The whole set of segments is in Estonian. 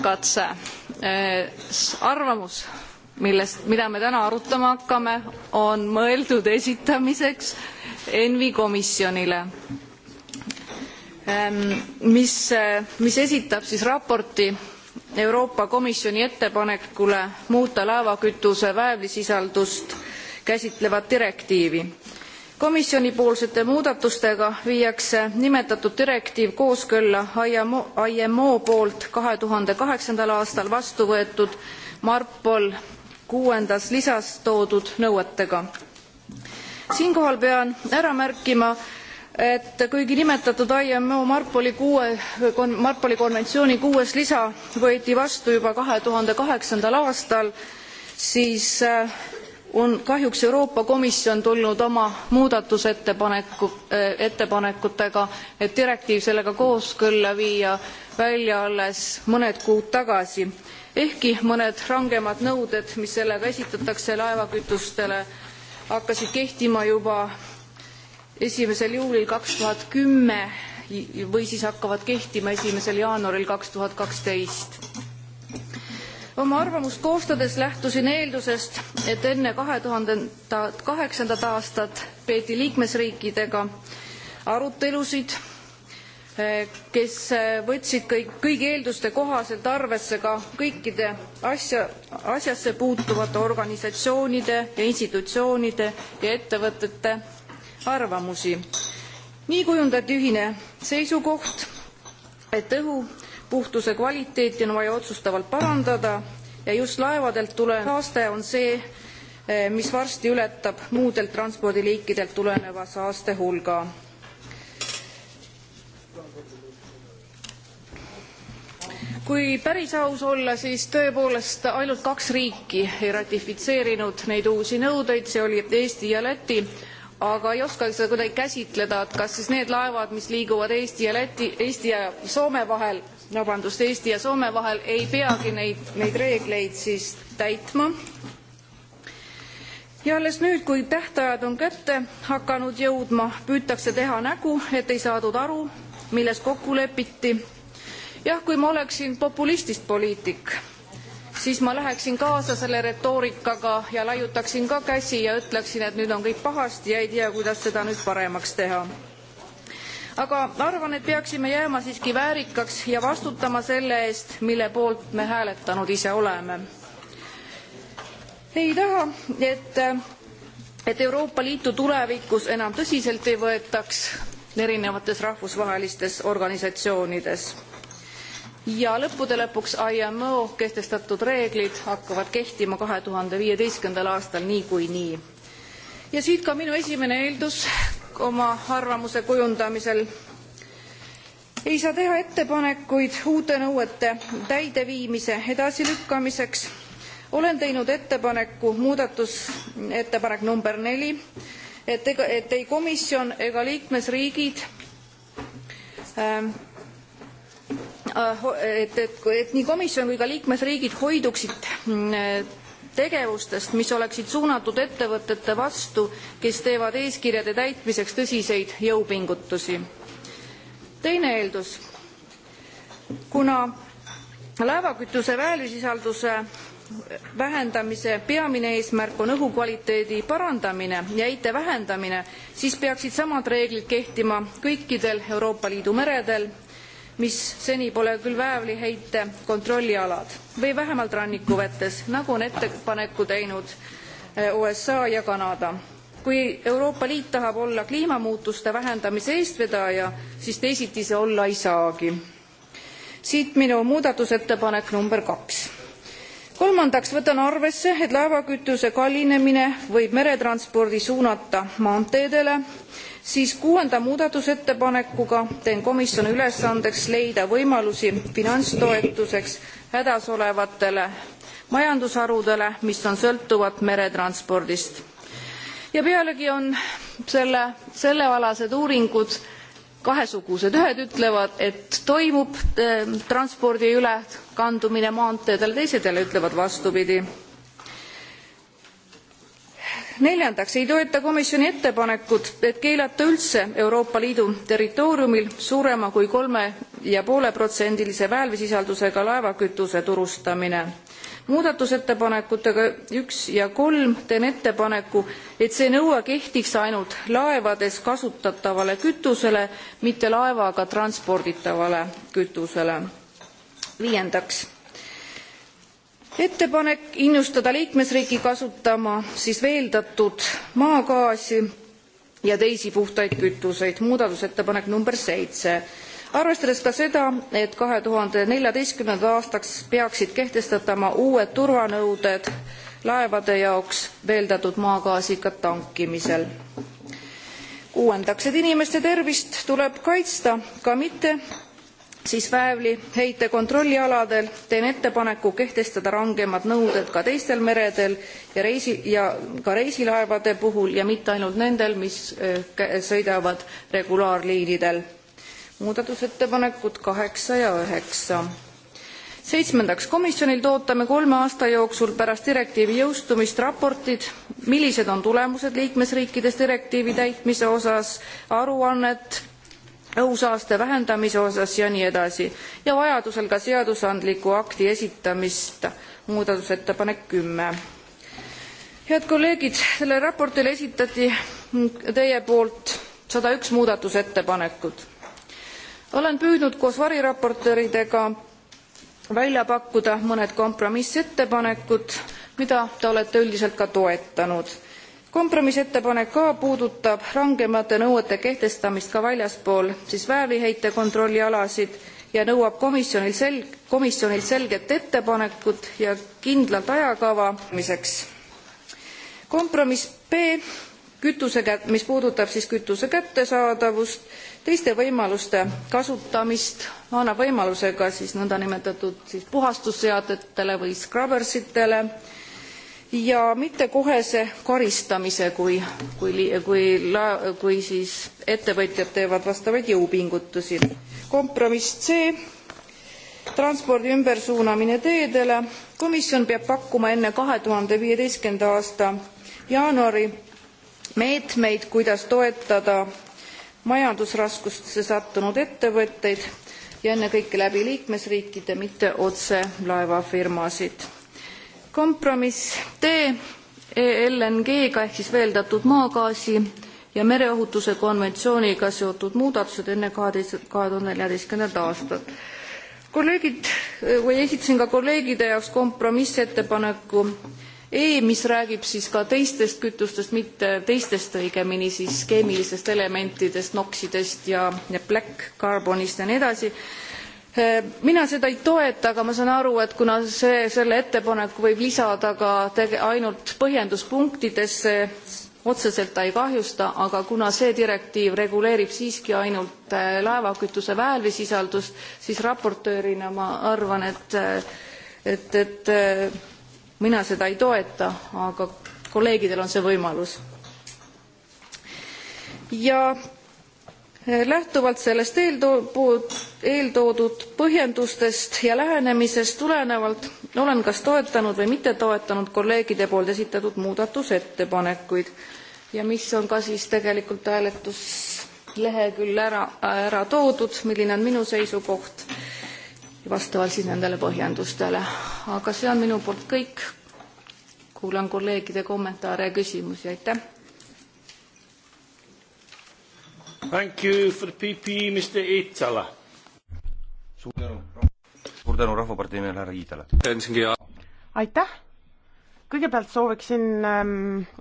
katse äh, arvamus millest mida me täna arutama hakkame on mõeldud esitamiseks envi komisjonile ähm, mis äh, mis esitab siis raporti euroopa komisjoni ettepanekule muuta laevakütuse väävlisisaldust käsitlevat direktiivi komisjonipoolsete muudatustega viiakse nimetatud direktiiv kooskõlla IMO, IMO poolt 2008. aastal vastu võetud MARPOL kuuendas lisas toodud nõuetega. siinkohal pean ära märkima et kuigi nimetatud imo marpoli, kuue, marpoli konventsiooni kuues lisa võeti vastu juba 2008. aastal siis äh, on kahjuks euroopa komisjon tulnud oma muudatusettepaneku äh, ettepanekutega et direktiiv sellega kooskõlla viia välja alles mõned kuud tagasi ehkki mõned rangemad nõuded mis sellega esitatakse laevakütustele hakkasid kehtima juba 1 juulil 2010 või siis hakkavad kehtima 1 jaanuaril 2012 oma arvamust koostades lähtusin eeldusest et enne 2008 aastat peeti liikmesriikidega arutelusid kes võtsid kõik, kõigi eelduste kohaselt arvesse ka kõikide asja, asjasse puutuvate organisatsioonide ja institutsioonide ja ettevõtete arvamusi. nii kujundati ühine seisukoht et õhu puhtuse kvaliteeti on vaja otsustavalt parandada ja just laevadelt tulev saaste on see, eh, mis varsti ületab muudelt transpordiliikidelt tuleneva saaste hulga. kui päris aus olla, siis tõepoolest ainult kaks riiki ei ratifitseerinud neid uusi nõudeid, see olid Eesti ja Läti, aga ei oska seda kuidagi käsitleda, et kas siis need laevad, mis liiguvad Eesti ja Läti, Eesti ja Soome vahel, vabandust, Eesti ja Soome vahel ei peagi neid, neid reegleid siis täitma. ja alles nüüd, kui tähtajad on kätte hakanud jõudma, püütakse teha nägu, et ei saadud aru, milles kokku lepiti. jah, kui ma oleksin populistist poliitik, siis ma läheksin kaasa selle retoorikaga ja laiutaksin ka käsi ja ütleksin, et nüüd on kõik pahasti ja ei tea, kuidas seda nüüd paremaks teha aga arvan, et peaksime jääma siiski väärikaks ja vastutama selle eest, mille poolt me hääletanud ise oleme. ei taha, et, et Euroopa Liitu tulevikus enam tõsiselt ei võetaks erinevates rahvusvahelistes organisatsioonides ja lõppude lõpuks IMO kehtestatud reeglid hakkavad kehtima kahe tuhande viieteistkümnendal aastal niikuinii. ja siit ka minu esimene eeldus oma arvamuse kujundamisel. ei saa teha ettepanekuid uute nõuete täideviimise edasilükkamiseks. olen teinud ettepaneku muudatusettepanek number neli et ega et ei komisjon ega liikmesriigid ähm, äh, et, et, et nii komisjon kui ka liikmesriigid hoiduksid äh, tegevustest, mis oleksid suunatud ettevõtete vastu, kes teevad eeskirjade täitmiseks tõsiseid jõupingutusi. teine eeldus, kuna laevakütuse väävlisisalduse vähendamise peamine eesmärk on õhukvaliteedi parandamine ja heite vähendamine, siis peaksid samad reeglid kehtima kõikidel Euroopa Liidu meredel mis seni pole küll väävliheite kontrollialad või vähemalt rannikuvetes, nagu on ettepaneku teinud eh, USA ja Kanada kui Euroopa Liit tahab olla kliimamuutuste vähendamise eestvedaja, siis teisiti see olla ei saagi. siit minu muudatusettepanek number kaks. kolmandaks võtan arvesse, et laevakütuse kallinemine võib meretranspordi suunata maanteedele siis kuuenda muudatusettepanekuga teen komisjoni ülesandeks leida võimalusi finantstoetuseks hädas olevatele majandusharudele mis on sõltuvad meretranspordist ja pealegi on selle sellealased uuringud kahesugused ühed ütlevad et toimub eh, transpordi ülekandumine maanteedele teised jälle ütlevad vastupidi neljandaks ei toeta komisjoni ettepanekut et keelata üldse euroopa liidu territooriumil suurema kui 3,5 protsendilise väävlisisaldusega laevakütuse turustamine. muudatusettepanekutega 1 ja 3 teen ettepaneku et see nõue kehtiks ainult laevades kasutatavale kütusele mitte laevaga transporditavale kütusele. viiendaks ettepanek innustada liikmesriiki kasutama siis veeldatud maagaasi ja teisi puhtaid kütuseid muudatusettepanek number 7 arvestades ka seda et 2014 aastaks peaksid kehtestatama uued turvanõuded laevade jaoks veeldatud maagaasiga tankimisel kuuendaks et inimeste tervist tuleb kaitsta ka mitte siis väävliheite kontrollialadel teen ettepaneku kehtestada rangemad nõuded ka teistel meredel ja reisi ja ka reisilaevade puhul ja mitte ainult nendel mis äh, sõidavad regulaarliinidel muudatusettepanekud kaheksa ja üheksa seitsmendaks komisjonilt ootame kolme aasta jooksul pärast direktiivi jõustumist raportid millised on tulemused liikmesriikides direktiivi täitmise osas aruannet õhusaaste vähendamise osas ja nii edasi ja vajadusel ka seadusandliku akti esitamist muudatusettepanek kümme head kolleegid sellele raportile esitati teie poolt 101 muudatusettepanekut olen püüdnud koos variraportööridega välja pakkuda mõned kompromissettepanekud mida te olete üldiselt ka toetanud kompromissettepanek ka puudutab rangemate nõuete kehtestamist ka väljaspool siis väävliheite kontrollialasid ja nõuab komisjonilt sel- komisjonilt selget ettepanekut ja kindlat ajakava kompromiss b kütuse kä- mis puudutab siis kütuse kättesaadavust teiste võimaluste kasutamist annab võimaluse ka siis nõndanimetatud siis puhastusseadmetele või scrubbersitele ja mitte kohese karistamise kui kui kui la, kui siis ettevõtjad teevad vastavaid jõupingutusi kompromiss c transpordi ümbersuunamine teedele komisjon peab pakkuma enne 2015. aasta jaanuari meetmeid kuidas toetada majandusraskustesse sattunud ettevõtteid ja ennekõike läbi liikmesriikide mitte otse laevafirmasid kompromiss D e LNG-ga ehk siis veeldatud maagaasi ja mereohutuse konventsiooniga seotud muudatused enne kahe tuhande neljateistkümnendat aastat. kolleegid või esitasin ka kolleegide jaoks kompromissettepaneku E, mis räägib siis ka teistest kütustest, mitte teistest õigemini siis keemilisest elementidest, noksidest ja, ja black carbonist ja nii edasi mina seda ei toeta aga ma saan aru et kuna see selle ettepaneku võib lisada ka ainult põhjenduspunktidesse otseselt ta ei kahjusta aga kuna see direktiiv reguleerib siiski ainult äh, laevakütuse väävlisisaldust siis raportöörina ma arvan et äh, et et äh, mina seda ei toeta aga kolleegidel on see võimalus ja lähtuvalt sellest eeltoodud põhjendustest ja lähenemisest tulenevalt olen kas toetanud või mitte toetanud kolleegide poolt esitatud muudatusettepanekuid ja mis on ka siis tegelikult hääletusleheküljel ära, ära toodud milline on minu seisukoht vastavalt siis nendele põhjendustele aga see on minu poolt kõik kuulan kolleegide kommentaare ja küsimusi aitäh Thank you for PP, Mr Iittala. suur tänu, suur tänu Rahvapartei nimel härra Iidale. aitäh. kõigepealt sooviksin ähm,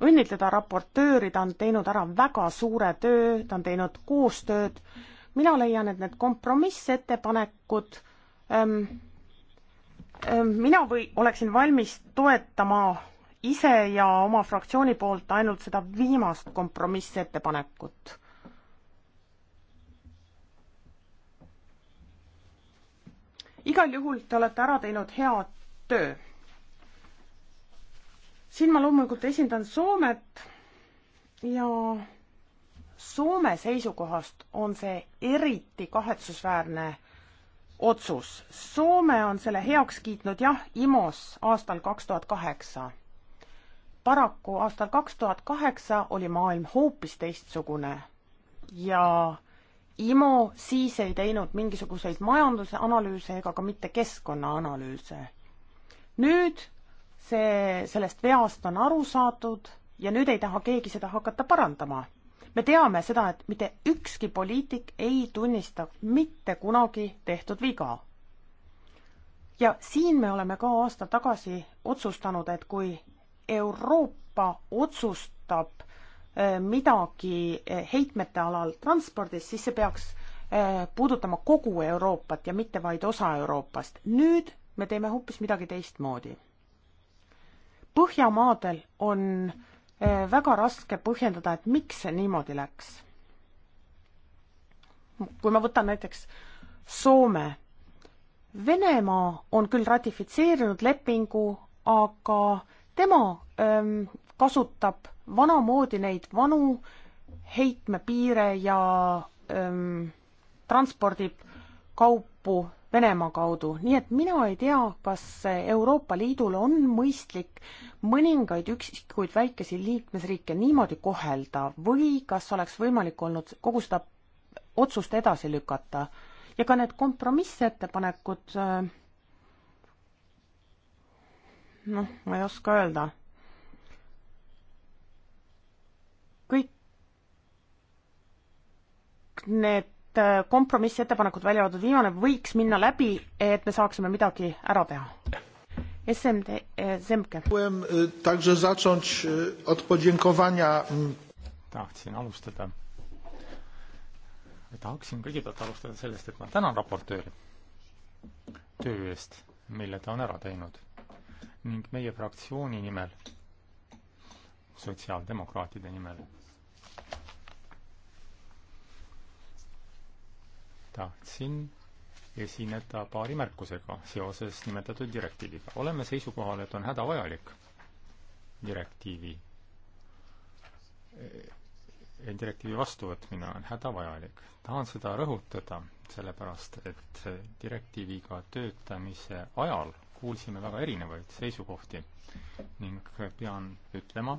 õnnitleda raportööri, ta on teinud ära väga suure töö, ta on teinud koostööd. mina leian, et need kompromissettepanekud ähm, ähm, mina või oleksin valmis toetama ise ja oma fraktsiooni poolt ainult seda viimast kompromissettepanekut igal juhul te olete ära teinud hea töö. siin ma loomulikult esindan Soomet ja Soome seisukohast on see eriti kahetsusväärne otsus. Soome on selle heaks kiitnud jah, IMO-s aastal kaks tuhat kaheksa. paraku aastal kaks tuhat kaheksa oli maailm hoopis teistsugune ja IMO siis ei teinud mingisuguseid majandusanalüüse ega ka mitte keskkonnaanalüüse. nüüd see, sellest veast on aru saadud ja nüüd ei taha keegi seda hakata parandama. me teame seda, et mitte ükski poliitik ei tunnista mitte kunagi tehtud viga. ja siin me oleme ka aasta tagasi otsustanud, et kui Euroopa otsustab Eh, midagi eh, heitmete alal transpordis, siis see peaks eh, puudutama kogu Euroopat ja mitte vaid osa Euroopast. nüüd me teeme hoopis midagi teistmoodi. Põhjamaadel on väga raske põhjendada, et miks see niimoodi läks. kui ma võtan näiteks Soome. Venemaa on küll ratifitseerinud lepingu, aga tema öö, ehm, kasutab vanamoodi neid vanu heitmepiire ja ähm, transpordib kaupu Venemaa kaudu, nii et mina ei tea, kas Euroopa Liidul on mõistlik mõningaid üksikuid väikesi liikmesriike niimoodi kohelda või kas oleks võimalik olnud kogu seda otsust edasi lükata ja ka need kompromissettepanekud, äh, noh, ma ei oska öelda kõik need äh, kompromissettepanekud, välja arvatud viimane, võiks minna läbi, et me saaksime midagi ära teha. SMD, SMK. Äh, e, e, mm, tahtsin alustada, tahaksin kõigepealt alustada sellest, et ma tänan raportööri töö eest, mille ta on ära teinud ning meie fraktsiooni nimel sotsiaaldemokraatide nimel. tahtsin esineda paari märkusega seoses nimetatud direktiiviga. oleme seisukohal, et on hädavajalik direktiivi, e, direktiivi vastuvõtmine on hädavajalik. tahan seda rõhutada, sellepärast et direktiiviga töötamise ajal kuulsime väga erinevaid seisukohti ning pean ütlema,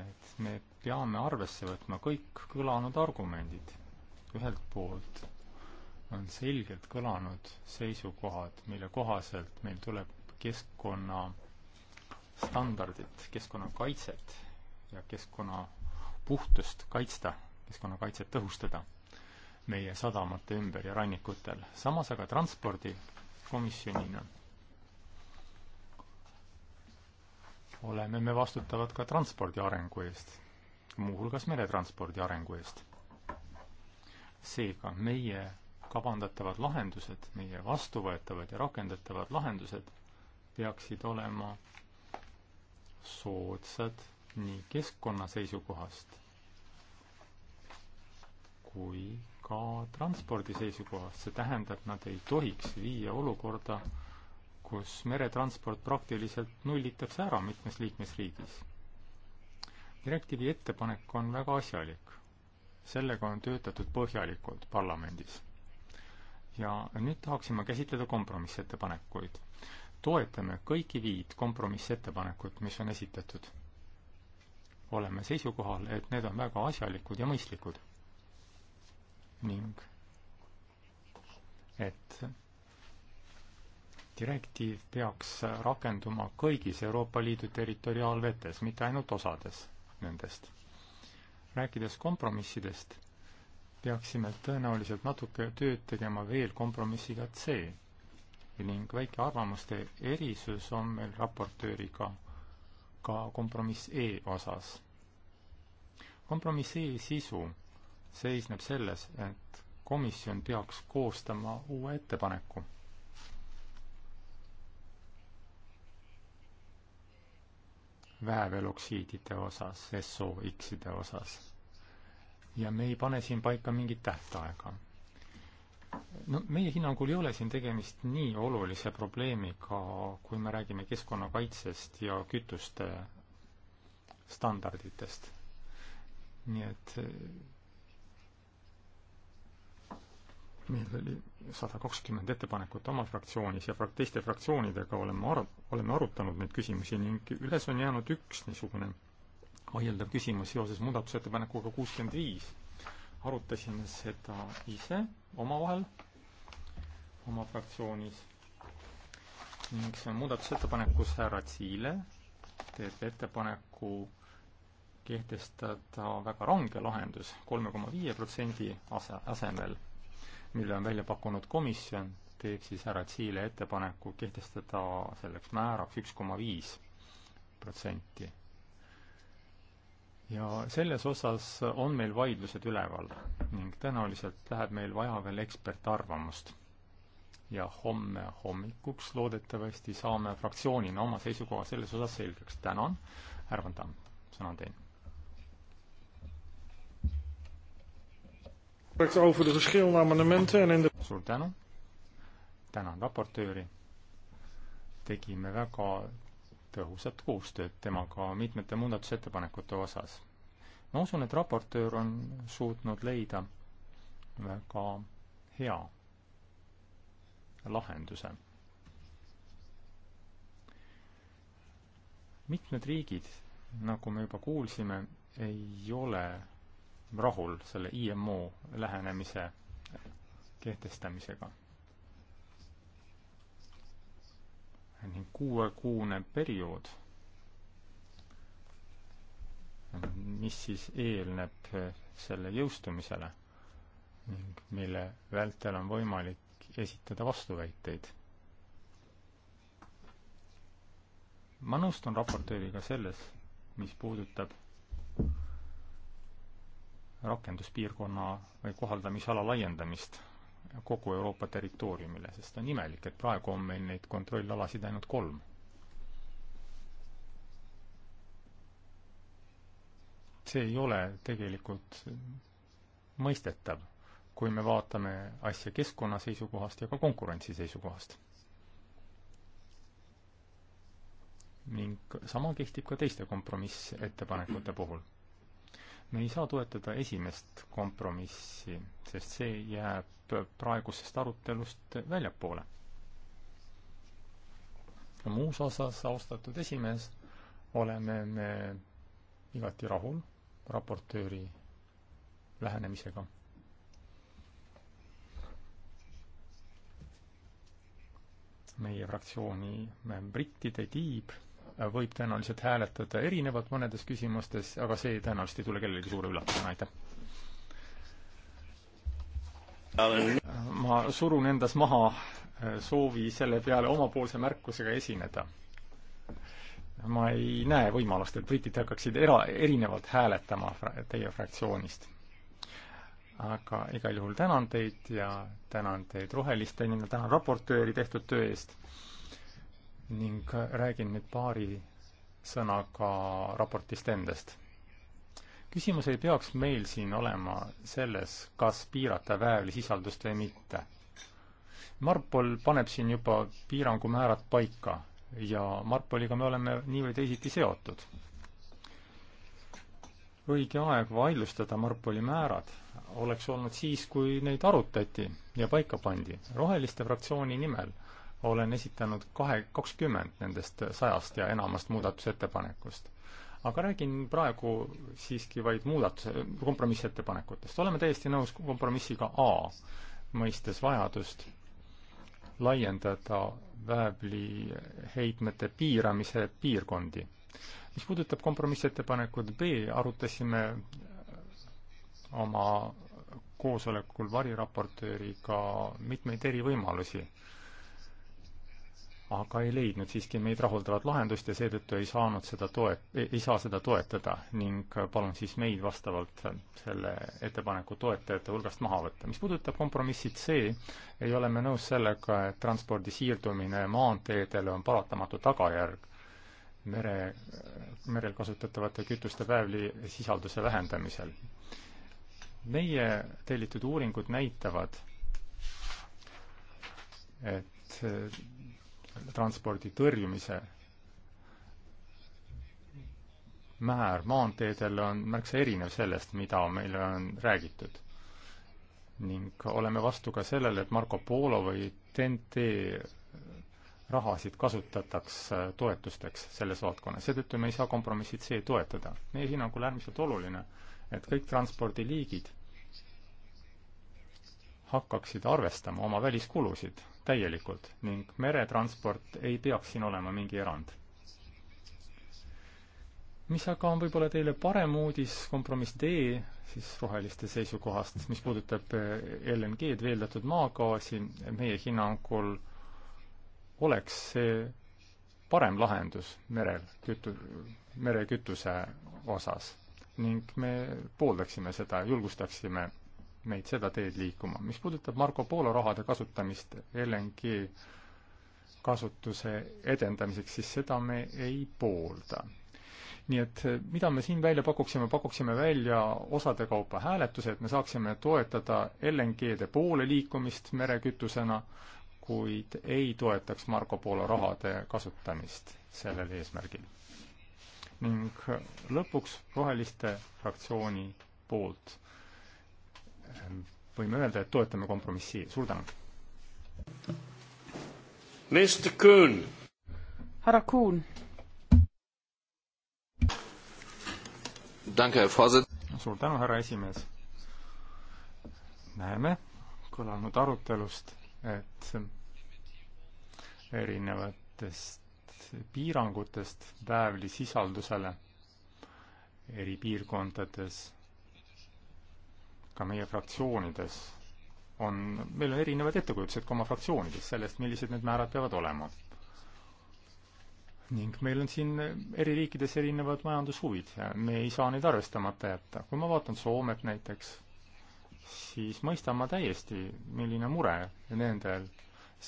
et me peame arvesse võtma kõik kõlanud argumendid. ühelt poolt on selgelt kõlanud seisukohad, mille kohaselt meil tuleb keskkonnastandardit, keskkonnakaitset ja keskkonnapuhtust kaitsta, keskkonnakaitset tõhustada meie sadamate ümber ja rannikutel. samas aga transpordikomisjonina oleme me vastutavad ka transpordi arengu eest, muuhulgas meretranspordi arengu eest. seega meie kavandatavad lahendused, meie vastuvõetavad ja rakendatavad lahendused peaksid olema soodsad nii keskkonna seisukohast kui ka transpordi seisukohast, see tähendab, nad ei tohiks viia olukorda, kus meretransport praktiliselt nullitakse ära mitmes liikmesriigis. direktiivi ettepanek on väga asjalik. sellega on töötatud põhjalikult parlamendis. ja nüüd tahaksin ma käsitleda kompromissettepanekuid. toetame kõiki viit kompromissettepanekut, mis on esitatud. oleme seisukohal, et need on väga asjalikud ja mõistlikud. ning et direktiiv peaks rakenduma kõigis Euroopa Liidu territoriaalvetes, mitte ainult osades nendest. rääkides kompromissidest, peaksime tõenäoliselt natuke tööd tegema veel kompromissiga C ning väike arvamuste erisus on meil raportööriga ka kompromiss E osas. kompromiss E sisu seisneb selles, et komisjon peaks koostama uue ettepaneku vääveloksiidide osas, SOX-ide osas. ja me ei pane siin paika mingit tähtaega. no meie hinnangul ei ole siin tegemist nii olulise probleemiga, kui me räägime keskkonnakaitsest ja kütuste standarditest. nii et meil oli sada kakskümmend ettepanekut oma fraktsioonis ja frak-, teiste fraktsioonidega oleme ar-, oleme arutanud neid küsimusi ning üles on jäänud üks niisugune vaieldav küsimus seoses muudatusettepanekuga kuuskümmend viis. arutasime seda ise omavahel, oma fraktsioonis ning see on muudatusettepanekus härra Tsiile, teeb ettepaneku kehtestada väga range lahendus kolme koma viie protsendi asemel mille on välja pakkunud komisjon, teeb siis härra Tsiile ettepaneku kehtestada selleks määraks üks koma viis protsenti. ja selles osas on meil vaidlused üleval ning tõenäoliselt läheb meil vaja veel ekspertarvamust. ja homme hommikuks loodetavasti saame fraktsioonina oma seisukoha selles osas selgeks. tänan, härra Vandam, sõna on teil. suur tänu, tänan raportööri, tegime väga tõhusat koostööd temaga mitmete muudatusettepanekute osas. ma usun, et raportöör on suutnud leida väga hea lahenduse. mitmed riigid, nagu me juba kuulsime, ei ole rahul selle IMO lähenemise kehtestamisega. ning kuuekuune periood, mis siis eelneb selle jõustumisele ning mille vältel on võimalik esitada vastuväiteid. ma nõustun raportööriga selles, mis puudutab rakenduspiirkonna või kohaldamisala laiendamist kogu Euroopa territooriumile, sest on imelik, et praegu on meil neid kontrollalasid ainult kolm. see ei ole tegelikult mõistetav, kui me vaatame asja keskkonna seisukohast ja ka konkurentsi seisukohast. ning sama kehtib ka teiste kompromissettepanekute puhul me ei saa toetada esimest kompromissi, sest see jääb praegusest arutelust väljapoole. muus osas, austatud esimees, oleme me igati rahul raportööri lähenemisega. meie fraktsiooni brittide tiib võib tõenäoliselt hääletada erinevalt mõnedes küsimustes, aga see tõenäoliselt ei tule kellelegi suure üllatusena, aitäh. ma surun endas maha äh, soovi selle peale omapoolse märkusega esineda. ma ei näe võimalust, et britid hakkaksid era-, erinevalt hääletama teie fraktsioonist. aga igal juhul tänan teid ja tänan teid roheliste nimel, tänan raportööri tehtud töö eest ning räägin nüüd paari sõnaga raportist endast. küsimus ei peaks meil siin olema selles, kas piirata väävlisisaldust või mitte. Marpol paneb siin juba piirangumäärad paika ja Marpoliga me oleme nii või teisiti seotud. õige aeg vaidlustada Marpoli määrad oleks olnud siis, kui neid arutati ja paika pandi. roheliste fraktsiooni nimel olen esitanud kahe, kakskümmend nendest sajast ja enamast muudatusettepanekust. aga räägin praegu siiski vaid muudatuse, kompromissettepanekutest. oleme täiesti nõus kompromissiga A, mõistes vajadust laiendada väävliheitmete piiramise piirkondi. mis puudutab kompromissettepanekut B, arutasime oma koosolekul variraportööriga mitmeid eri võimalusi aga ei leidnud siiski meid rahuldavat lahendust ja seetõttu ei saanud seda toet-, ei saa seda toetada ning palun siis meid vastavalt selle ettepaneku toetajate hulgast maha võtta. mis puudutab kompromissi C, ei ole me nõus sellega, et transpordi siirdumine maanteedele on paratamatu tagajärg mere, merel kasutatavate kütuste väävlisisalduse vähendamisel. meie tellitud uuringud näitavad, et transpordi tõrjumise määr maanteedel on märksa erinev sellest, mida meile on räägitud. ning oleme vastu ka sellele, et Marco Polo või TNT rahasid kasutataks äh, toetusteks selles valdkonnas, seetõttu me ei saa kompromissi C toetada. meie hinnangul äärmiselt oluline, et kõik transpordiliigid hakkaksid arvestama oma väliskulusid täielikult ning meretransport ei peaks siin olema mingi erand. mis aga on võib-olla teile parem uudis, kompromiss D siis roheliste seisukohast, mis puudutab eh, LNG-d, veeldatud maagaasi, meie hinnangul oleks see parem lahendus merel kütu-, merekütuse osas ning me pooldaksime seda, julgustaksime meid seda teed liikuma. mis puudutab Marco Polo rahade kasutamist LNG kasutuse edendamiseks, siis seda me ei poolda. nii et eh, mida me siin välja pakuksime, pakuksime välja osade kaupa hääletuse, et me saaksime toetada LNG-de poole liikumist merekütusena, kuid ei toetaks Marco Polo rahade kasutamist sellel eesmärgil. ning lõpuks Roheliste fraktsiooni poolt võime öelda, et toetame kompromissi, suur tänu. Mr Kuhn. härra Kuhn. suur tänu, härra esimees. näeme kõlanud arutelust, et erinevatest piirangutest väävlisisaldusele eri piirkondades ka meie fraktsioonides on, meil on erinevad ettekujutused ka oma fraktsioonides sellest, millised need määrad peavad olema. ning meil on siin eri riikides erinevad majandushuvid ja me ei saa neid arvestamata jätta. kui ma vaatan Soomet näiteks, siis mõistan ma täiesti, milline mure nendel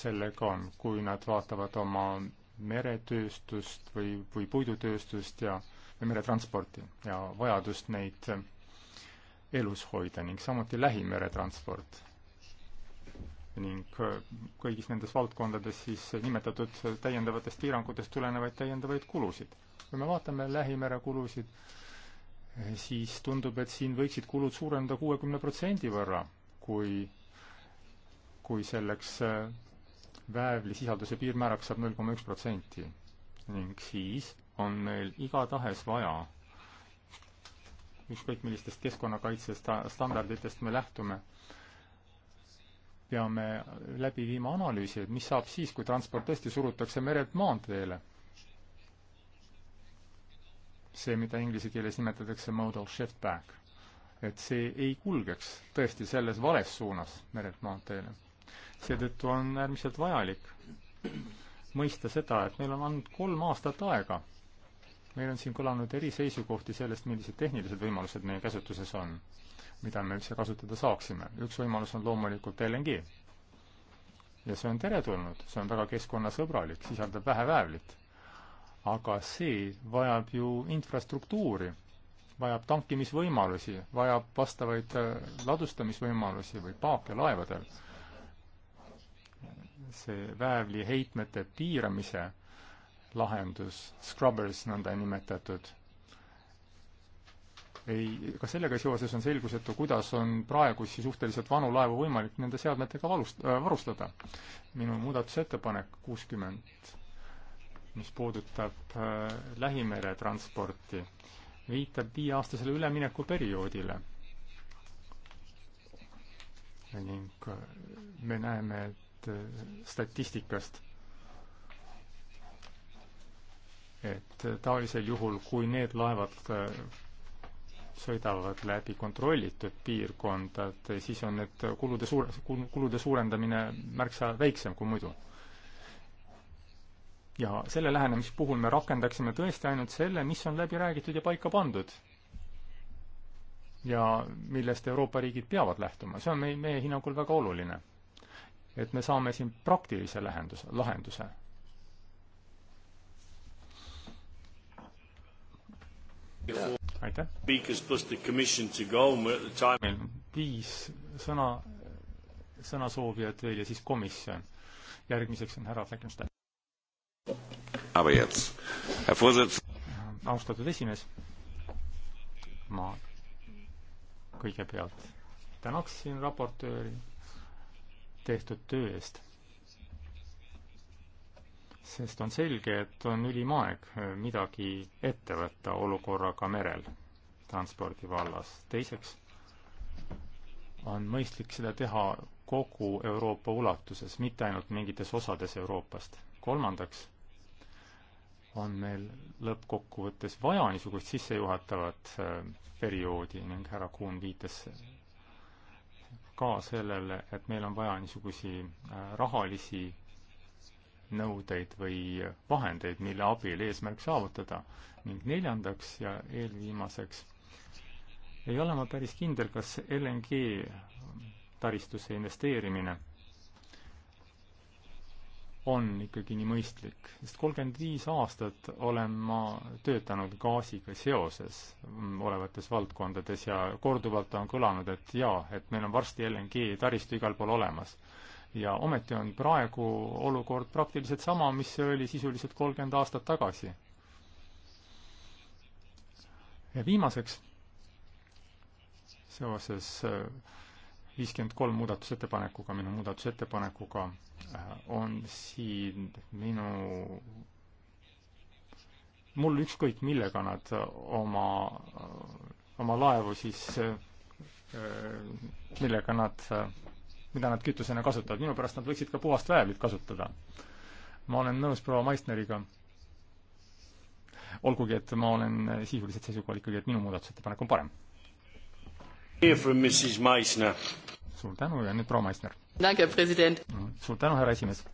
sellega on, kui nad vaatavad oma meretööstust või, või puidutööstust ja, või meretransporti ja vajadust neid elus hoida ning samuti lähimere transport. ning äh, kõigis nendes valdkondades siis nimetatud täiendavatest piirangutest tulenevaid täiendavaid kulusid. kui me vaatame lähimere kulusid, eh, siis tundub, et siin võiksid kulud suureneda kuuekümne protsendi võrra, kui, kui selleks äh, väävlisisalduse piirmääraks saab null koma üks protsenti. ning siis on meil igatahes vaja ükskõik millistest keskkonnakaitse standarditest me lähtume, peame läbi viima analüüsi, et mis saab siis, kui transport tõesti surutakse merelt maanteele. see, mida inglise keeles nimetatakse modal shift back. et see ei kulgeks tõesti selles vales suunas merelt maanteele. seetõttu on äärmiselt vajalik mõista seda, et meil on ainult kolm aastat aega meil on siin kõlanud eri seisukohti sellest, millised tehnilised võimalused meie käsutuses on, mida me üldse kasutada saaksime. üks võimalus on loomulikult LNG. ja see on teretulnud, see on väga keskkonnasõbralik, sisaldab vähe väävlit. aga see vajab ju infrastruktuuri, vajab tankimisvõimalusi, vajab vastavaid äh, ladustamisvõimalusi või paake laevadel. see väävli heitmete piiramise lahendus, scrubbers nõnda nimetatud, ei, ka sellega seoses on selgusetu, kuidas on praegusi suhteliselt vanu laevu võimalik nende seadmetega valust- äh,, varustada. minu muudatusettepanek kuuskümmend, mis puudutab äh, lähimere transporti, viitab viieaastasele üleminekuperioodile. ning äh, me näeme, et äh, statistikast et taolisel juhul, kui need laevad äh, sõidavad läbi kontrollitud piirkonda, et siis on need kulude suur-, kulude suurendamine märksa väiksem kui muidu. ja selle lähenemise puhul me rakendaksime tõesti ainult selle, mis on läbi räägitud ja paika pandud. ja millest Euroopa riigid peavad lähtuma, see on meie, meie hinnangul väga oluline. et me saame siin praktilise lähenduse, lahenduse aitäh. meil viis sõna, sõnasoovijat veel ja siis komisjon. järgmiseks on härra Fleckenstein. austatud esimees, ma kõigepealt tänaksin raportööri tehtud töö eest sest on selge, et on ülim aeg äh, midagi ette võtta olukorraga merel transpordi vallas. teiseks on mõistlik seda teha kogu Euroopa ulatuses, mitte ainult mingites osades Euroopast. kolmandaks on meil lõppkokkuvõttes vaja niisugust sissejuhatavat äh, perioodi ning härra Kuhn viitas ka sellele, et meil on vaja niisugusi äh, rahalisi nõudeid või vahendeid, mille abil eesmärk saavutada. ning neljandaks ja eelviimaseks ei ole ma päris kindel, kas LNG taristusse investeerimine on ikkagi nii mõistlik, sest kolmkümmend viis aastat olen ma töötanud gaasiga seoses olevates valdkondades ja korduvalt on kõlanud, et jaa, et meil on varsti LNG taristu igal pool olemas ja ometi on praegu olukord praktiliselt sama, mis see oli sisuliselt kolmkümmend aastat tagasi. ja viimaseks, seoses äh, viiskümmend kolm muudatusettepanekuga, minu muudatusettepanekuga, äh, on siin minu, mul ükskõik, millega nad äh, oma, oma laevu siis, millega nad mida nad kütusena kasutavad, minu pärast nad võiksid ka puhast väävlit kasutada. ma olen nõus proua Maisneriga, olgugi et ma olen sisuliselt seisukohal ikkagi, et minu muudatusettepanek on parem. suur tänu ja nüüd proua Maisner. suur tänu, härra esimees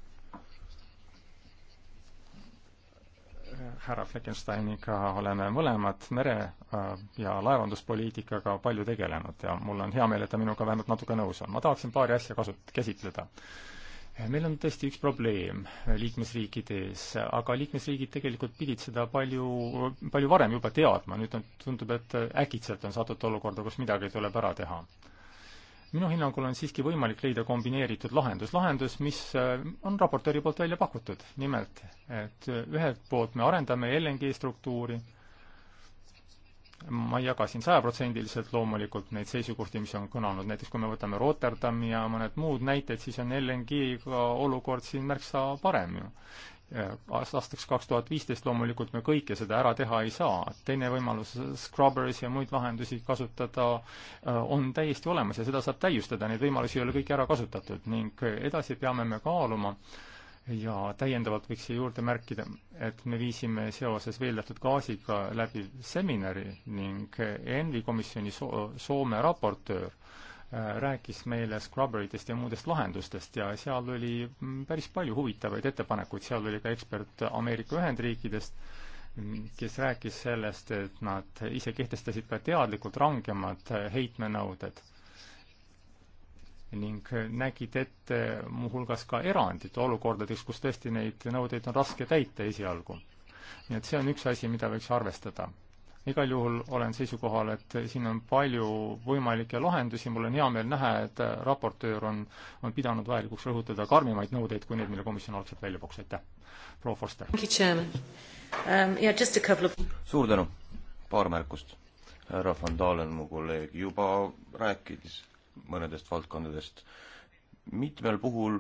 härra Fleckensteiniga oleme mõlemad mere- äh, ja laevanduspoliitikaga palju tegelenud ja mul on hea meel, et ta minuga vähemalt natuke nõus on. ma tahaksin paari asja kasut-, käsitleda. meil on tõesti üks probleem liikmesriikide ees, aga liikmesriigid tegelikult pidid seda palju, palju varem juba teadma, nüüd on, tundub, et äkitselt on sattunud olukorda, kus midagi tuleb ära teha minu hinnangul on siiski võimalik leida kombineeritud lahendus, lahendus, mis äh, on raportööri poolt välja pakutud, nimelt, et äh, ühelt poolt me arendame LNG struktuuri, ma ei jaga siin sajaprotsendiliselt loomulikult neid seisukohti, mis on kõlanud, näiteks kui me võtame Rotterdami ja mõned muud näited, siis on LNG-ga olukord siin märksa parem ju. Äh, aastaks kaks tuhat viisteist loomulikult me kõike seda ära teha ei saa. teine võimalus, äh, scrubbers ja muid lahendusi kasutada äh, on täiesti olemas ja seda saab täiustada, neid võimalusi ei ole kõiki ära kasutatud ning edasi peame me kaaluma ja täiendavalt võiks siia juurde märkida, et me viisime seoses veeldatud gaasiga läbi seminari ning ENVI komisjoni so Soome raportöör Äh, rääkis meile Scrubberitest ja muudest lahendustest ja seal oli päris palju huvitavaid ettepanekuid, seal oli ka ekspert Ameerika Ühendriikidest, kes rääkis sellest, et nad ise kehtestasid ka teadlikult rangemad heitmenõuded ning nägid ette muuhulgas ka erandid olukordadeks, kus tõesti neid nõudeid on raske täita esialgu. nii et see on üks asi, mida võiks arvestada igal juhul olen seisukohal, et siin on palju võimalikke lahendusi, mul on hea meel näha, et raportöör on, on pidanud vajalikuks rõhutada karmimaid nõudeid kui need, mille komisjon algselt välja pakkus, aitäh. proua Forster. Um, yeah, of... suur tänu, paar märkust. härra von Dahlen, mu kolleeg, juba rääkis mõnedest valdkondadest. mitmel puhul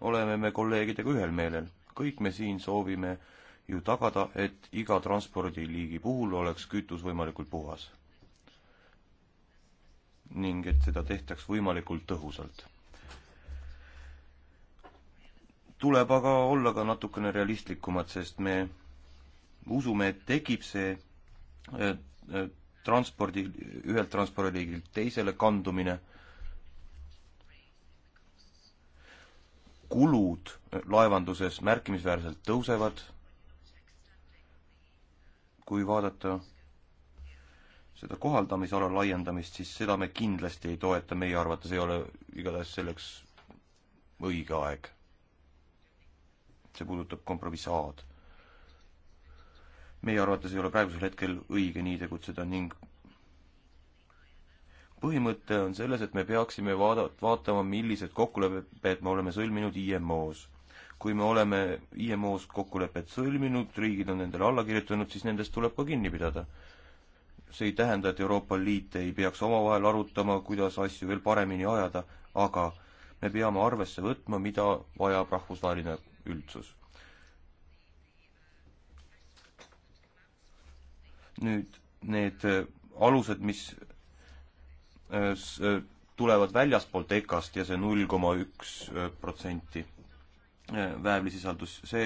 oleme me kolleegidega ühel meelel, kõik me siin soovime äh, ju tagada, et iga transpordiliigi puhul oleks kütus võimalikult puhas. ning et seda tehtaks võimalikult tõhusalt. tuleb aga olla ka natukene realistlikumad, sest me usume, et tekib see e, e, transpordi, ühelt transpordiliigilt teisele kandumine kulud laevanduses märkimisväärselt tõusevad kui vaadata seda kohaldamisala laiendamist, siis seda me kindlasti ei toeta, meie arvates ei ole igatahes selleks õige aeg. see puudutab kompromiss A-d. meie arvates ei ole praegusel hetkel õige nii tegutseda ning põhimõte on selles, et me peaksime vaada-, vaatama, millised kokkulepped me oleme sõlminud IMO-s kui me oleme IMO-s kokkulepped sõlminud, riigid on nendele alla kirjutanud, siis nendest tuleb ka kinni pidada. see ei tähenda, et Euroopa Liit ei peaks omavahel arutama, kuidas asju veel paremini ajada, aga me peame arvesse võtma, mida vajab rahvusvaheline üldsus. nüüd need äh, alused, mis äh, äh, tulevad väljaspoolt EKA-st ja see null koma üks protsenti Äh, väävlisisaldus. see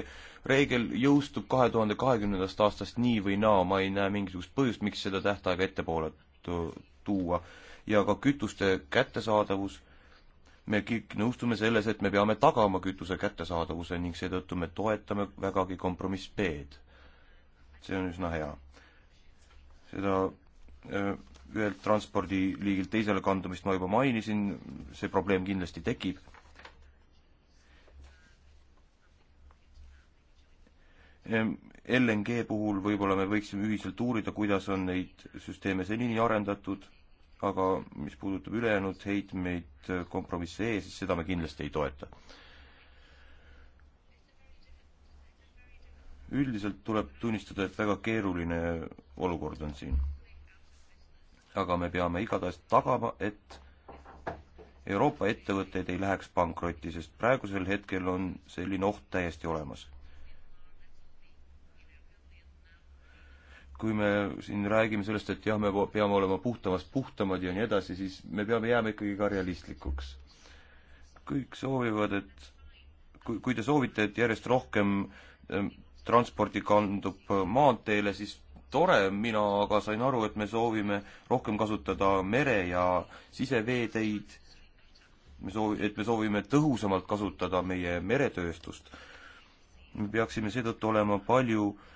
reegel jõustub kahe tuhande kahekümnendast aastast nii või naa, ma ei näe mingisugust põhjust, miks seda tähtaega ettepoole tuua. ja ka kütuste kättesaadavus, me kõik nõustume selles, et me peame tagama kütuse kättesaadavuse ning seetõttu me toetame vägagi kompromiss B-d. see on üsna hea. seda äh, ühelt transpordiliigilt teisele kandumist ma juba mainisin, see probleem kindlasti tekib LNG puhul võib-olla me võiksime ühiselt uurida, kuidas on neid süsteeme senini arendatud, aga mis puudutab ülejäänud heitmeid äh, kompromissi ees, siis seda me kindlasti ei toeta. üldiselt tuleb tunnistada, et väga keeruline olukord on siin. aga me peame igatahes tagama, et Euroopa ettevõtted ei läheks pankrotti, sest praegusel hetkel on selline oht täiesti olemas kui me siin räägime sellest, et jah, me peame olema puhtamast puhtamad ja nii edasi, siis me peame jääma ikkagi ka realistlikuks. kõik soovivad, et kui, kui te soovite, et järjest rohkem ehm, transporti kandub maanteele, siis tore, mina aga sain aru, et me soovime rohkem kasutada mere- ja siseveeteid, me soovi-, et me soovime tõhusamalt kasutada meie meretööstust. me peaksime seetõttu olema palju äh,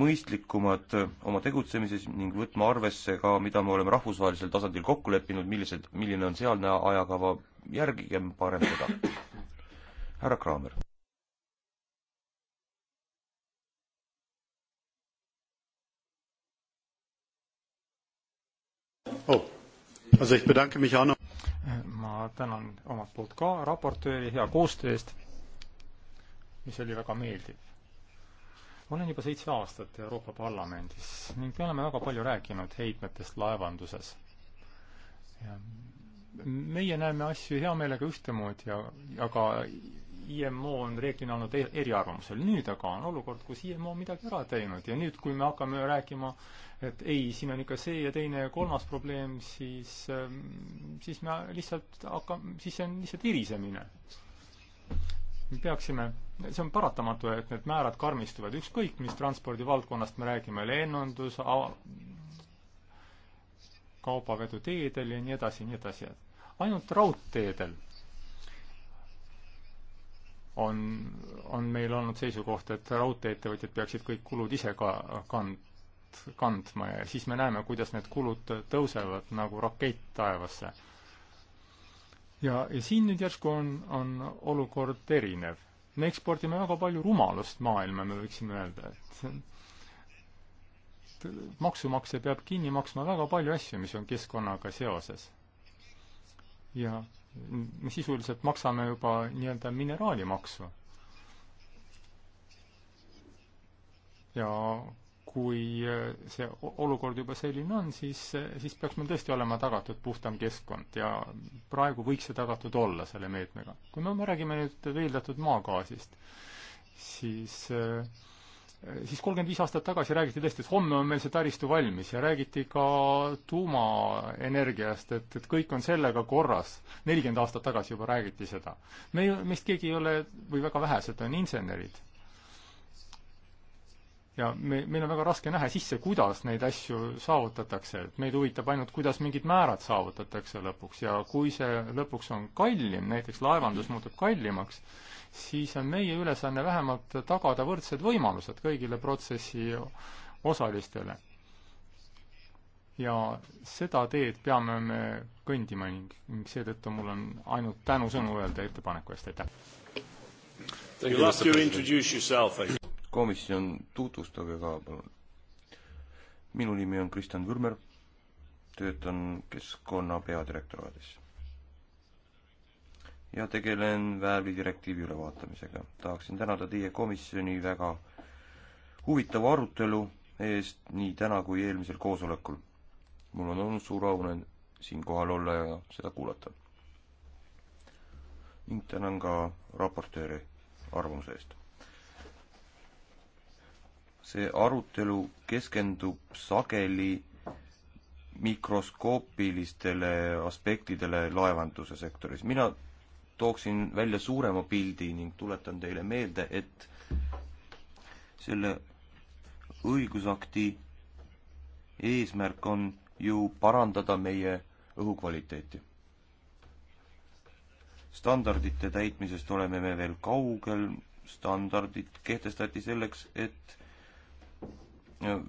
mõistlikumad äh, oma tegutsemises ning võtma arvesse ka, mida me oleme rahvusvahelisel tasandil kokku leppinud, millised, milline on sealne ajakava, järgigem parem seda. härra Kraamer. Oh. Also ich bedanke mich auch noch. ma tänan omalt poolt ka raportööri hea koostöö eest, mis oli väga meeldiv olen juba seitse aastat Euroopa Parlamendis ning me oleme väga palju rääkinud heitmetest laevanduses. meie näeme asju hea meelega ühtemoodi ja, ja ka IMO on reeglina olnud e-, eriarvamusel. nüüd aga on olukord, kus IMO on midagi ära teinud ja nüüd, kui me hakkame rääkima, et ei, siin on ikka see ja teine ja kolmas probleem, siis, ähm, siis me lihtsalt hakkame, siis see on lihtsalt irisemine me peaksime, see on paratamatu, et need määrad karmistuvad, ükskõik mis transpordivaldkonnast me räägime, lennundus, kaubavedu teedel ja nii edasi, nii edasi. ainult raudteedel on, on meil olnud seisukoht, et raudtee-ettevõtjad peaksid kõik kulud ise ka kand-, kandma ja siis me näeme, kuidas need kulud tõusevad nagu rakett taevasse ja, ja siin nüüd järsku on, on olukord erinev. me ekspordime väga palju rumalust maailma, me võiksime öelda, et maksumaksja peab kinni maksma väga palju asju, mis on keskkonnaga seoses. ja me sisuliselt maksame juba nii-öelda mineraalimaksu. ja kui äh, see olukord juba selline on, siis, äh, siis peaks meil tõesti olema tagatud puhtam keskkond ja praegu võiks see tagatud olla selle meetmega. kui me räägime nüüd veeldatud maagaasist, siis äh, siis kolmkümmend viis aastat tagasi räägiti tõesti, et homme on meil see taristu valmis ja räägiti ka tuumaenergiast, et, et kõik on sellega korras. nelikümmend aastat tagasi juba räägiti seda. me ju, meist keegi ei ole, või väga vähesed on insenerid ja me, meil on väga raske näha sisse, kuidas neid asju saavutatakse, et meid huvitab ainult, kuidas mingid määrad saavutatakse lõpuks ja kui see lõpuks on kallim, näiteks laevandus muutub kallimaks, siis on meie ülesanne vähemalt tagada võrdsed võimalused kõigile protsessi osalistele. ja seda teed peame me kõndima ning, ning seetõttu mul on ainult tänusõnu öelda ettepaneku eest, aitäh! komisjon, tutvustage ka palun. minu nimi on Kristjan Vürmer, töötan keskkonna peadirektoraadis. ja tegelen väävlidirektiivi ülevaatamisega. tahaksin tänada teie komisjoni väga huvitava arutelu eest nii täna kui eelmisel koosolekul. mul on olnud suur au siin kohal olla ja seda kuulata. ning tänan ka raportööri arvamuse eest see arutelu keskendub sageli mikroskoopilistele aspektidele laevanduse sektoris. mina tooksin välja suurema pildi ning tuletan teile meelde, et selle õigusakti eesmärk on ju parandada meie õhukvaliteeti. standardite täitmisest oleme me veel kaugel, standardid kehtestati selleks, et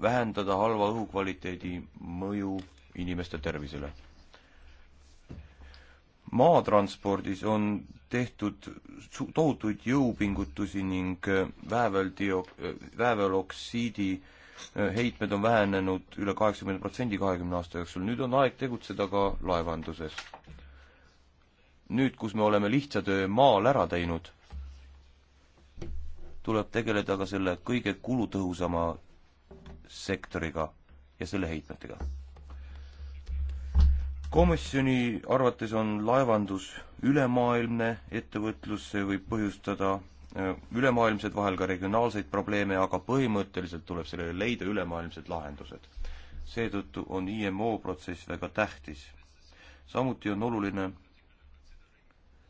vähendada halva õhukvaliteedi mõju inimeste tervisele. maatranspordis on tehtud tohutuid jõupingutusi ning äh, vääveldio-, äh, vääveloksiidi äh, heitmed on vähenenud üle kaheksakümne protsendi kahekümne aasta jooksul, nüüd on aeg tegutseda ka laevanduses. nüüd, kus me oleme lihtsa töö maal ära teinud, tuleb tegeleda ka selle kõige kulutõhusama sektoriga ja selle heitmetega. komisjoni arvates on laevandus ülemaailmne ettevõtlus, see võib põhjustada äh, ülemaailmsed, vahel ka regionaalseid probleeme, aga põhimõtteliselt tuleb sellele leida ülemaailmsed lahendused. seetõttu on IMO protsess väga tähtis. samuti on oluline,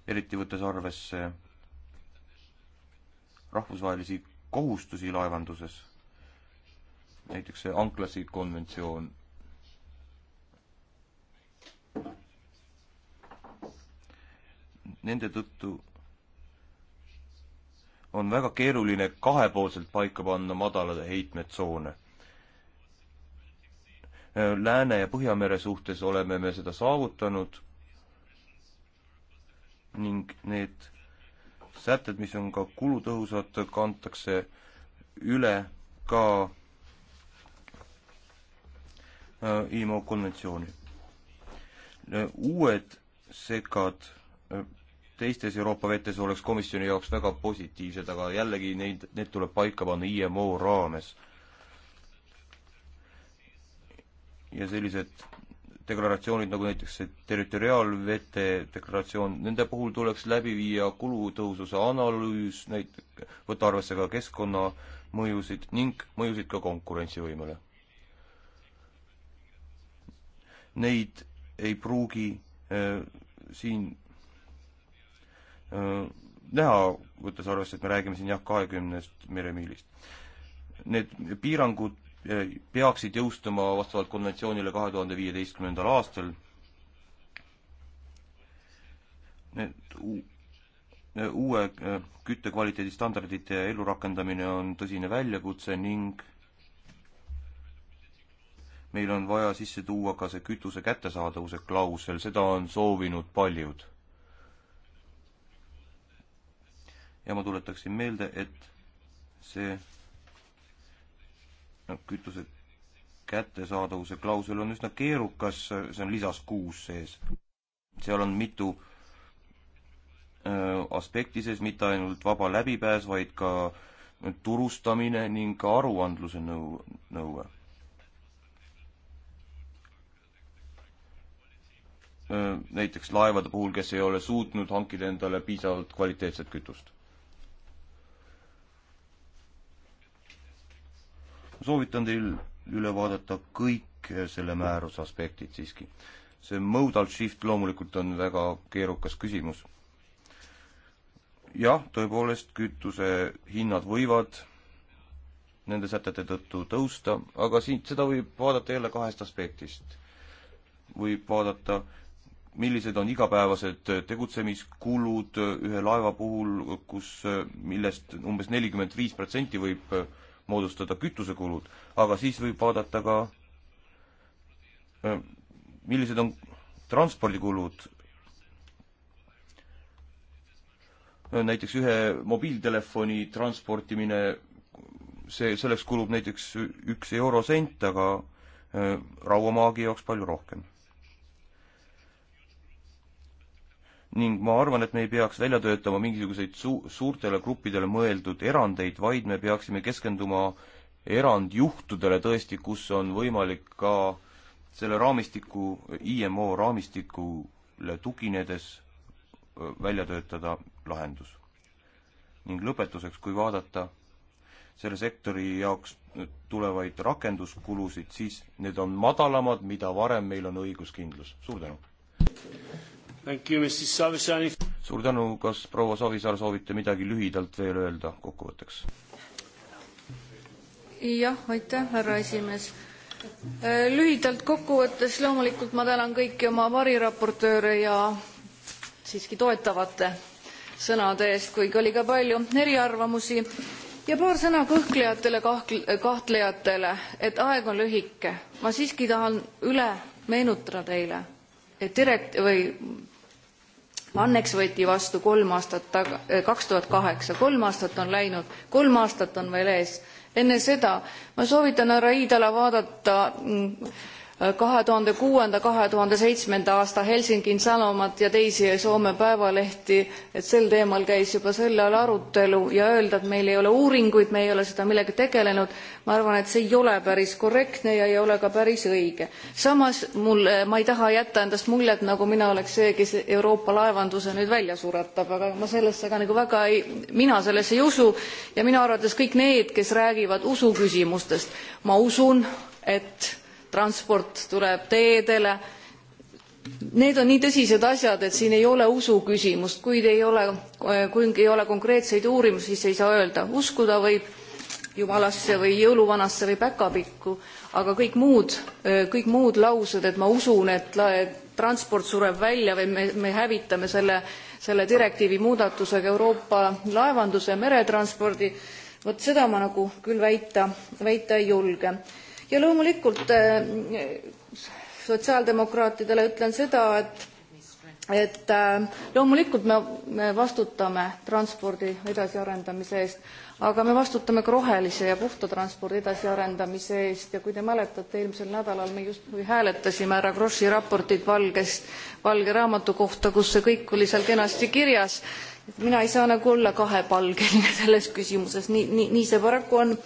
eriti võttes arvesse rahvusvahelisi kohustusi laevanduses näiteks see Anklasi konventsioon. Nende tõttu on väga keeruline kahepoolselt paika panna madalade heitmetsoone. Lääne ja Põhjamere suhtes oleme me seda saavutanud ning need sätted, mis on ka kulutõhusad, kantakse üle ka Äh, IMO konventsiooni. Äh, uued sekad äh, teistes Euroopa vetes oleks komisjoni jaoks väga positiivsed, aga jällegi neid, need tuleb paika panna IMO raames. ja sellised deklaratsioonid, nagu näiteks see territoriaalvete deklaratsioon, nende puhul tuleks läbi viia kulutõhususe analüüs, näit-, võtta arvesse ka keskkonnamõjusid ning mõjusid ka konkurentsivõimele neid ei pruugi äh, siin äh, näha, võttes arvesse, et me räägime siin jah, kahekümnest meremiilist. Need piirangud äh, peaksid jõustuma vastavalt konventsioonile kahe tuhande viieteistkümnendal aastal. Need äh, uue äh, küttekvaliteedi standardite ellurakendamine on tõsine väljakutse ning meil on vaja sisse tuua ka see kütuse kättesaadavuse klausel, seda on soovinud paljud. ja ma tuletaksin meelde, et see no, kütuse kättesaadavuse klausel on üsna keerukas, see on lisas kuus sees. seal on mitu öö, aspekti sees, mitte ainult vaba läbipääs, vaid ka turustamine ning ka aruandluse nõu, nõue näiteks laevade puhul, kes ei ole suutnud hankida endale piisavalt kvaliteetset kütust. ma soovitan teil üle vaadata kõik selle määruse aspektid siiski. see modal shift loomulikult on väga keerukas küsimus. jah, tõepoolest, kütuse hinnad võivad nende sätete tõttu tõusta, aga siin, seda võib vaadata jälle kahest aspektist. võib vaadata äh, millised on igapäevased tegutsemiskulud ühe laeva puhul, kus, millest umbes nelikümmend viis protsenti võib moodustada kütusekulud, aga siis võib vaadata ka, millised on transpordikulud. näiteks ühe mobiiltelefoni transportimine, see, selleks kulub näiteks üks eurosent, aga rauamaagi jaoks palju rohkem ning ma arvan, et me ei peaks välja töötama mingisuguseid su-, suurtele gruppidele mõeldud erandeid, vaid me peaksime keskenduma erandjuhtudele tõesti, kus on võimalik ka selle raamistiku, IMO raamistikule tuginedes välja töötada lahendus. ning lõpetuseks, kui vaadata selle sektori jaoks tulevaid rakenduskulusid, siis need on madalamad, mida varem meil on õiguskindlus. suur tänu! suur tänu, kas proua Savisaar soovite midagi lühidalt veel öelda kokkuvõtteks? jah, aitäh, härra esimees äh, lühidalt kokkuvõttes loomulikult ma tänan kõiki oma variraportööre ja siiski toetavate sõnade eest kuigi oli ka palju eriarvamusi ja paar sõna kõhklejatele kahtlejatele et aeg on lühike ma siiski tahan üle meenutada teile et direkt- või Lanneks võeti vastu kolm aastat taga, eh, kaks tuhat kaheksa, kolm aastat on läinud, kolm aastat on veel ees. enne seda ma soovitan härra Iidala vaadata mm, aasta helsingin sanomat ja teisi soome päevalehti et sel teemal käis juba sel ajal arutelu ja öelda et meil ei ole uuringuid me ei ole seda millega tegelenud ma arvan et see ei ole päris korrektne ja ei ole ka päris õige. samas mul eh, ma ei taha jätta endast muljet nagu mina oleks see kes euroopa laevanduse nüüd välja suretab aga ma sellesse ka nagu väga ei mina sellesse ei usu ja minu arvates kõik need kes räägivad usuküsimustest ma usun et transport tuleb teedele. Need on nii tõsised asjad, et siin ei ole usu küsimust, kuid ei ole, kui ei ole konkreetseid uurimusi, siis ei saa öelda, uskuda võib jumalasse või jõuluvanasse või päkapikku, aga kõik muud, kõik muud laused, et ma usun, et transport sureb välja või me, me hävitame selle, selle direktiivi muudatusega Euroopa laevanduse ja meretranspordi, vot seda ma nagu küll väita, väita ei julge ja loomulikult äh, sotsiaaldemokraatidele ütlen seda, et et äh, loomulikult me, me vastutame transpordi edasiarendamise eest, aga me vastutame ka rohelise ja puhta transpordi edasiarendamise eest ja kui te mäletate, eelmisel nädalal me justkui hääletasime härra Grossi raportit valgest, valge raamatu kohta, kus see kõik oli seal kenasti kirjas. mina ei saa nagu olla kahepalgeline selles küsimuses, nii, nii, nii see paraku on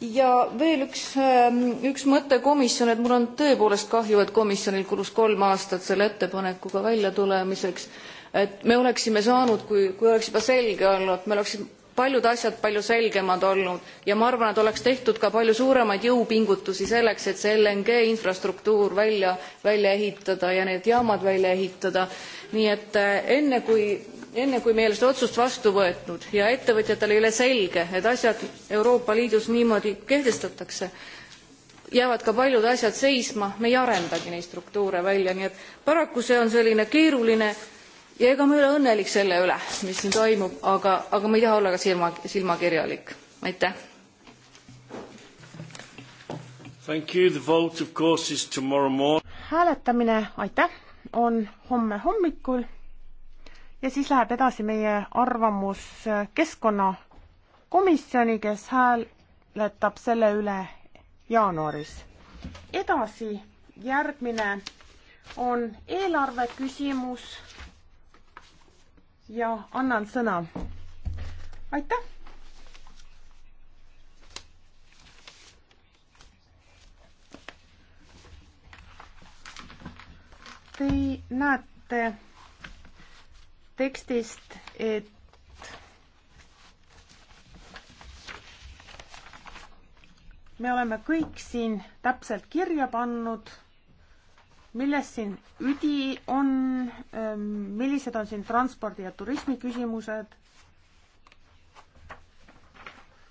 ja veel üks, ähm, üks mõte komisjon, et mul on tõepoolest kahju, et komisjonil kulus kolm aastat selle ettepanekuga välja tulemiseks. et me oleksime saanud, kui, kui oleks juba selge olnud, me oleksime paljud asjad palju selgemad olnud ja ma arvan, et oleks tehtud ka palju suuremaid jõupingutusi selleks, et see LNG infrastruktuur välja, välja ehitada ja need jaamad välja ehitada. nii et äh, enne kui enne kui me ei ole seda otsust vastu võtnud ja ettevõtjatele ei ole selge et asjad euroopa liidus niimoodi kehtestatakse jäävad ka paljud asjad seisma me ei arendagi neid struktuure välja nii et paraku see on selline keeruline ja ega ma ei ole õnnelik selle üle mis siin toimub aga aga ma ei taha olla ka silma silmakirjalik aitäh Thank you. The vote, of course, is tomorrow morning. hääletamine, aitäh, on homme hommikul ja siis läheb edasi meie arvamus keskkonnakomisjoni, kes hääletab selle üle jaanuaris. edasi järgmine on eelarve küsimus ja annan sõna. aitäh! Te näete tekstist, et me oleme kõik siin täpselt kirja pannud, milles siin üdi on, ähm, millised on siin transpordi ja turismi küsimused.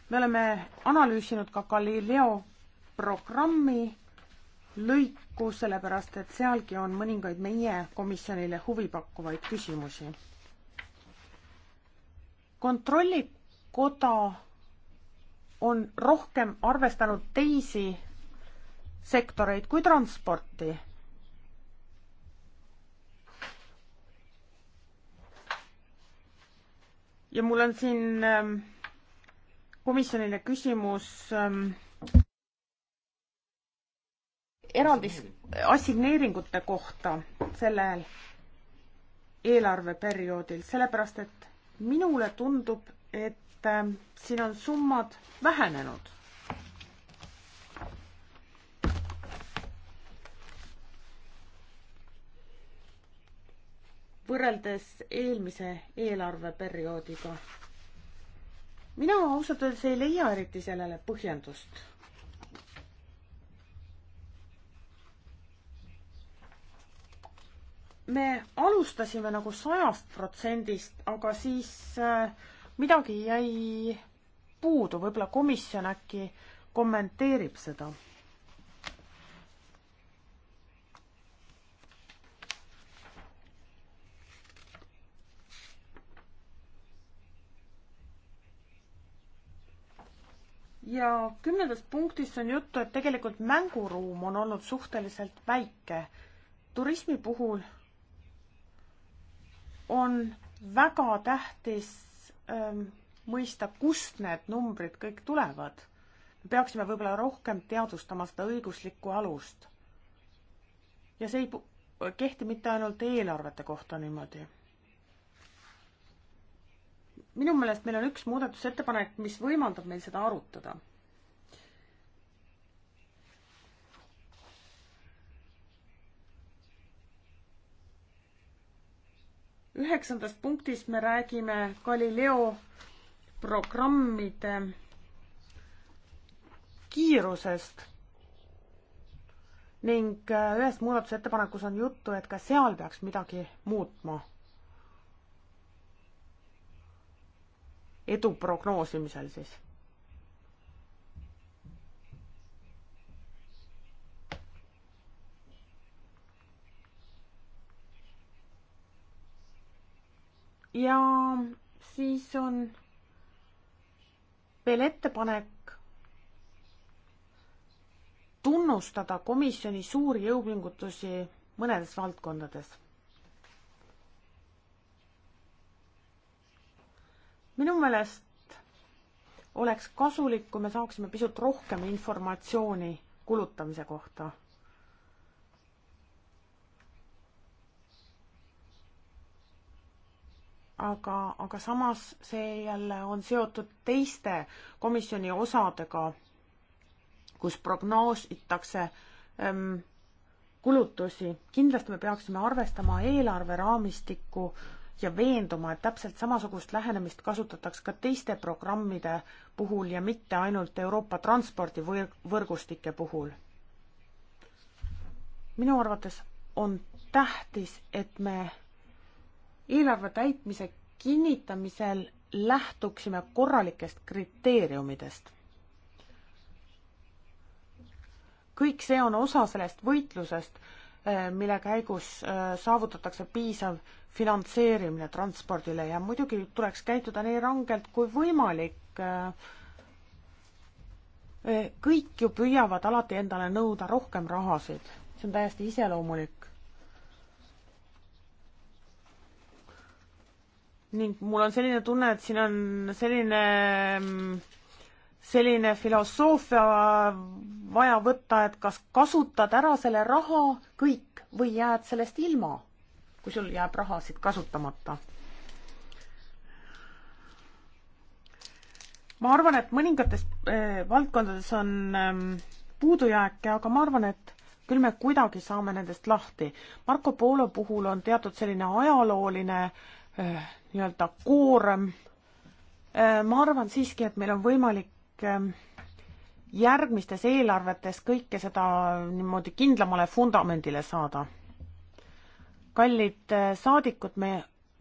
me oleme analüüsinud ka Galileo programmi lõiku, sellepärast et sealgi on mõningaid meie komisjonile huvipakkuvaid küsimusi kontrollikoda on rohkem arvestanud teisi sektoreid kui transporti ja mul on siin ähm, komisjonile küsimus ähm, eraldis assigneeringute kohta sellel eelarveperioodil, sellepärast et minule tundub, et äh, siin on summad vähenenud. võrreldes eelmise eelarveperioodiga. mina ausalt öeldes ei leia eriti sellele põhjendust me alustasime nagu sajast protsendist, aga siis äh, midagi jäi puudu, võib-olla komisjon äkki kommenteerib seda. ja kümnendas punktis on juttu, et tegelikult mänguruum on olnud suhteliselt väike. turismi puhul on väga tähtis ähm, mõista, kust need numbrid kõik tulevad. me peaksime võib-olla rohkem teadvustama seda õiguslikku alust. ja see ei kehti mitte ainult eelarvete kohta niimoodi. minu meelest meil on üks muudatusettepanek, mis võimaldab meil seda arutada üheksandas punktis me räägime Galileo programmide kiirusest ning äh, ühes muudatusettepanekus on juttu, et ka seal peaks midagi muutma. edu prognoosimisel siis ja siis on veel ettepanek tunnustada komisjoni suuri jõupingutusi mõnedes valdkondades. minu meelest oleks kasulik, kui me saaksime pisut rohkem informatsiooni kulutamise kohta aga, aga samas see jälle on seotud teiste komisjoni osadega, kus prognoositakse ähm, kulutusi. kindlasti me peaksime arvestama eelarveraamistikku ja veenduma, et täpselt samasugust lähenemist kasutatakse ka teiste programmide puhul ja mitte ainult Euroopa transpordivõrgustike puhul. minu arvates on tähtis, et me eelarve täitmise kinnitamisel lähtuksime korralikest kriteeriumidest. kõik see on osa sellest võitlusest, eh, mille käigus eh, saavutatakse piisav finantseerimine transpordile ja muidugi tuleks käituda nii rangelt kui võimalik. Eh, kõik ju püüavad alati endale nõuda rohkem rahasid, see on täiesti iseloomulik ning mul on selline tunne, et siin on selline, selline filosoofia vaja võtta, et kas kasutad ära selle raha kõik või jääd sellest ilma, kui sul jääb rahasid kasutamata. ma arvan, et mõningates eh, valdkondades on eh, puudujääke, aga ma arvan, et küll me kuidagi saame nendest lahti. Marco Polo puhul on teatud selline ajalooline eh, nii-öelda koorem. Äh, ma arvan siiski, et meil on võimalik äh, järgmistes eelarvetes kõike seda niimoodi kindlamale vundamendile saada. kallid äh, saadikud, me,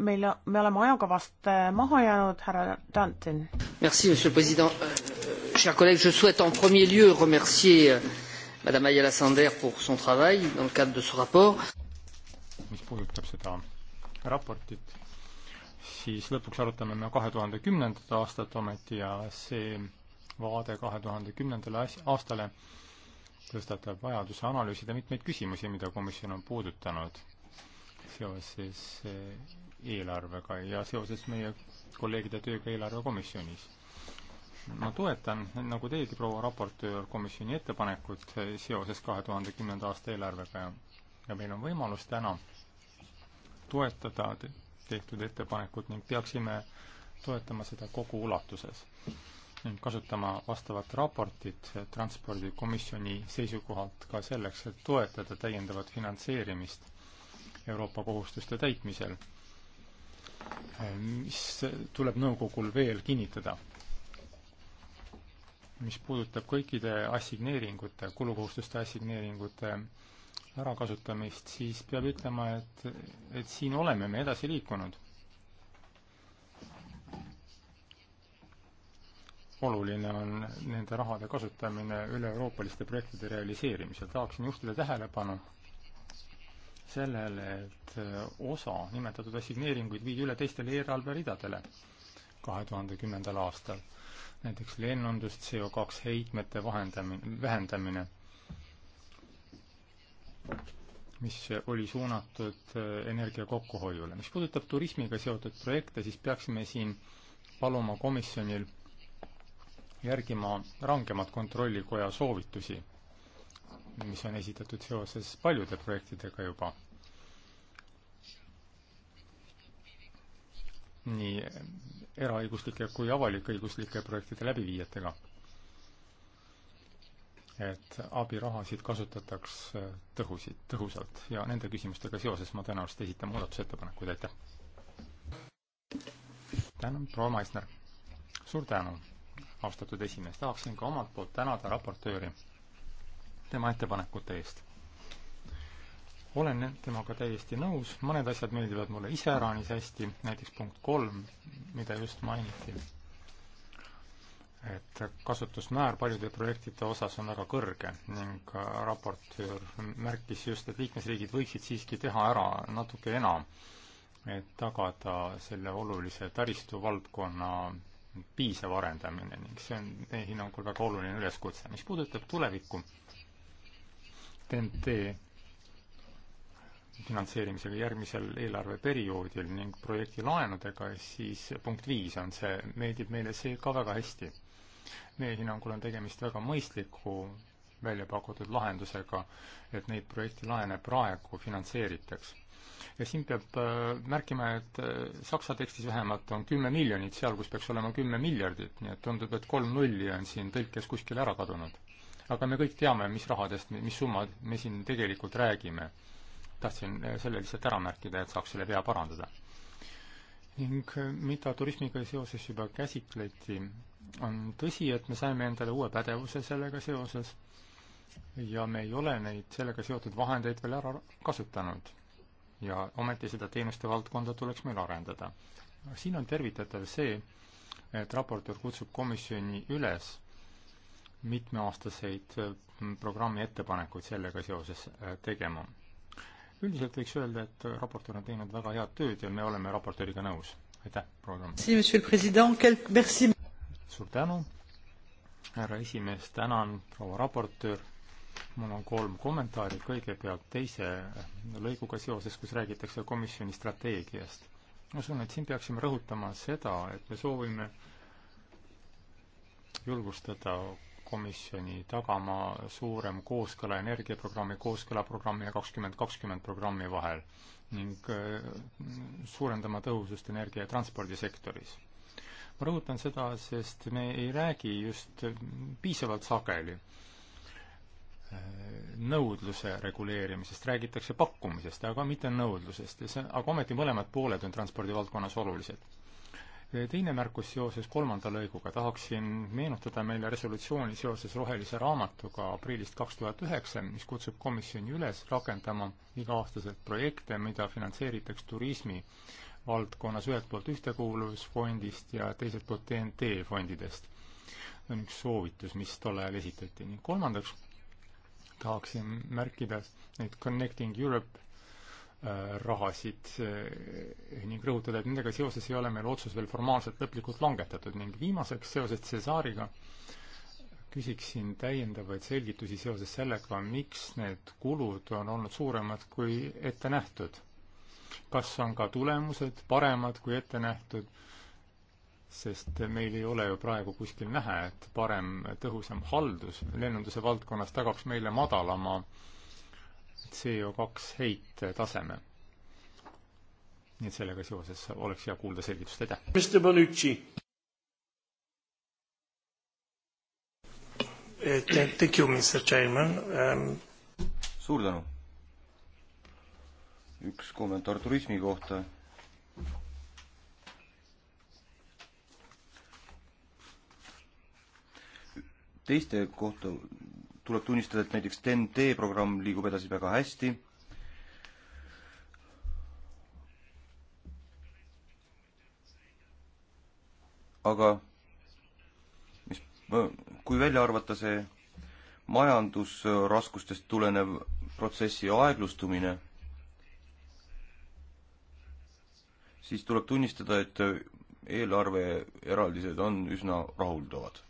meil, me oleme ajakavast maha jäänud, härra Dantin. Merci, monsieur president. Euh, euh, chers collègues, je souhaite en premier lieu remercier euh, madame Ayala Sander pour son travail dans le cadre de ce rapport. mis puudutab seda raportit, siis lõpuks arutame me kahe tuhande kümnendat aastat ometi ja see vaade kahe tuhande kümnendale aastale tõstatab vajaduse analüüsida mitmeid küsimusi, mida komisjon on puudutanud seoses eh, eelarvega ja seoses meie kolleegide tööga eelarvekomisjonis. ma toetan, nagu teiegi, proua raportöör, komisjoni ettepanekut eh, seoses kahe tuhande kümnenda aasta eelarvega ja meil on võimalus täna toetada tehtud ettepanekut ning peaksime toetama seda kogu ulatuses ning kasutama vastavat raportit Transpordikomisjoni seisukohalt ka selleks, et toetada täiendavat finantseerimist Euroopa kohustuste täitmisel, mis tuleb nõukogul veel kinnitada. mis puudutab kõikide assigneeringute, kulukohustuste assigneeringute ärakasutamist, siis peab ütlema, et, et siin oleme me edasi liikunud. oluline on nende rahade kasutamine üle-euroopaliste projektide realiseerimisel. tahaksin juhtida tähelepanu sellele, et osa nimetatud assigneeringuid viidi üle teistele eelarveridadele kahe tuhande kümnendal aastal. näiteks lennundus, CO2 heitmete vahendamine, vähendamine mis oli suunatud energia kokkuhoiule. mis puudutab turismiga seotud projekte, siis peaksime siin paluma komisjonil järgima rangemat kontrollikoja soovitusi, mis on esitatud seoses paljude projektidega juba. nii eraõiguslike kui avalik-õiguslike projektide läbiviijatega et abirahasid kasutataks äh, tõhusid, tõhusalt ja nende küsimustega seoses ma tõenäoliselt esitan muudatusettepanekuid, aitäh! tänan, proua Maisner! suur tänu, austatud esimees, tahaksin ka omalt poolt tänada raportööri tema ettepanekute eest. olen temaga täiesti nõus, mõned asjad meeldivad mulle iseäranis hästi, näiteks punkt kolm, mida just mainiti et kasutusmäär paljude projektide osas on väga kõrge ning raportöör märkis just, et liikmesriigid võiksid siiski teha ära natuke enam, et tagada selle olulise taristuvaldkonna piisav arendamine ning see on meie hinnangul väga oluline üleskutse. mis puudutab tulevikku, TNT finantseerimisega järgmisel eelarveperioodil ning projekti laenudega, siis punkt viis on see, meeldib meile see ka väga hästi meie hinnangul on tegemist väga mõistliku välja pakutud lahendusega, et neid projektilaene praegu finantseeritaks. ja siin peab äh, märkima, et äh, Saksa tekstis vähemalt on kümme miljonit seal, kus peaks olema kümme miljardit, nii et tundub, et kolm nulli on siin tõlkes kuskil ära kadunud. aga me kõik teame, mis rahadest, mis summad me siin tegelikult räägime. tahtsin äh, selle lihtsalt ära märkida, et saaks selle vea parandada. ning mida turismiga seoses juba käsitleti, on tõsi, et me saime endale uue pädevuse sellega seoses ja me ei ole neid sellega seotud vahendeid veel ära kasutanud. ja ometi seda teenuste valdkonda tuleks meil arendada. siin on tervitatav see, et raportöör kutsub komisjoni üles mitmeaastaseid mm, programmi ettepanekuid sellega seoses äh, tegema. üldiselt võiks öelda, et raportöör on teinud väga head tööd ja me oleme raportööriga nõus. aitäh, proua Tamm! suur tänu, härra esimees, tänan, proua raportöör. mul on kolm kommentaari, kõigepealt teise lõiguga seoses, kus räägitakse komisjoni strateegiast. ma usun, et siin peaksime rõhutama seda, et me soovime julgustada komisjoni tagama suurem kooskõla energiaprogrammi, kooskõla programmi ja kakskümmend kakskümmend programmi vahel ning äh, suurendama tõhusust energia- ja transpordisektoris ma rõhutan seda, sest me ei räägi just piisavalt sageli nõudluse reguleerimisest, räägitakse pakkumisest, aga mitte nõudlusest ja see, aga ometi mõlemad pooled on transpordivaldkonnas olulised teine märkus seoses kolmanda lõiguga. tahaksin meenutada meile resolutsiooni seoses rohelise raamatuga aprillist kaks tuhat üheksa, mis kutsub komisjoni üles rakendama iga-aastaselt projekte, mida finantseeritakse turismi valdkonnas ühelt poolt Ühtekuuluvusfondist ja teiselt poolt TNT fondidest. see on üks soovitus, mis tol ajal esitati. ning kolmandaks tahaksin märkida neid Connecting Europe Äh, rahasid äh, ning rõhutada, et nendega seoses ei ole meil otsus veel formaalselt lõplikult langetatud ning viimaseks seoses Cesariga küsiksin täiendavaid selgitusi seoses sellega, miks need kulud on olnud suuremad kui ette nähtud. kas on ka tulemused paremad kui ette nähtud, sest meil ei ole ju praegu kuskil näha, et parem, tõhusam haldus lennunduse valdkonnas tagaks meile madalama äh, CO2 heite taseme. nii et sellega seoses oleks hea kuulda selgitust, aitäh. Mr Bonucci. Eh, thank you, Mr Chairman um.... suur tänu. üks kommentaar turismi kohta teiste kohta tuleb tunnistada, et näiteks TEN-T programm liigub edasi väga hästi. aga mis, kui välja arvata see majandusraskustest tulenev protsessi aeglustumine, siis tuleb tunnistada, et eelarve eraldised on üsna rahuldavad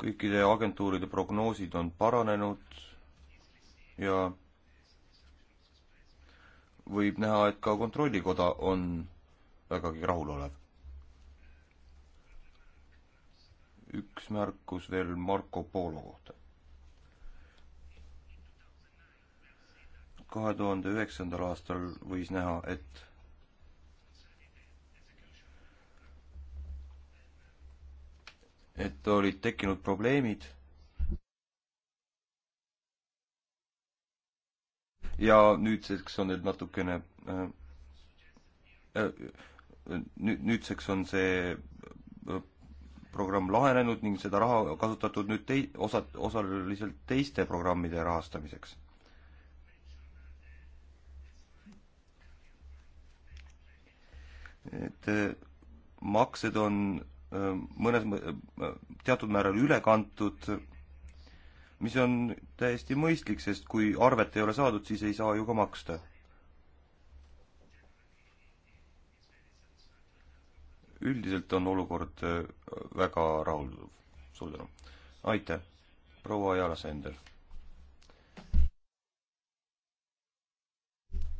kõikide agentuuride prognoosid on paranenud ja võib näha, et ka Kontrollikoda on vägagi rahulolev. üks märkus veel Marco Polo kohta. kahe tuhande üheksandal aastal võis näha, et et olid tekkinud probleemid ja nüüdseks on neil natukene äh, äh, nüüd, nüüdseks on see äh, programm lahenenud ning seda raha kasutatud nüüd tei-, osa, osaliselt teiste programmide rahastamiseks. et äh, maksed on mõnes, äh, teatud määral üle kantud, mis on täiesti mõistlik, sest kui arvet ei ole saadud, siis ei saa ju ka maksta. üldiselt on olukord äh, väga rahuldav. suur tänu. aitäh, proua Jala Sender.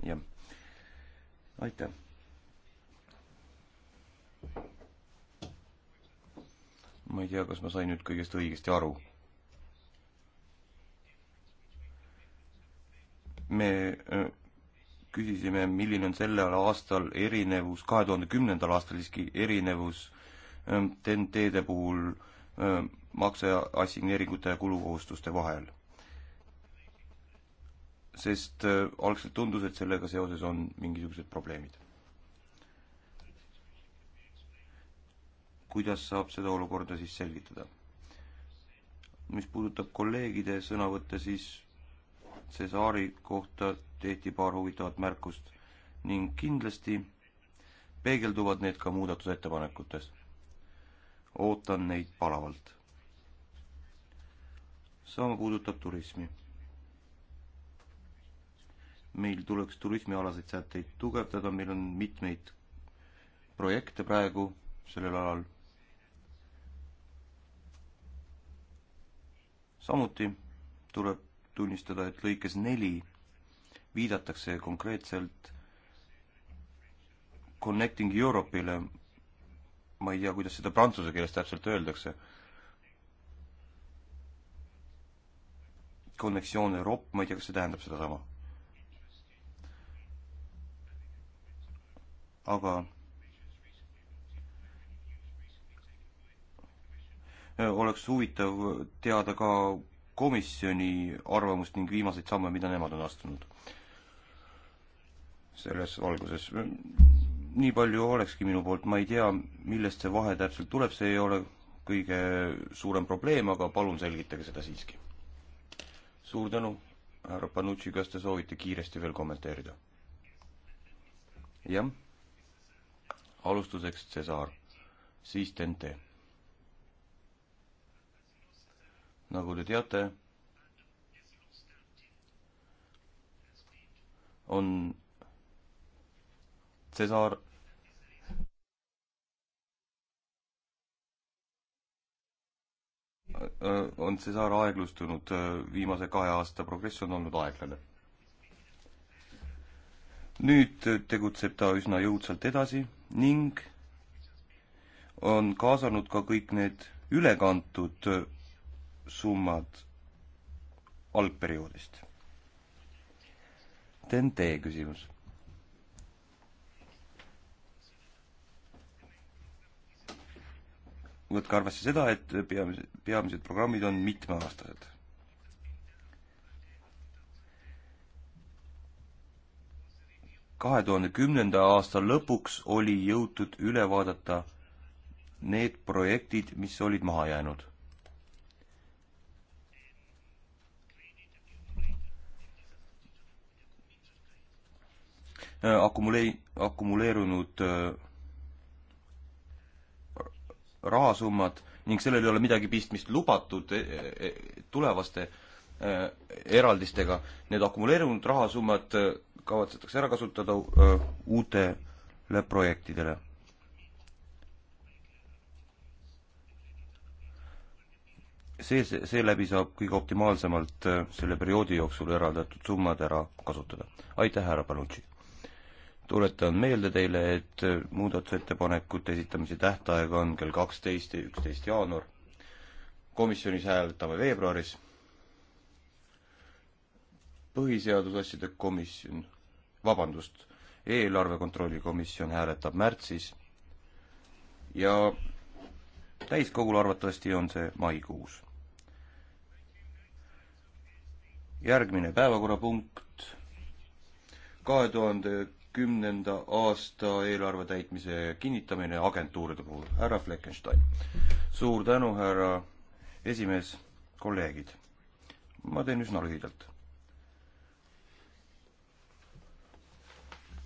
jah, aitäh ma ei tea, kas ma sain nüüd kõigest õigesti aru. me äh, küsisime, milline on sellel aastal erinevus, kahe tuhande kümnendal aastal siiski erinevus ähm, TEN-T-de puhul ähm, makse assigneeringute ja kulukohustuste vahel. sest äh, algselt tundus, et sellega seoses on mingisugused probleemid kuidas saab seda olukorda siis selgitada? mis puudutab kolleegide sõnavõtte, siis Cesari kohta tehti paar huvitavat märkust ning kindlasti peegelduvad need ka muudatusettepanekutes. ootan neid palavalt. sama puudutab turismi. meil tuleks turismialaseid sätteid tugevdada, meil on mitmeid projekte praegu sellel alal samuti tuleb tunnistada, et lõikes neli viidatakse konkreetselt Connecting Europe'ile, ma ei tea, kuidas seda prantsuse keeles täpselt öeldakse, Connexion Europe, ma ei tea, kas see tähendab sedasama. aga Äh, oleks huvitav teada ka komisjoni arvamust ning viimaseid samme, mida nemad on astunud. selles valguses nii palju olekski minu poolt, ma ei tea, millest see vahe täpselt tuleb, see ei ole kõige suurem probleem, aga palun selgitage seda siiski. suur tänu, härra Panucci, kas te soovite kiiresti veel kommenteerida? jah. alustuseks Cesar, siis TNT nagu te teate, on Cesar on Cesar aeglustunud, äh, viimase kahe aasta progress on olnud aeglane. nüüd tegutseb ta üsna jõudsalt edasi ning on kaasanud ka kõik need ülekantud summad algperioodist. TNT küsimus. võtke arvesse seda, et peamised, peamised programmid on mitmeaastased. kahe tuhande kümnenda aasta lõpuks oli jõutud üle vaadata need projektid, mis olid maha jäänud Äh, akumulee-, akumuleerunud äh, rahasummad ning sellel ei ole midagi pistmist lubatud e, e, e, tulevaste äh, eraldistega. Need akumuleerunud rahasummad kavatsetakse ära kasutada uutele projektidele. see, see, seeläbi saab kõige optimaalsemalt selle perioodi jooksul eraldatud summad ära kasutada. aitäh, härra Panucci! tuletan meelde teile, et muudatusettepanekute esitamise tähtaeg on kell kaksteist ja üksteist jaanuar. komisjonis hääletame veebruaris. põhiseadusasjade komisjon, vabandust, eelarve kontrolli komisjon hääletab märtsis ja täiskogul arvatavasti on see maikuus. järgmine päevakorrapunkt kahe tuhande kümnenda aasta eelarve täitmise kinnitamine agentuuride puhul. härra Fleckenstein. suur tänu, härra esimees, kolleegid. ma teen üsna lühidalt.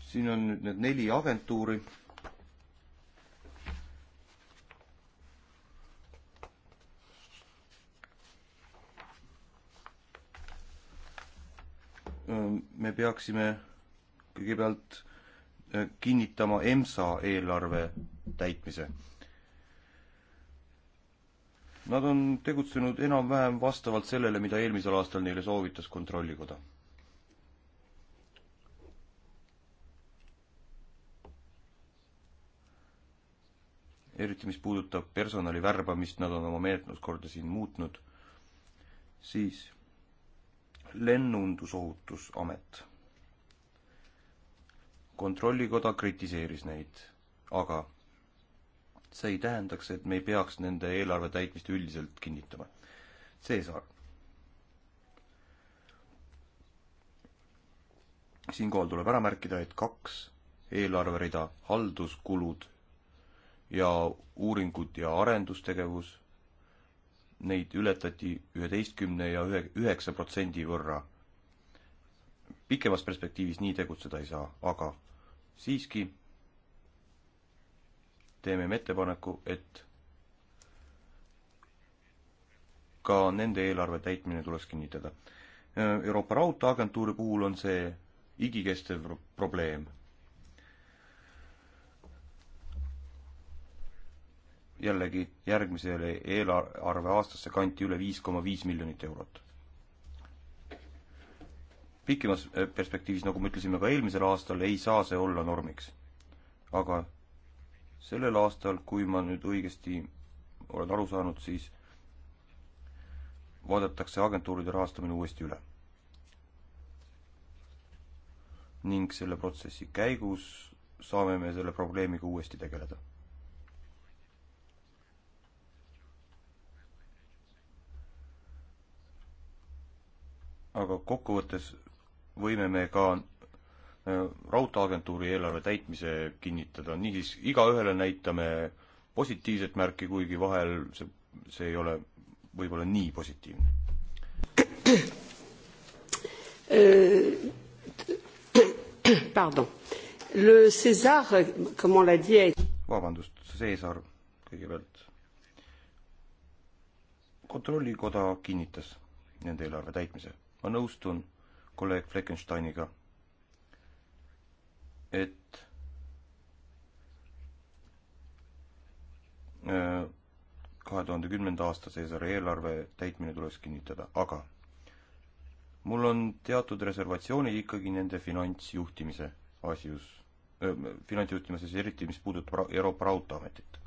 siin on nüüd need neli agentuuri. me peaksime kõigepealt äh, kinnitama EMSA eelarve täitmise. Nad on tegutsenud enam-vähem vastavalt sellele, mida eelmisel aastal neile soovitas Kontrollikoda. eriti mis puudutab personali värbamist, nad on oma meetmuskorda siin muutnud, siis lennundusohutusamet kontrollikoda kritiseeris neid, aga see ei tähendaks, et me ei peaks nende eelarve täitmist üldiselt kinnitama. Cesar. siinkohal tuleb ära märkida, et kaks eelarverida, halduskulud ja uuringud ja arendustegevus, neid ületati üheteistkümne ja ühe, üheksa protsendi võrra. pikemas perspektiivis nii tegutseda ei saa, aga siiski teeme me ettepaneku, et ka nende eelarve täitmine tuleks kinnitada. Euroopa Raudteeagentuuri puhul on see igikestev probleem. jällegi järgmisele eelarveaastasse kanti üle viis koma viis miljonit eurot pikemas eh, perspektiivis, nagu me ütlesime ka eelmisel aastal, ei saa see olla normiks. aga sellel aastal, kui ma nüüd õigesti olen aru saanud, siis vaadatakse agentuuride rahastamine uuesti üle. ning selle protsessi käigus saame me selle probleemiga uuesti tegeleda aga kokkuvõttes võime me ka äh, raudteeagentuuri eelarve täitmise kinnitada, niisiis igaühele näitame positiivset märki, kuigi vahel see, see ei ole võib-olla nii positiivne. Äh, pardon. Le César, comme on l'a dit... vabandust, César kõigepealt. kontrollikoda kinnitas nende eelarve täitmise. ma nõustun kolleeg Fleckensteiniga, et äh, kahe tuhande kümnenda aasta Cesari eelarve täitmine tuleks kinnitada, aga mul on teatud reservatsioonid ikkagi nende finantsjuhtimise asjus, äh, finantsjuhtimises, eriti mis puudutab Euroopa Raudteeametit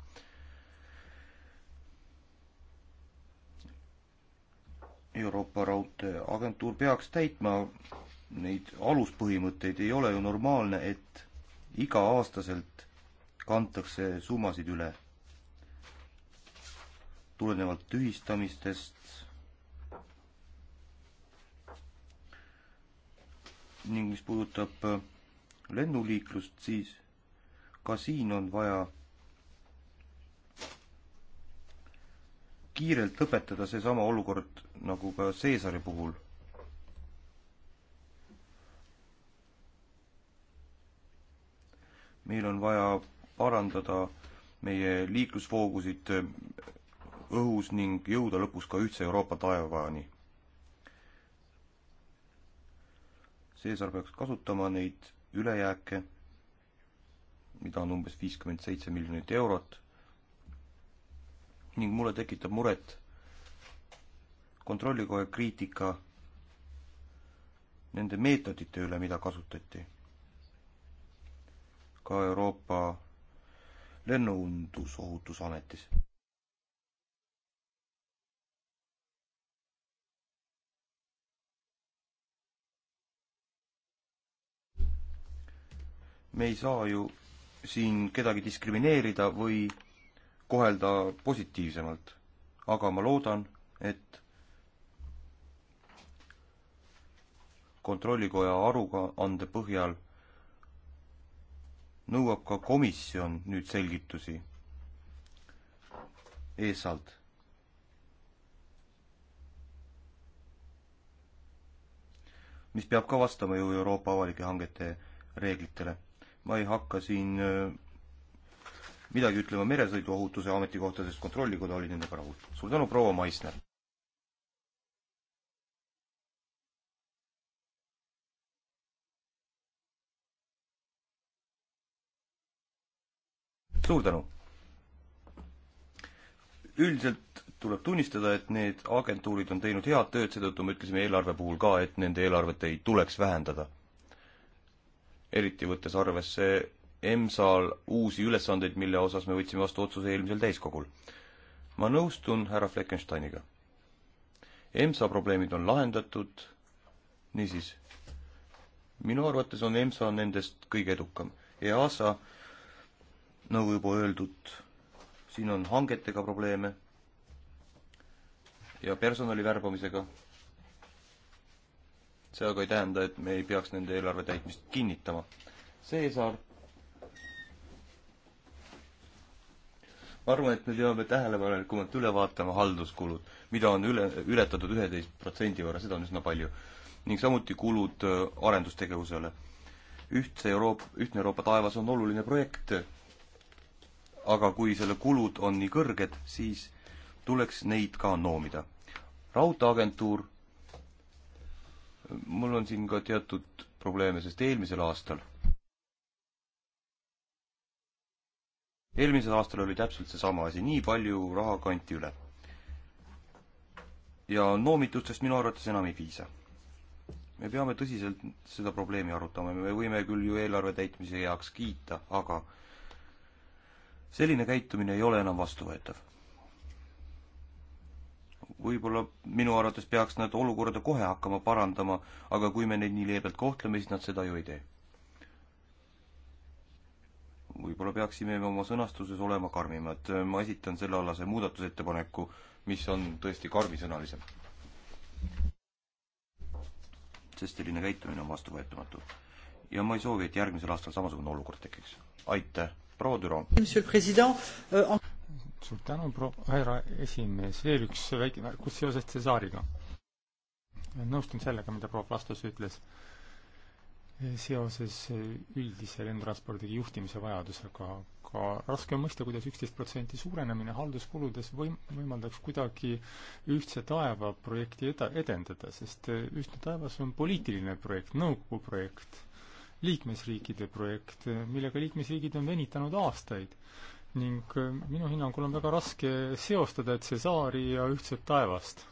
Euroopa Raudteeagentuur peaks täitma neid aluspõhimõtteid, ei ole ju normaalne, et iga-aastaselt kantakse summasid üle. tulenevalt tühistamistest ning mis puudutab lennuliiklust, siis ka siin on vaja kiirelt lõpetada seesama olukord nagu ka Seesari puhul. meil on vaja parandada meie liiklusvoogusid õhus ning jõuda lõpuks ka ühtse Euroopa taevaani. Seesar peaks kasutama neid ülejääke, mida on umbes viiskümmend seitse miljonit eurot ning mulle tekitab muret kontrollikoja kriitika nende meetodite üle, mida kasutati. ka Euroopa lennuundusohutusametis. me ei saa ju siin kedagi diskrimineerida või kohelda positiivsemalt. aga ma loodan, et kontrollikoja aruande põhjal nõuab ka komisjon nüüd selgitusi ESA-lt. mis peab ka vastama ju Euroopa avalike hangete reeglitele. ma ei hakka siin äh, midagi ütlema meresõiduohutuse ametikohta, sest Kontrollikoda oli nendega rahul. suur tänu, proua Maisner! suur tänu! üldiselt tuleb tunnistada, et need agentuurid on teinud head tööd, seetõttu me ütlesime eelarve puhul ka, et nende eelarvet ei tuleks vähendada. eriti võttes arvesse EMSA-l uusi ülesandeid, mille osas me võtsime vastu otsuse eelmisel täiskogul. ma nõustun härra Fleckensteiniga. EMSA probleemid on lahendatud, niisiis, minu arvates on EMSA nendest kõige edukam. EASA, nagu juba öeldud, siin on hangetega probleeme ja personali värbamisega. see aga ei tähenda, et me ei peaks nende eelarve täitmist kinnitama. Seesaar ma arvan, et me peame tähelepanelikumalt üle vaatama halduskulud, mida on üle, ületatud üheteist protsendi võrra, seda on üsna palju. ning samuti kulud äh, arendustegevusele. ühtse Euroopa, ühtne Euroopa taevas on oluline projekt, aga kui selle kulud on nii kõrged, siis tuleks neid ka noomida. raudteeagentuur, mul on siin ka teatud probleeme, sest eelmisel aastal eelmisel aastal oli täpselt seesama asi, nii palju raha kanti üle. ja noomitustest minu arvates enam ei piisa. me peame tõsiselt seda probleemi arutama, me võime küll ju eelarve täitmise heaks kiita, aga selline käitumine ei ole enam vastuvõetav. võib-olla minu arvates peaks nad olukorda kohe hakkama parandama, aga kui me neid nii leebelt kohtleme, siis nad seda ju ei tee võib-olla peaksime me oma sõnastuses olema karmimad. ma esitan sellealase muudatusettepaneku, mis on tõesti karmisõnalisem. sest selline käitumine on vastuvõetamatu. ja ma ei soovi, et järgmisel aastal samasugune olukord tekiks. aitäh, proua Düro! Euh, suur tänu, proua härra esimees, veel üks väike märkus seoses Cesariga. nõustun sellega, mida proua Plastus ütles seoses eh, üldise lennutranspordi juhtimise vajadusega, aga raske on mõista, kuidas üksteist protsenti suurenemine halduskuludes võim-, võimaldaks kuidagi Ühtse taeva projekti eda-, edendada, sest eh, Ühtne taevas on poliitiline projekt, nõukogu projekt, liikmesriikide projekt, eh, millega liikmesriigid on venitanud aastaid. ning minu hinnangul on väga raske seostada Cesari ja Ühtset taevast.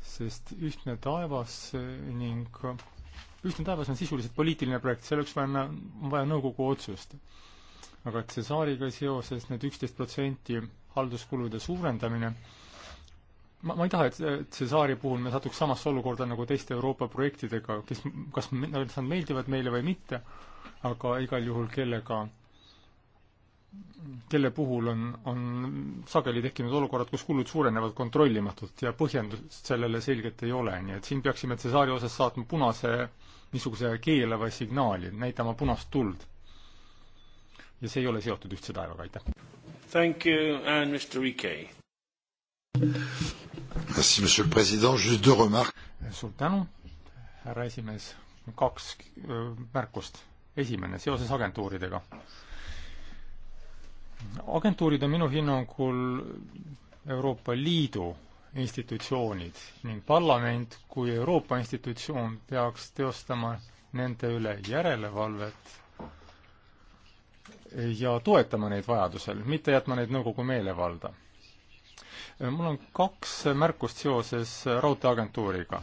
sest Ühtne taevas ning ühtne taevas on sisuliselt poliitiline projekt, selleks vaja, on vaja nõukogu otsust. aga et see saariga seoses need üksteist protsenti halduskulude suurendamine, ma, ma ei taha, et, et see saari puhul me satuks samasse olukorda nagu teiste Euroopa projektidega, kes, kas nad meeldivad meile või mitte, aga igal juhul kellega kelle puhul on, on sageli tekkinud olukorrad, kus kulud suurenevad kontrollimatult ja põhjendust sellele selgelt ei ole, nii et siin peaksime Cesari osas saatma punase, niisuguse keelava signaali, näitama punast tuld. ja see ei ole seotud ühtse taevaga, aitäh. Thank you and Mr Rike. Merci, monsieur le president, juste deux remarques. suur tänu, härra esimees, kaks äh, märkust. esimene, seoses agentuuridega agentuurid on minu hinnangul Euroopa Liidu institutsioonid ning parlament kui Euroopa institutsioon peaks teostama nende üle järelevalvet ja toetama neid vajadusel, mitte jätma neid nõukogu meelevalda. mul on kaks märkust seoses Raudteeagentuuriga.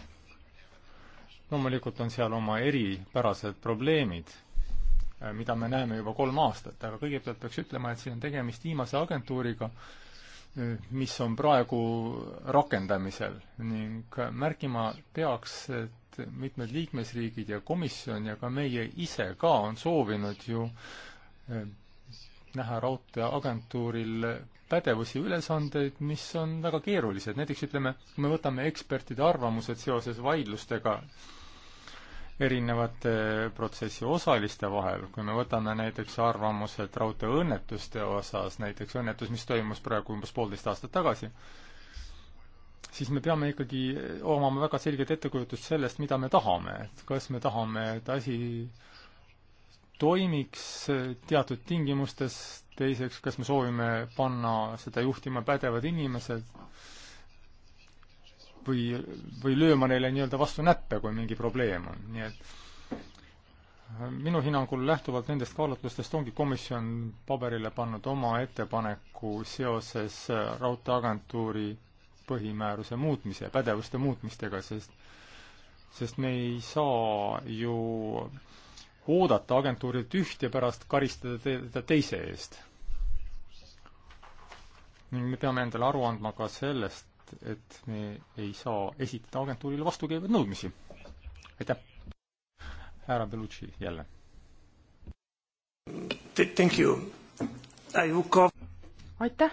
loomulikult on seal oma eripärased probleemid Äh, mida me näeme juba kolm aastat, aga kõigepealt peaks ütlema, et siin on tegemist viimase agentuuriga, äh, mis on praegu rakendamisel ning äh, märkima peaks, et mitmed liikmesriigid ja komisjon ja ka meie ise ka on soovinud ju näha raudteeagentuuril pädevusi ja ülesandeid, mis on väga keerulised, näiteks ütleme, kui me võtame ekspertide arvamused seoses vaidlustega erinevate protsessi osaliste vahel, kui me võtame näiteks arvamused raudteeõnnetuste osas, näiteks õnnetus, mis toimus praegu umbes poolteist aastat tagasi, siis me peame ikkagi omama väga selget ettekujutust sellest, mida me tahame, et kas me tahame, et asi toimiks teatud tingimustes, teiseks, kas me soovime panna seda juhtima pädevad inimesed, või, või lööma neile nii-öelda vastu näppe, kui mingi probleem on, nii et äh, minu hinnangul lähtuvalt nendest kaalutlustest ongi komisjon paberile pannud oma ettepaneku seoses äh, Raudteeagentuuri põhimääruse muutmise ja pädevuste muutmistega, sest sest me ei saa ju oodata agentuurilt üht ja pärast karistada teda teise eest. ning me peame endale aru andma ka sellest, et me ei saa esitada agentuurile vastukäivaid nõudmisi. aitäh! härra Bellucci jälle. Thank you. I will call... aitäh!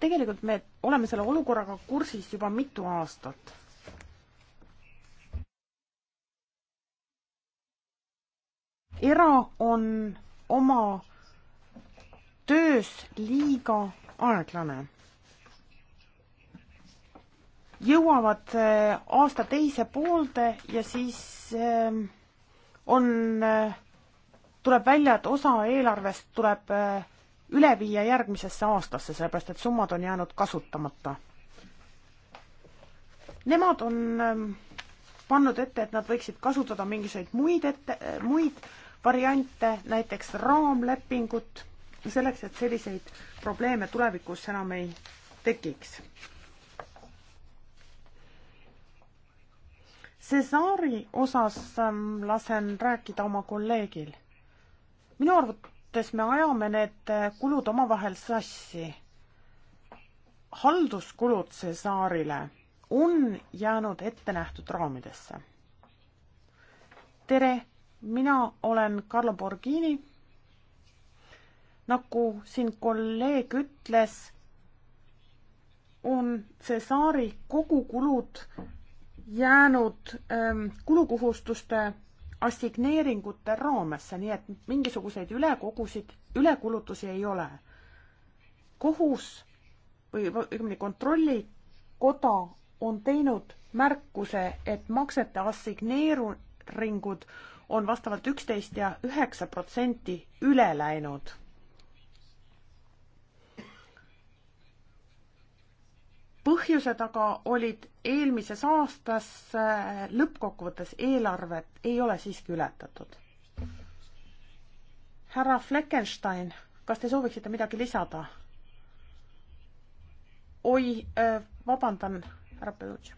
tegelikult me oleme selle olukorraga kursis juba mitu aastat era on oma töös liiga aeglane. jõuavad äh, aasta teise poolde ja siis ähm, on, äh, tuleb välja, et osa eelarvest tuleb äh, üle viia järgmisesse aastasse, sellepärast et summad on jäänud kasutamata. Nemad on ähm, pannud ette, et nad võiksid kasutada mingisuguseid muid ette, muid variante, näiteks raamlepingut, selleks, et selliseid probleeme tulevikus enam ei tekiks. Cesari osas ähm, lasen rääkida oma kolleegil. minu arvates me ajame need äh, kulud omavahel sassi. halduskulud Cesarile on jäänud ettenähtud raamidesse. tere mina olen Carlo Borghini. nagu siin kolleeg ütles, on Cesari kogukulud jäänud ähm, kulukohustuste assigneeringute raamesse, nii et mingisuguseid ülekogusid, ülekulutusi ei ole. kohus või õigemini kontrollikoda on teinud märkuse, et maksete assigneeringud on vastavalt üksteist ja üheksa protsenti üle läinud. põhjused aga olid eelmises aastas äh, lõppkokkuvõttes eelarvet ei ole siiski ületatud. härra Fleckenstein, kas te sooviksite midagi lisada? oi, äh, vabandan, härra Põõtš.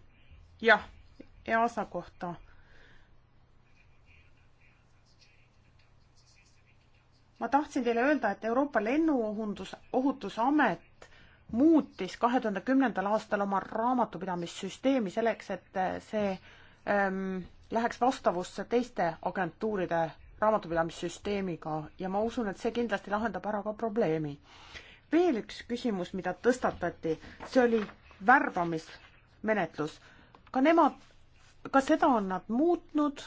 jah, EASA kohta ma tahtsin teile öelda, et Euroopa Lennuohutus, ohutusamet muutis kahe tuhande kümnendal aastal oma raamatupidamissüsteemi selleks, et äh, see ähm, läheks vastavusse teiste agentuuride raamatupidamissüsteemiga ja ma usun, et see kindlasti lahendab ära ka probleemi. veel üks küsimus, mida tõstatati, see oli värbamismenetlus. ka nemad, ka seda on nad muutnud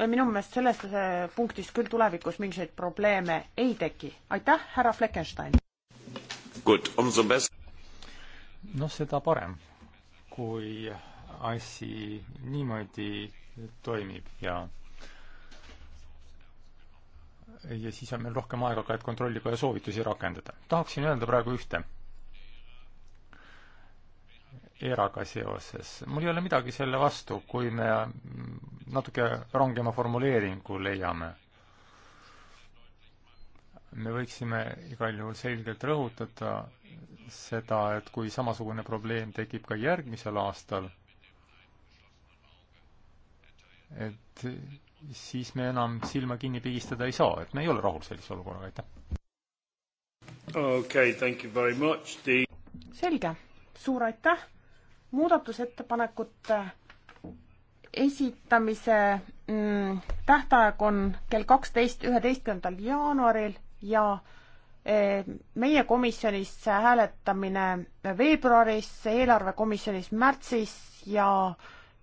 või minu meelest selles äh, punktis küll tulevikus mingisuguseid probleeme ei teki. aitäh, härra Fleckenstein! noh, seda parem, kui asi niimoodi toimib ja ja siis on meil rohkem aega ka, et kontrollida ja soovitusi rakendada. tahaksin öelda praegu ühte eraga seoses. mul ei ole midagi selle vastu, kui me natuke rangema formuleeringu leiame. me võiksime igal juhul selgelt rõhutada seda, et kui samasugune probleem tekib ka järgmisel aastal, et siis me enam silma kinni pigistada ei saa, et me ei ole rahul sellise olukorraga, aitäh. okei okay,, thank you very much The.... selge, suur aitäh muudatusettepanekute esitamise mm, tähtaeg on kell kaksteist, üheteistkümnendal jaanuaril ja e, meie komisjonis hääletamine veebruaris, eelarvekomisjonis märtsis ja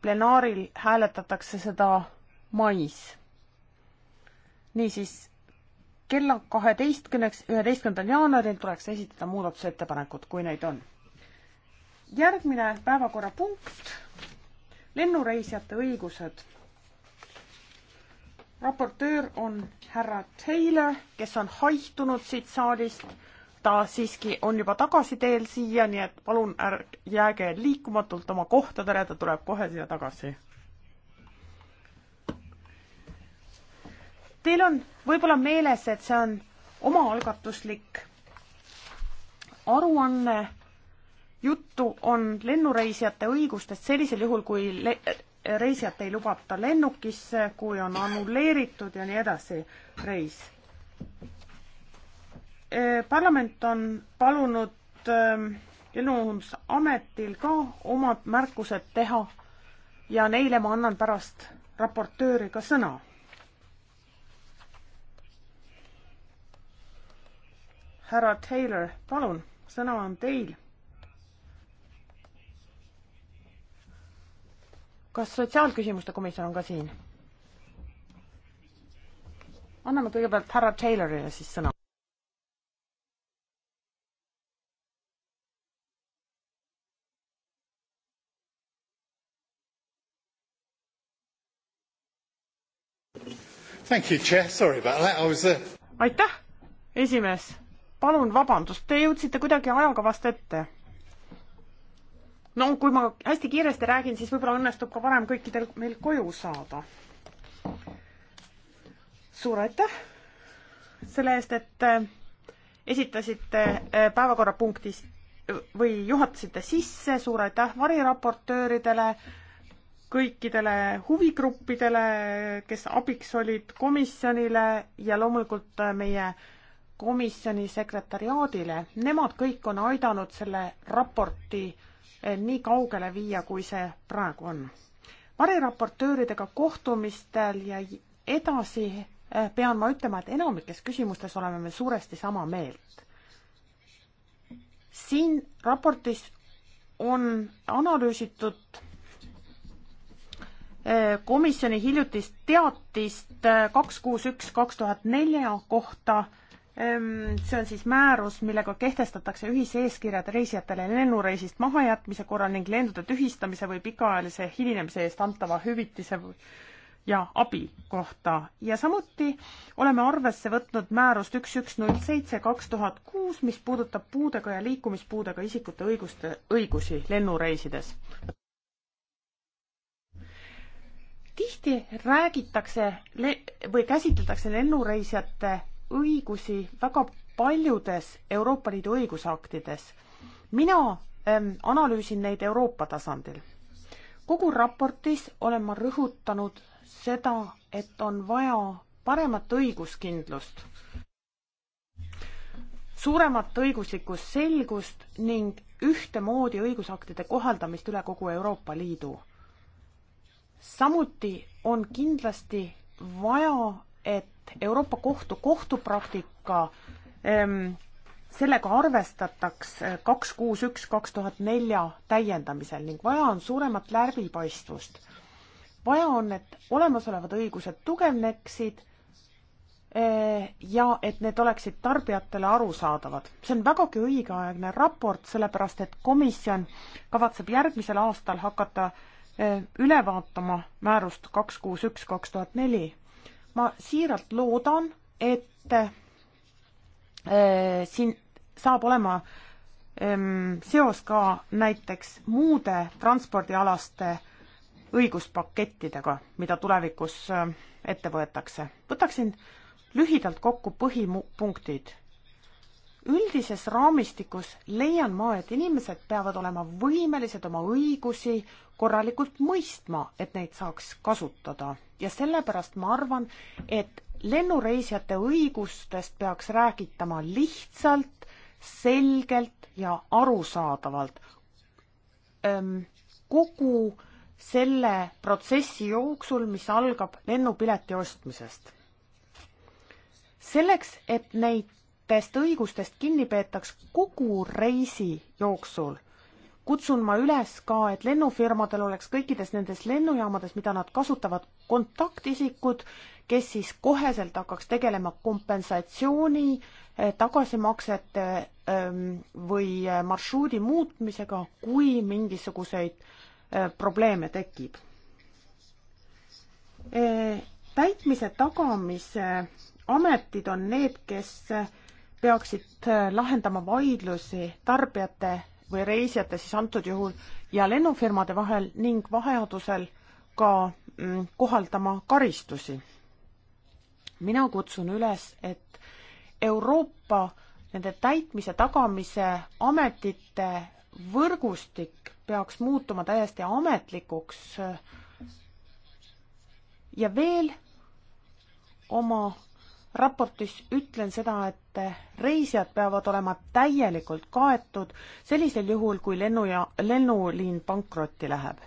plenaaril hääletatakse seda mais. niisiis, kella kaheteistkümneks, üheteistkümnendal jaanuaril tuleks esitada muudatusettepanekud, kui neid on järgmine päevakorrapunkt, lennureisijate õigused. raportöör on härra Taylor, kes on haihtunud siit saalist. ta siiski on juba tagasiteel siia, nii et palun ärge jääge liikumatult oma kohtadele, ta tuleb kohe siia tagasi. Teil on võib-olla meeles, et see on omaalgatuslik aruanne juttu on lennureisijate õigustest sellisel juhul, kui le-, reisijat ei lubata lennukisse, kui on annuleeritud ja nii edasi reis. Äh, parlament on palunud ähm, Lennuohutusametil ka omad märkused teha ja neile ma annan pärast raportööriga sõna. härra Taylor, palun, sõna on teil kas Sotsiaalküsimuste komisjon on ka siin? anname kõigepealt härra Taylorile siis sõna. Thank you, Chair. Sorry about that. I was uh... aitäh, esimees. palun vabandust, te jõudsite kuidagi ajakavast ette no kui ma hästi kiiresti räägin, siis võib-olla õnnestub ka varem kõikidel meil koju saada. suur aitäh selle eest, et äh, esitasite äh, päevakorrapunktis äh, või juhatasite sisse, suur aitäh variraportööridele, kõikidele huvigruppidele, kes abiks olid komisjonile ja loomulikult meie komisjoni sekretariaadile. Nemad kõik on aidanud selle raporti Eh, nii kaugele viia, kui see praegu on. variraportööridega kohtumistel ja edasi eh, pean ma ütlema, et enamikes küsimustes oleme me suuresti sama meelt. siin raportis on analüüsitud eh, komisjoni hiljutist teatist kaks kuus üks kaks tuhat nelja kohta Ehm, see on siis määrus, millega kehtestatakse ühiseeskirjad reisijatele lennureisist mahajätmise korral ning lendude tühistamise või pikaajalise hilinemise eest antava hüvitise ja abi kohta ja samuti oleme arvesse võtnud määrust üks, üks, null seitse, kaks tuhat kuus, mis puudutab puudega ja liikumispuudega isikute õiguste, õigusi lennureisides. tihti räägitakse le- või käsitletakse lennureisijate õigusi väga paljudes Euroopa Liidu õigusaktides. mina ähm, analüüsin neid Euroopa tasandil. kogu raportis olen ma rõhutanud seda, et on vaja paremat õiguskindlust, suuremat õiguslikku selgust ning ühtemoodi õigusaktide kohaldamist üle kogu Euroopa Liidu. samuti on kindlasti vaja et Euroopa Kohtu kohtupraktika ehm, sellega arvestatakse eh, kaks kuus üks kaks tuhat nelja täiendamisel ning vaja on suuremat läbipaistvust. vaja on, et olemasolevad õigused tugevneksid eh, ja et need oleksid tarbijatele arusaadavad. see on vägagi õigeaegne raport, sellepärast et komisjon kavatseb järgmisel aastal hakata eh, üle vaatama määrust kaks kuus üks kaks tuhat neli ma siiralt loodan, et äh, siin saab olema ähm, seos ka näiteks muude transpordialaste õiguspakettidega, mida tulevikus äh, ette võetakse. võtaksin lühidalt kokku põhipunktid üldises raamistikus leian ma, et inimesed peavad olema võimelised oma õigusi korralikult mõistma, et neid saaks kasutada ja sellepärast ma arvan, et lennureisijate õigustest peaks räägitama lihtsalt, selgelt ja arusaadavalt. kogu selle protsessi jooksul, mis algab lennupileti ostmisest selleks, et neid erinevatest õigustest kinni peetaks kogu reisi jooksul, kutsun ma üles ka, et lennufirmadel oleks kõikides nendes lennujaamades, mida nad kasutavad, kontaktisikud, kes siis koheselt hakkaks tegelema kompensatsiooni, eh, tagasimaksete ehm, või eh, marsruudi muutmisega, kui mingisuguseid eh, probleeme tekib. täitmise tagamise ametid on need, kes peaksid äh, lahendama vaidlusi tarbijate või reisijate siis antud juhul ja lennufirmade vahel ning vajadusel ka mm, kohaldama karistusi. mina kutsun üles, et Euroopa nende täitmise tagamise ametite võrgustik peaks muutuma täiesti ametlikuks äh, ja veel oma raportis ütlen seda, et reisijad peavad olema täielikult kaetud sellisel juhul, kui lennu ja lennuliin pankrotti läheb.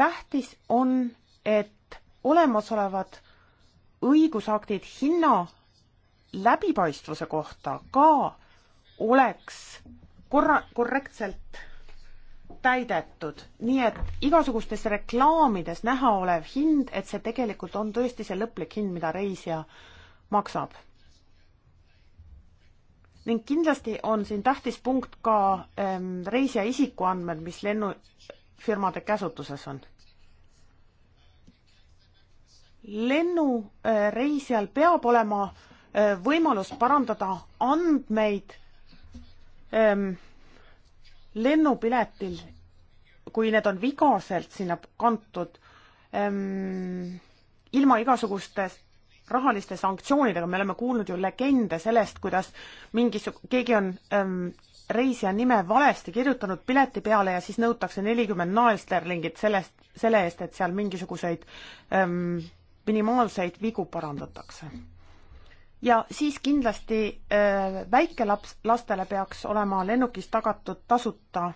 tähtis on, et olemasolevad õigusaktid hinna läbipaistvuse kohta ka oleks korra-, korrektselt täidetud, nii et igasugustes reklaamides näha olev hind, et see tegelikult on tõesti see lõplik hind, mida reisija maksab. ning kindlasti on siin tähtis punkt ka ähm, reisija isikuandmed, mis lennufirmade käsutuses on. lennureisijal äh, peab olema äh, võimalus parandada andmeid ähm, lennupiletil, kui need on vigaselt sinna kantud ähm,, ilma igasugustest rahaliste sanktsioonidega, me oleme kuulnud ju legende sellest, kuidas mingisug-, keegi on ähm, reisija nime valesti kirjutanud pileti peale ja siis nõutakse nelikümmend naelsterlingit sellest, selle eest, et seal mingisuguseid ähm, minimaalseid vigu parandatakse ja siis kindlasti äh, väikelaps, lastele peaks olema lennukis tagatud tasuta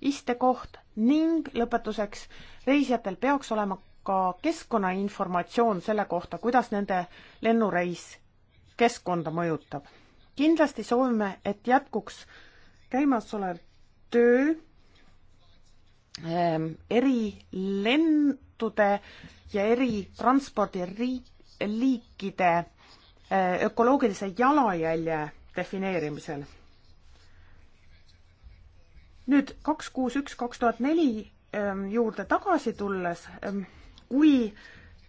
istekoht ning lõpetuseks reisijatel peaks olema ka keskkonnainformatsioon selle kohta, kuidas nende lennureis keskkonda mõjutab. kindlasti soovime, et jätkuks käimasolev töö ähm, erilendude ja eritranspordi liikide ökoloogilise jalajälje defineerimisel. nüüd kaks kuus üks kaks tuhat neli ähm, juurde tagasi tulles, ähm, kui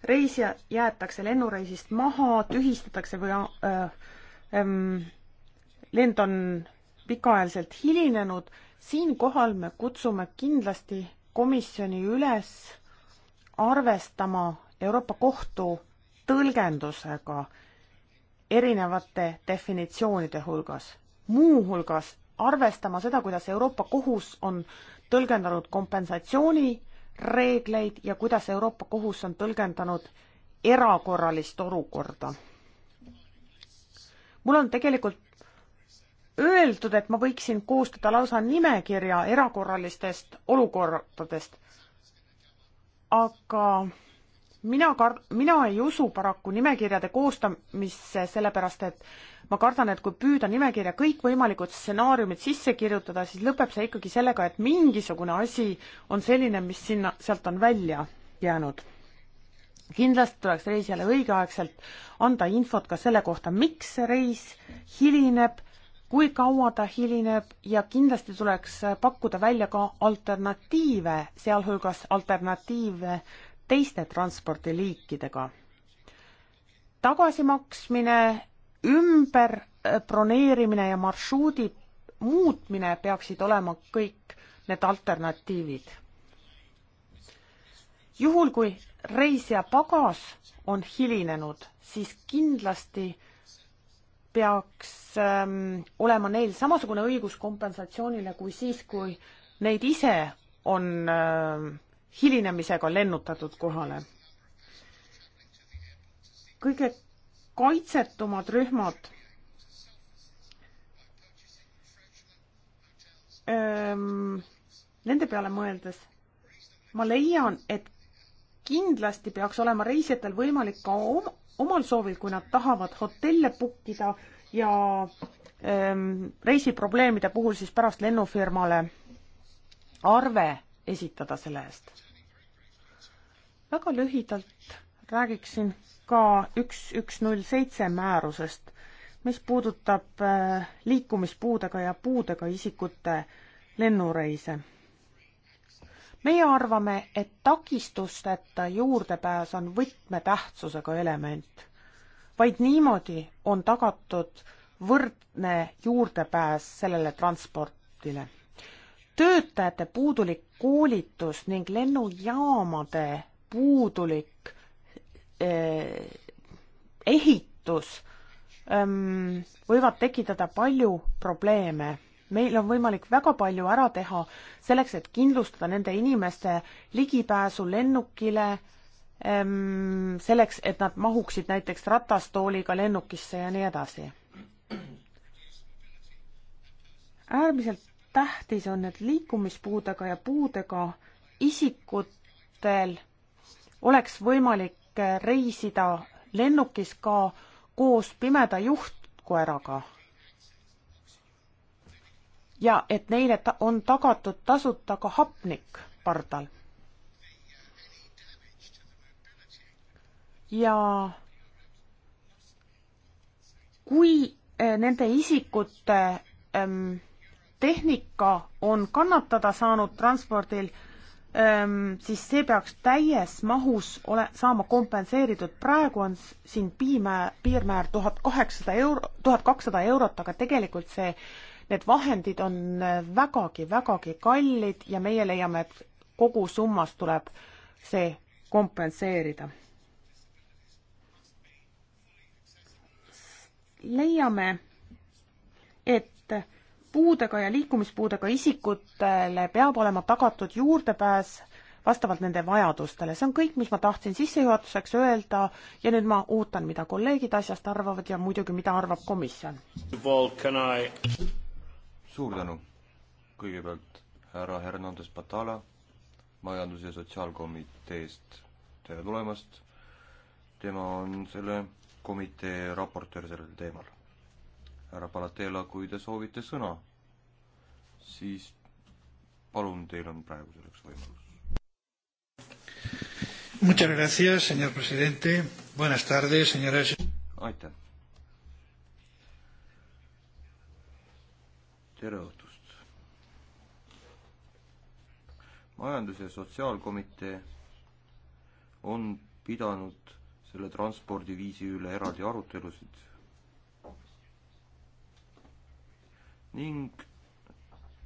reisija jäetakse lennureisist maha, tühistatakse või öö, äh, öö, ähm, lend on pikaajaliselt hilinenud, siinkohal me kutsume kindlasti komisjoni üles arvestama Euroopa Kohtu tõlgendusega erinevate definitsioonide hulgas, muuhulgas arvestama seda, kuidas Euroopa Kohus on tõlgendanud kompensatsioonireegleid ja kuidas Euroopa Kohus on tõlgendanud erakorralist olukorda. mul on tegelikult öeldud, et ma võiksin koostada lausa nimekirja erakorralistest olukordadest, aga mina kar-, mina ei usu paraku nimekirjade koostamisse, sellepärast et ma kardan, et kui püüda nimekirja kõikvõimalikud stsenaariumid sisse kirjutada, siis lõpeb see ikkagi sellega, et mingisugune asi on selline, mis sinna, sealt on välja jäänud. kindlasti tuleks reisijale õigeaegselt anda infot ka selle kohta, miks see reis hilineb, kui kaua ta hilineb ja kindlasti tuleks pakkuda välja ka alternatiive, sealhulgas alternatiive teiste transpordiliikidega. tagasimaksmine, ümber äh, broneerimine ja marsruudi muutmine peaksid olema kõik need alternatiivid. juhul, kui reis ja pagas on hilinenud, siis kindlasti peaks ähm, olema neil samasugune õigus kompensatsioonile kui siis, kui neid ise on äh, hilinemisega lennutatud kohale. kõige kaitsetumad rühmad ähm, nende peale mõeldes ma leian, et kindlasti peaks olema reisijatel võimalik ka om omal soovil, kui nad tahavad hotelle book ida ja ähm, reisiprobleemide puhul siis pärast lennufirmale arve esitada selle eest väga lühidalt räägiksin ka üks, üks null seitse määrusest, mis puudutab äh, liikumispuudega ja puudega isikute lennureise. meie arvame, et takistusteta juurdepääs on võtmetähtsusega element. vaid niimoodi on tagatud võrdne juurdepääs sellele transportile töötajate puudulik koolitus ning lennujaamade puudulik eh, ehitus ehm, võivad tekitada palju probleeme. meil on võimalik väga palju ära teha selleks, et kindlustada nende inimeste ligipääsu lennukile, ehm, selleks, et nad mahuksid näiteks ratastooliga lennukisse ja nii edasi. äärmiselt tähtis on, et liikumispuudega ja puudega isikutel oleks võimalik reisida lennukis ka koos pimeda juhtkoeraga. ja et neile ta on tagatud tasuta ka hapnik pardal. ja kui eh, nende isikute ähm, tehnika on kannatada saanud transpordil äh,, siis see peaks täies mahus ole, saama kompenseeritud. praegu on siin piime, piirmäär tuhat kaheksasada euro, tuhat kakssada eurot, aga tegelikult see, need vahendid on vägagi-vägagi äh, kallid ja meie leiame, et kogu summas tuleb see kompenseerida. leiame, et puudega ja liikumispuudega isikutele peab olema tagatud juurdepääs vastavalt nende vajadustele, see on kõik, mis ma tahtsin sissejuhatuseks öelda ja nüüd ma ootan, mida kolleegid asjast arvavad ja muidugi, mida arvab komisjon. suur tänu. kõigepealt härra Hernandez Batala majandus- ja sotsiaalkomiteest, tere tulemast. tema on selle komitee raportöör sellel teemal härra Palatela, kui te soovite sõna, siis palun, teil on praegu selleks võimalus. Muchas gracias, señor presidente. Buenas tardes, señoras. aitäh. tere õhtust. majandus- ja sotsiaalkomitee on pidanud selle transpordiviisi üle eraldi arutelusid ning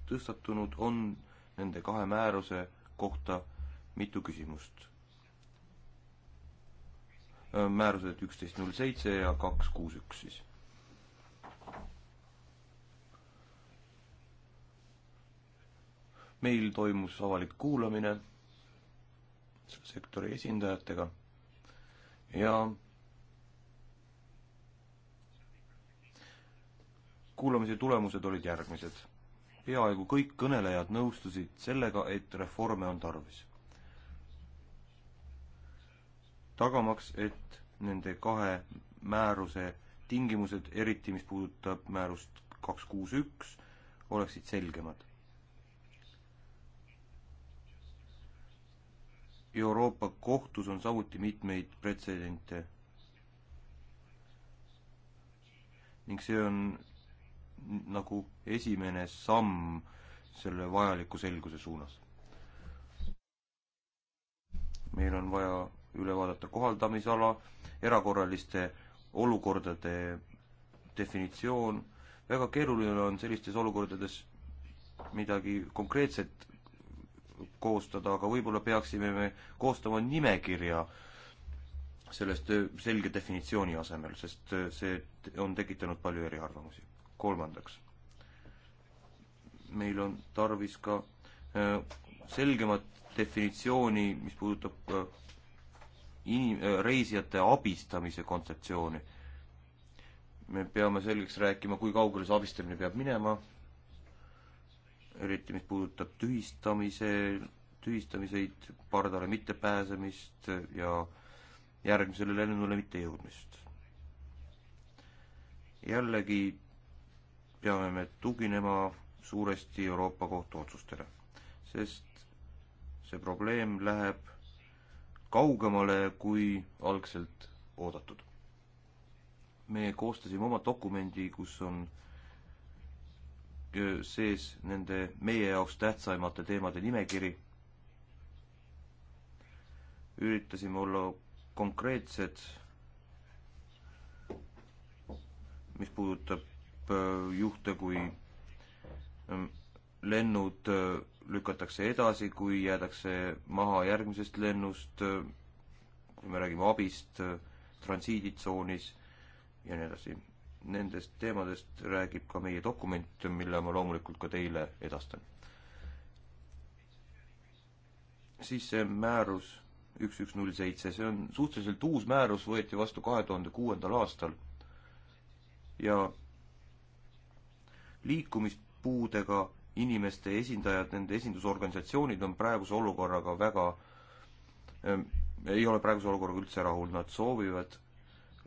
tõstatunud on nende kahe määruse kohta mitu küsimust. määrused üksteist null seitse ja kaks kuus üks siis. meil toimus avalik kuulamine sektori esindajatega ja kuulamise tulemused olid järgmised. peaaegu kõik kõnelejad nõustusid sellega, et reforme on tarvis. tagamaks, et nende kahe määruse tingimused, eriti mis puudutab määrust kaks kuus üks, oleksid selgemad. Euroopa kohtus on samuti mitmeid pretsedente ning see on nagu esimene samm selle vajaliku selguse suunas. meil on vaja üle vaadata kohaldamisala, erakorraliste olukordade definitsioon, väga keeruline on sellistes olukordades midagi konkreetset koostada, aga võib-olla peaksime me koostama nimekirja sellest äh, selge definitsiooni asemel, sest äh, see on tekitanud palju eriarvamusi kolmandaks, meil on tarvis ka äh, selgemat definitsiooni, mis puudutab äh, inim-, äh, reisijate abistamise kontseptsiooni. me peame selgeks rääkima, kui kaugele see abistamine peab minema, eriti mis puudutab tühistamise, tühistamiseid, pardale mittepääsemist ja järgmisele lennule mittejõudmist. jällegi peame me tuginema suuresti Euroopa Kohtu otsustele, sest see probleem läheb kaugemale kui algselt oodatud. me koostasime oma dokumendi, kus on sees nende meie jaoks tähtsaimate teemade nimekiri. üritasime olla konkreetsed, mis puudutab Äh, juhte, kui ähm, lennud äh, lükatakse edasi, kui jäädakse maha järgmisest lennust, äh, kui me räägime abist transiiditsoonis ja nii edasi. Nendest teemadest räägib ka meie dokument, mille ma loomulikult ka teile edastan. siis see määrus üks, üks, null, seitse, see on suhteliselt uus määrus, võeti vastu kahe tuhande kuuendal aastal ja liikumispuudega inimeste esindajad, nende esindusorganisatsioonid on praeguse olukorraga väga ähm,, ei ole praeguse olukorraga üldse rahul, nad soovivad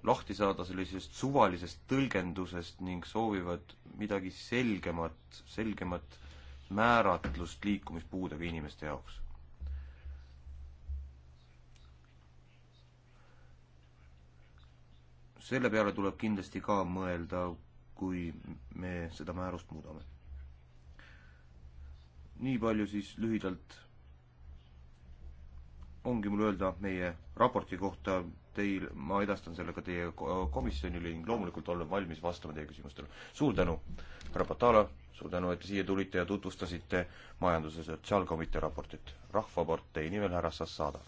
lahti saada sellisest suvalisest tõlgendusest ning soovivad midagi selgemat, selgemat määratlust liikumispuudega inimeste jaoks. selle peale tuleb kindlasti ka mõelda kui me seda määrust muudame. nii palju siis lühidalt ongi mul öelda meie raporti kohta, teil, ma edastan selle ka teie komisjonile ning loomulikult olen valmis vastama teie küsimustele. suur tänu, härra Patala, suur tänu, et te siia tulite ja tutvustasite majandus- ja sotsiaalkomitee raportit. rahvapartei nimel härra Sassada.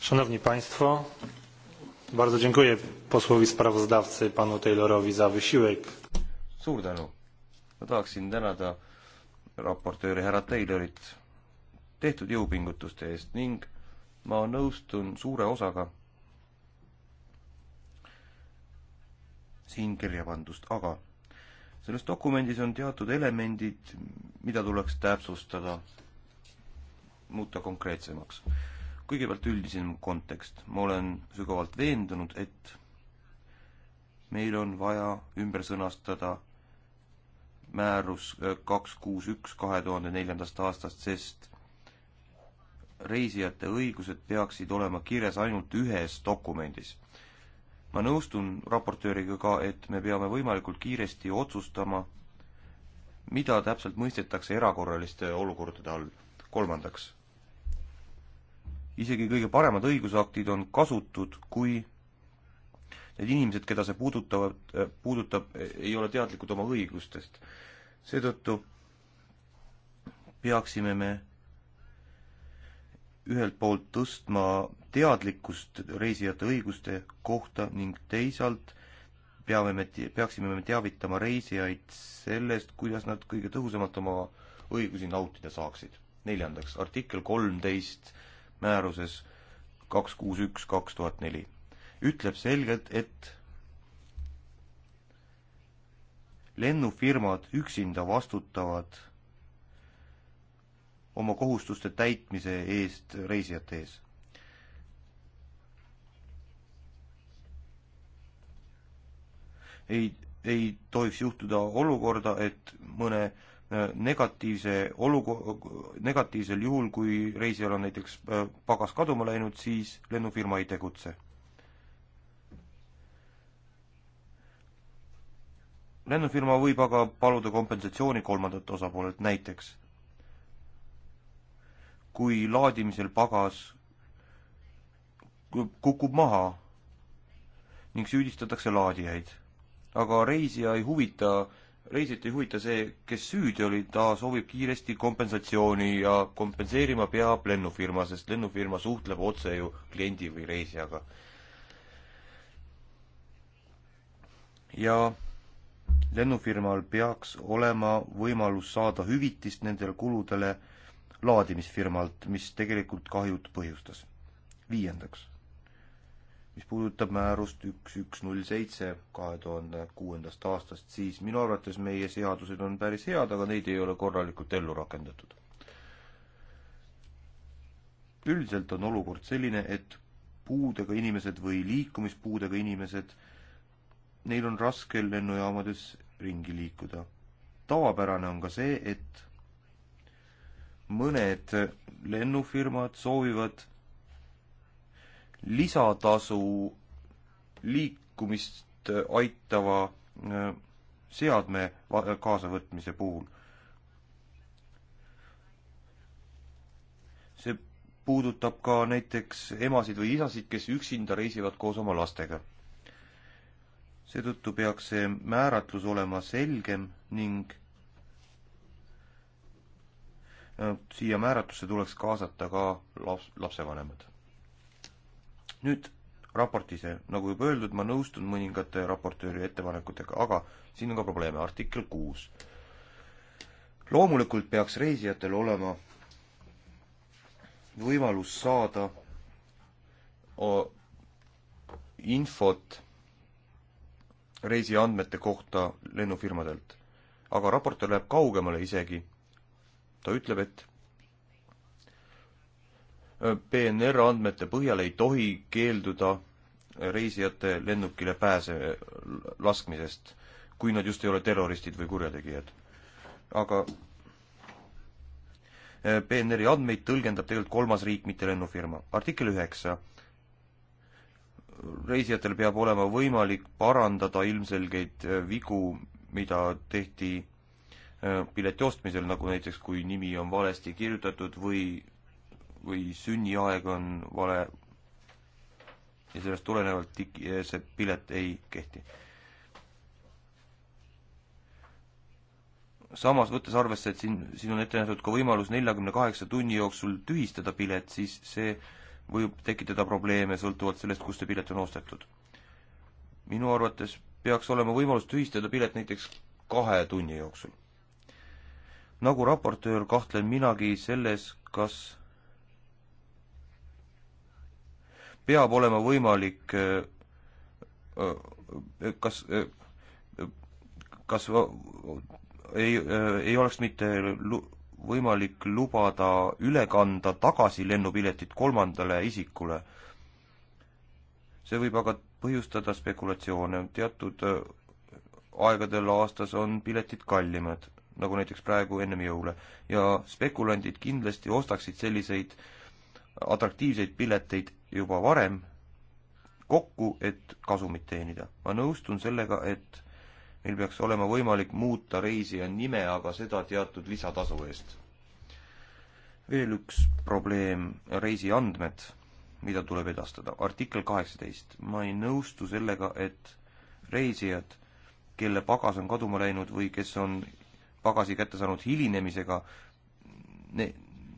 Szanowni Państwo, bardzo dziękuję posłowi sprawozdawcy, panu Taylorowi za wysiłek. Suur tänu. Ma tahaksin tänada raportööri härra Taylorit tehtud jõupingutuste eest ning ma nõustun suure osaga siin kirja pandust, aga selles dokumendis on teatud elemendid, mida tuleks täpsustada, muuta konkreetsemaks kõigepealt üldisem kontekst. ma olen sügavalt veendunud, et meil on vaja ümber sõnastada määrus äh, kaks kuus üks kahe tuhande neljandast aastast, sest reisijate õigused peaksid olema kirjas ainult ühes dokumendis. ma nõustun raportööriga ka, et me peame võimalikult kiiresti otsustama, mida täpselt mõistetakse erakorraliste olukordade all. kolmandaks isegi kõige paremad õigusaktid on kasutud, kui need inimesed, keda see puudutavad, eh, puudutab, ei ole teadlikud oma õigustest. seetõttu peaksime me ühelt poolt tõstma teadlikkust reisijate õiguste kohta ning teisalt peame me, peaksime me teavitama reisijaid sellest, kuidas nad kõige tõhusamalt oma õigusi nautida saaksid. neljandaks, artikkel kolmteist 13 määruses kaks kuus üks kaks tuhat neli. ütleb selgelt, et lennufirmad üksinda vastutavad oma kohustuste täitmise eest reisijate ees. ei, ei tohiks juhtuda olukorda, et mõne Äh, negatiivse oluko-, negatiivsel juhul, kui reisijal on näiteks äh, pagas kaduma läinud, siis lennufirma ei tegutse. lennufirma võib aga paluda kompensatsiooni kolmandalt osapoolelt, näiteks kui laadimisel pagas kukub maha ning süüdistatakse laadijaid. aga reisija ei huvita äh, reisit ei huvita see, kes süüdi oli, ta soovib kiiresti kompensatsiooni ja kompenseerima peab lennufirma, sest lennufirma suhtleb otse ju kliendi või reisijaga. ja lennufirmal peaks olema võimalus saada hüvitist nendele kuludele laadimisfirmalt, mis tegelikult kahjut põhjustas. viiendaks mis puudutab määrust üks, üks null seitse kahe tuhande kuuendast aastast, siis minu arvates meie seadused on päris head, aga neid ei ole korralikult ellu rakendatud. üldiselt on olukord selline, et puudega inimesed või liikumispuudega inimesed, neil on raske lennujaamades ringi liikuda. tavapärane on ka see, et mõned lennufirmad soovivad lisatasu liikumist aitava äh, seadme kaasavõtmise puhul. see puudutab ka näiteks emasid või isasid, kes üksinda reisivad koos oma lastega. seetõttu peaks see määratlus olema selgem ning äh, siia määratlusse tuleks kaasata ka laps, lapsevanemad nüüd raport ise, nagu juba öeldud, ma nõustun mõningate raportööri ettepanekutega, aga siin on ka probleeme, artikkel kuus. loomulikult peaks reisijatel olema võimalus saada infot reisiandmete kohta lennufirmadelt, aga raportöör läheb kaugemale isegi. ta ütleb, et PNR andmete põhjal ei tohi keelduda reisijate lennukile pääse laskmisest, kui nad just ei ole terroristid või kurjategijad. aga äh, PNR-i andmeid tõlgendab tegelikult kolmas riik, mitte lennufirma. artikkel üheksa. reisijatel peab olema võimalik parandada ilmselgeid äh, vigu, mida tehti äh, pileti ostmisel, nagu näiteks kui nimi on valesti kirjutatud või või sünniaeg on vale ja sellest tulenevalt tik-, see pilet ei kehti. samas, võttes arvesse, et siin, siin on ette nähtud ka võimalus neljakümne kaheksa tunni jooksul tühistada pilet, siis see võib tekitada probleeme sõltuvalt sellest, kust see pilet on ostetud. minu arvates peaks olema võimalus tühistada pilet näiteks kahe tunni jooksul. nagu raportöör kahtlen minagi selles, kas peab olema võimalik äh, äh, äh, kas, kas ei, ei oleks mitte lu-, võimalik lubada üle kanda tagasi lennupiletit kolmandale isikule. see võib aga põhjustada spekulatsioone, teatud aegadel aastas on piletid kallimad, nagu näiteks praegu ennem jõule, ja spekulandid kindlasti ostaksid selliseid atraktiivseid pileteid juba varem kokku, et kasumit teenida. ma nõustun sellega, et meil peaks olema võimalik muuta reisija nime, aga seda teatud lisatasu eest. veel üks probleem, reisiandmed, mida tuleb edastada. artikkel kaheksateist. ma ei nõustu sellega, et reisijad, kelle pagas on kaduma läinud või kes on pagasi kätte saanud hilinemisega, ne-,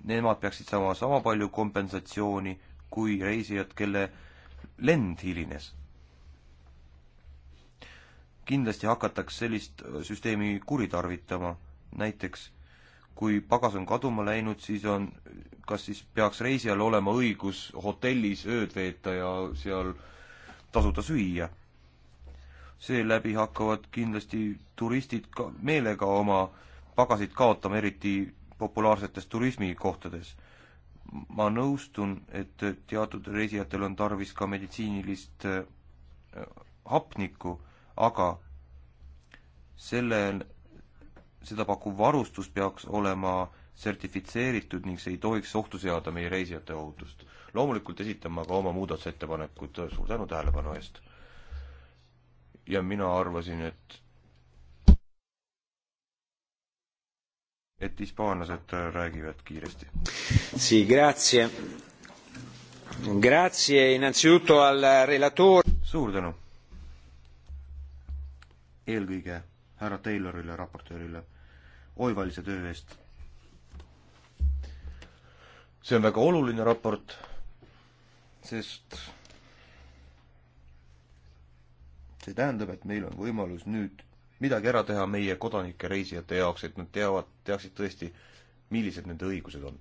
nemad peaksid saama sama palju kompensatsiooni kui reisijad, kelle lend hilines. kindlasti hakatakse sellist süsteemi kuritarvitama, näiteks kui pagas on kaduma läinud, siis on, kas siis peaks reisijal olema õigus hotellis ööd veeta ja seal tasuta süüa? seeläbi hakkavad kindlasti turistid ka meelega oma pagasid kaotama, eriti populaarsetes turismikohtades ma nõustun, et teatud reisijatel on tarvis ka meditsiinilist äh, hapnikku, aga selle, seda pakkuv varustus peaks olema sertifitseeritud ning see ei tohiks ohtu seada meie reisijate ohutust. loomulikult esitan ma ka oma muudatusettepanekud, suur tänu tähelepanu eest. ja mina arvasin, et et hispaanlased räägivad kiiresti. Sì, grazie. Grazie innanzitutto al relator. suur tänu. eelkõige härra Taylorile, raportöörile, oivalise töö eest. see on väga oluline raport, sest see tähendab, et meil on võimalus nüüd midagi ära teha meie kodanike reisijate jaoks, et nad teavad, teaksid tõesti, millised nende õigused on.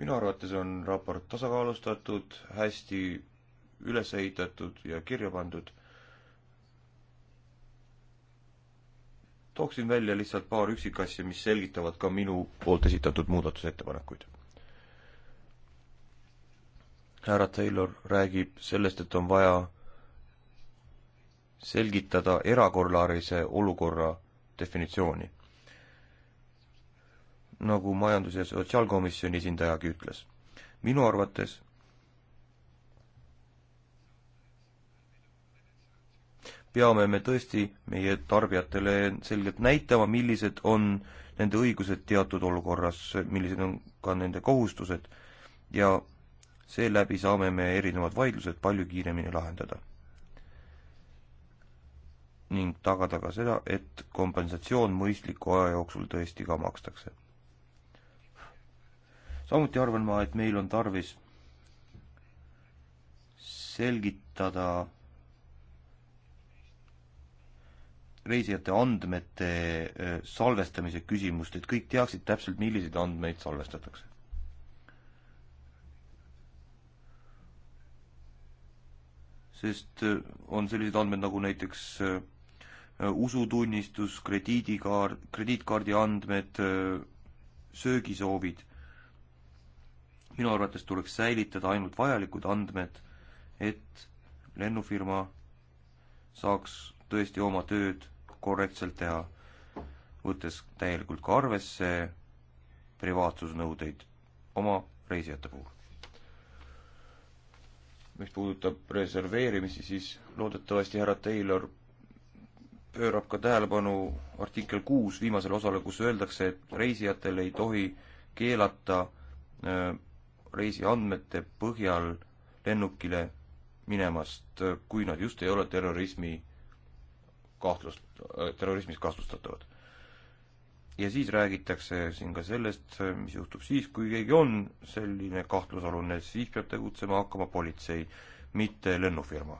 minu arvates on raport tasakaalustatud, hästi üles ehitatud ja kirja pandud. tooksin välja lihtsalt paar üksikasja, mis selgitavad ka minu poolt esitatud muudatusettepanekuid härra Taylor räägib sellest, et on vaja selgitada erakorralise olukorra definitsiooni. nagu Majandus- ja Sotsiaalkomisjoni esindajagi ütles. minu arvates peame me tõesti meie tarbijatele selgelt näitama, millised on nende õigused teatud olukorras, millised on ka nende kohustused ja seeläbi saame me erinevad vaidlused palju kiiremini lahendada ning tagada ka seda, et kompensatsioon mõistliku aja jooksul tõesti ka makstakse. samuti arvan ma, et meil on tarvis selgitada reisijate andmete salvestamise küsimust, et kõik teaksid täpselt, milliseid andmeid salvestatakse. sest on sellised andmed nagu näiteks Äh, usutunnistus, krediidikaard, krediitkaardi andmed, äh, söögisoovid. minu arvates tuleks säilitada ainult vajalikud andmed, et lennufirma saaks tõesti oma tööd korrektselt teha, võttes täielikult ka arvesse privaatsusnõudeid oma reisijate puhul. mis puudutab reserveerimisi, siis loodetavasti härra Taylor pöörab ka tähelepanu artikkel kuus viimasele osale, kus öeldakse, et reisijatel ei tohi keelata äh, reisiandmete põhjal lennukile minemast, äh, kui nad just ei ole terrorismi kahtlust, äh, terrorismis kahtlustatavad. ja siis räägitakse siin ka sellest, mis juhtub siis, kui keegi on selline kahtlusalune, siis peab tegutsema hakkama politsei, mitte lennufirma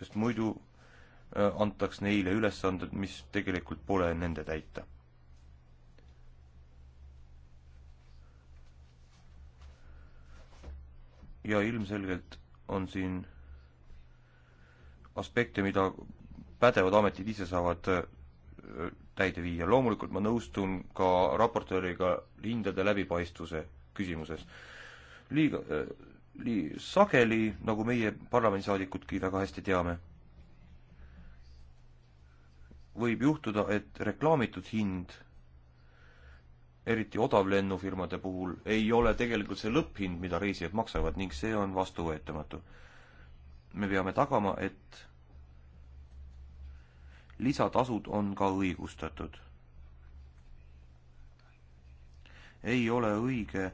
sest muidu äh, antaks neile ülesanded, mis tegelikult pole nende täita. ja ilmselgelt on siin aspekte, mida pädevad ametid ise saavad äh, täide viia. loomulikult ma nõustun ka raportööriga hindade läbipaistvuse küsimuses. liiga, äh, sageli, nagu meie parlamendisaadikudki väga hästi teame, võib juhtuda, et reklaamitud hind, eriti odavlennufirmade puhul, ei ole tegelikult see lõpphind, mida reisijad maksavad ning see on vastuvõetamatu. me peame tagama, et lisatasud on ka õigustatud. ei ole õige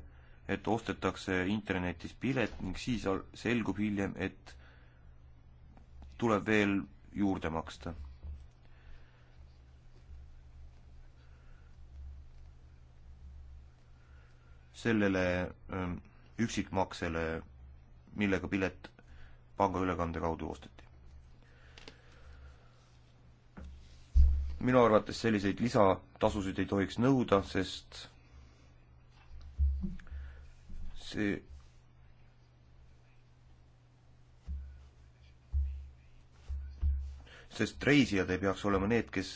et ostetakse internetis pilet ning siis selgub hiljem, et tuleb veel juurde maksta. sellele ähm, üksikmaksele, millega pilet pangaülekande kaudu osteti. minu arvates selliseid lisatasusid ei tohiks nõuda, sest see sest reisijad ei peaks olema need, kes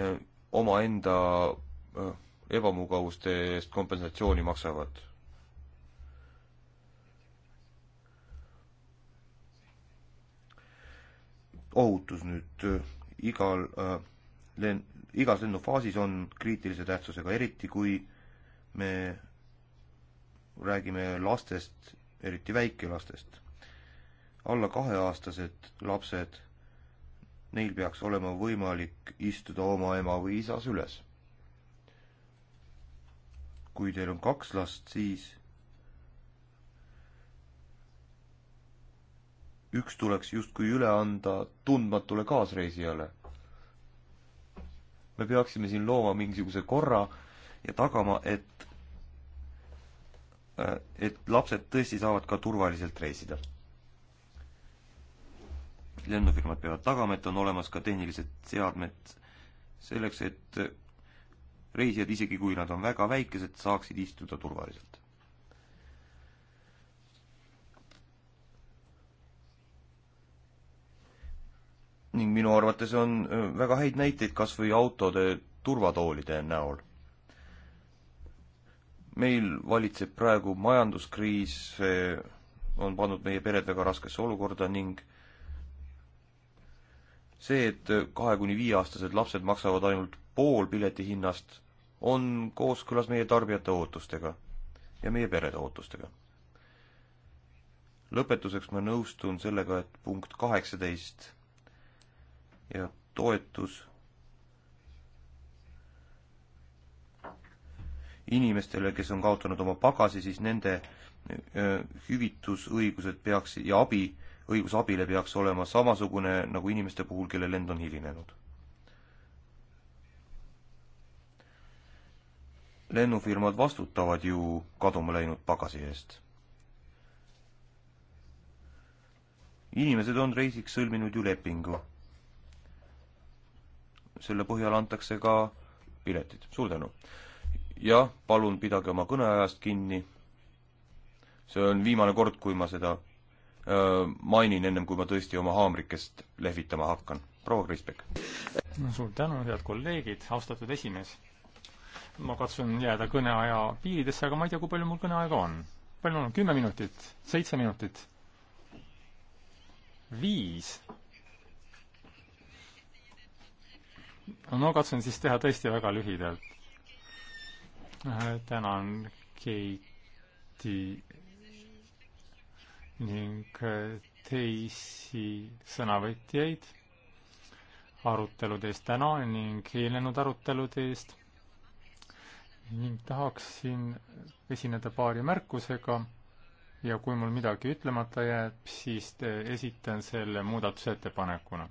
äh, omaenda äh, ebamugavuste eest kompensatsiooni maksavad. ohutus nüüd äh, igal äh, len-, igas lennufaasis on kriitilise tähtsusega, eriti kui me räägime lastest, eriti väikelastest. alla kaheaastased lapsed, neil peaks olema võimalik istuda oma ema või isa süles. kui teil on kaks last, siis üks tuleks justkui üle anda tundmatule kaasreisijale. me peaksime siin looma mingisuguse korra ja tagama, et Äh, et lapsed tõesti saavad ka turvaliselt reisida. lennufirmad peavad tagama, et on olemas ka tehnilised seadmed selleks, et reisijad, isegi kui nad on väga väikesed, saaksid istuda turvaliselt. ning minu arvates on äh, väga häid näiteid kas või autode turvatoolide näol meil valitseb praegu majanduskriis, see on pannud meie pered väga raskesse olukorda ning see, et kahe kuni viieaastased lapsed maksavad ainult pool piletihinnast, on kooskõlas meie tarbijate ootustega ja meie perede ootustega. lõpetuseks ma nõustun sellega, et punkt kaheksateist ja toetus inimestele, kes on kaotanud oma pagasi, siis nende hüvitusõigused peaks ja abi, õigus abile peaks olema samasugune nagu inimeste puhul, kelle lend on hilinenud. lennufirmad vastutavad ju kaduma läinud pagasi eest. inimesed on reisiks sõlminud ju lepingu. selle põhjal antakse ka piletid. suur tänu! jah, palun pidage oma kõneajast kinni. see on viimane kord, kui ma seda öö, äh, mainin, ennem kui ma tõesti oma haamrikest lehvitama hakkan. proua Kriisbek. suur tänu, head kolleegid, austatud esimees. ma katsun jääda kõneaja piiridesse, aga ma ei tea, kui palju mul kõneaega on. palju mul on, kümme minutit, seitse minutit? viis? no katsun siis teha tõesti väga lühidalt Äh, tänan, Keiti ning äh, teisi sõnavõtjaid arutelude eest täna ning eelnenud arutelude eest ning tahaksin esineda paari märkusega ja kui mul midagi ütlemata jääb, siis esitan selle muudatusettepanekuna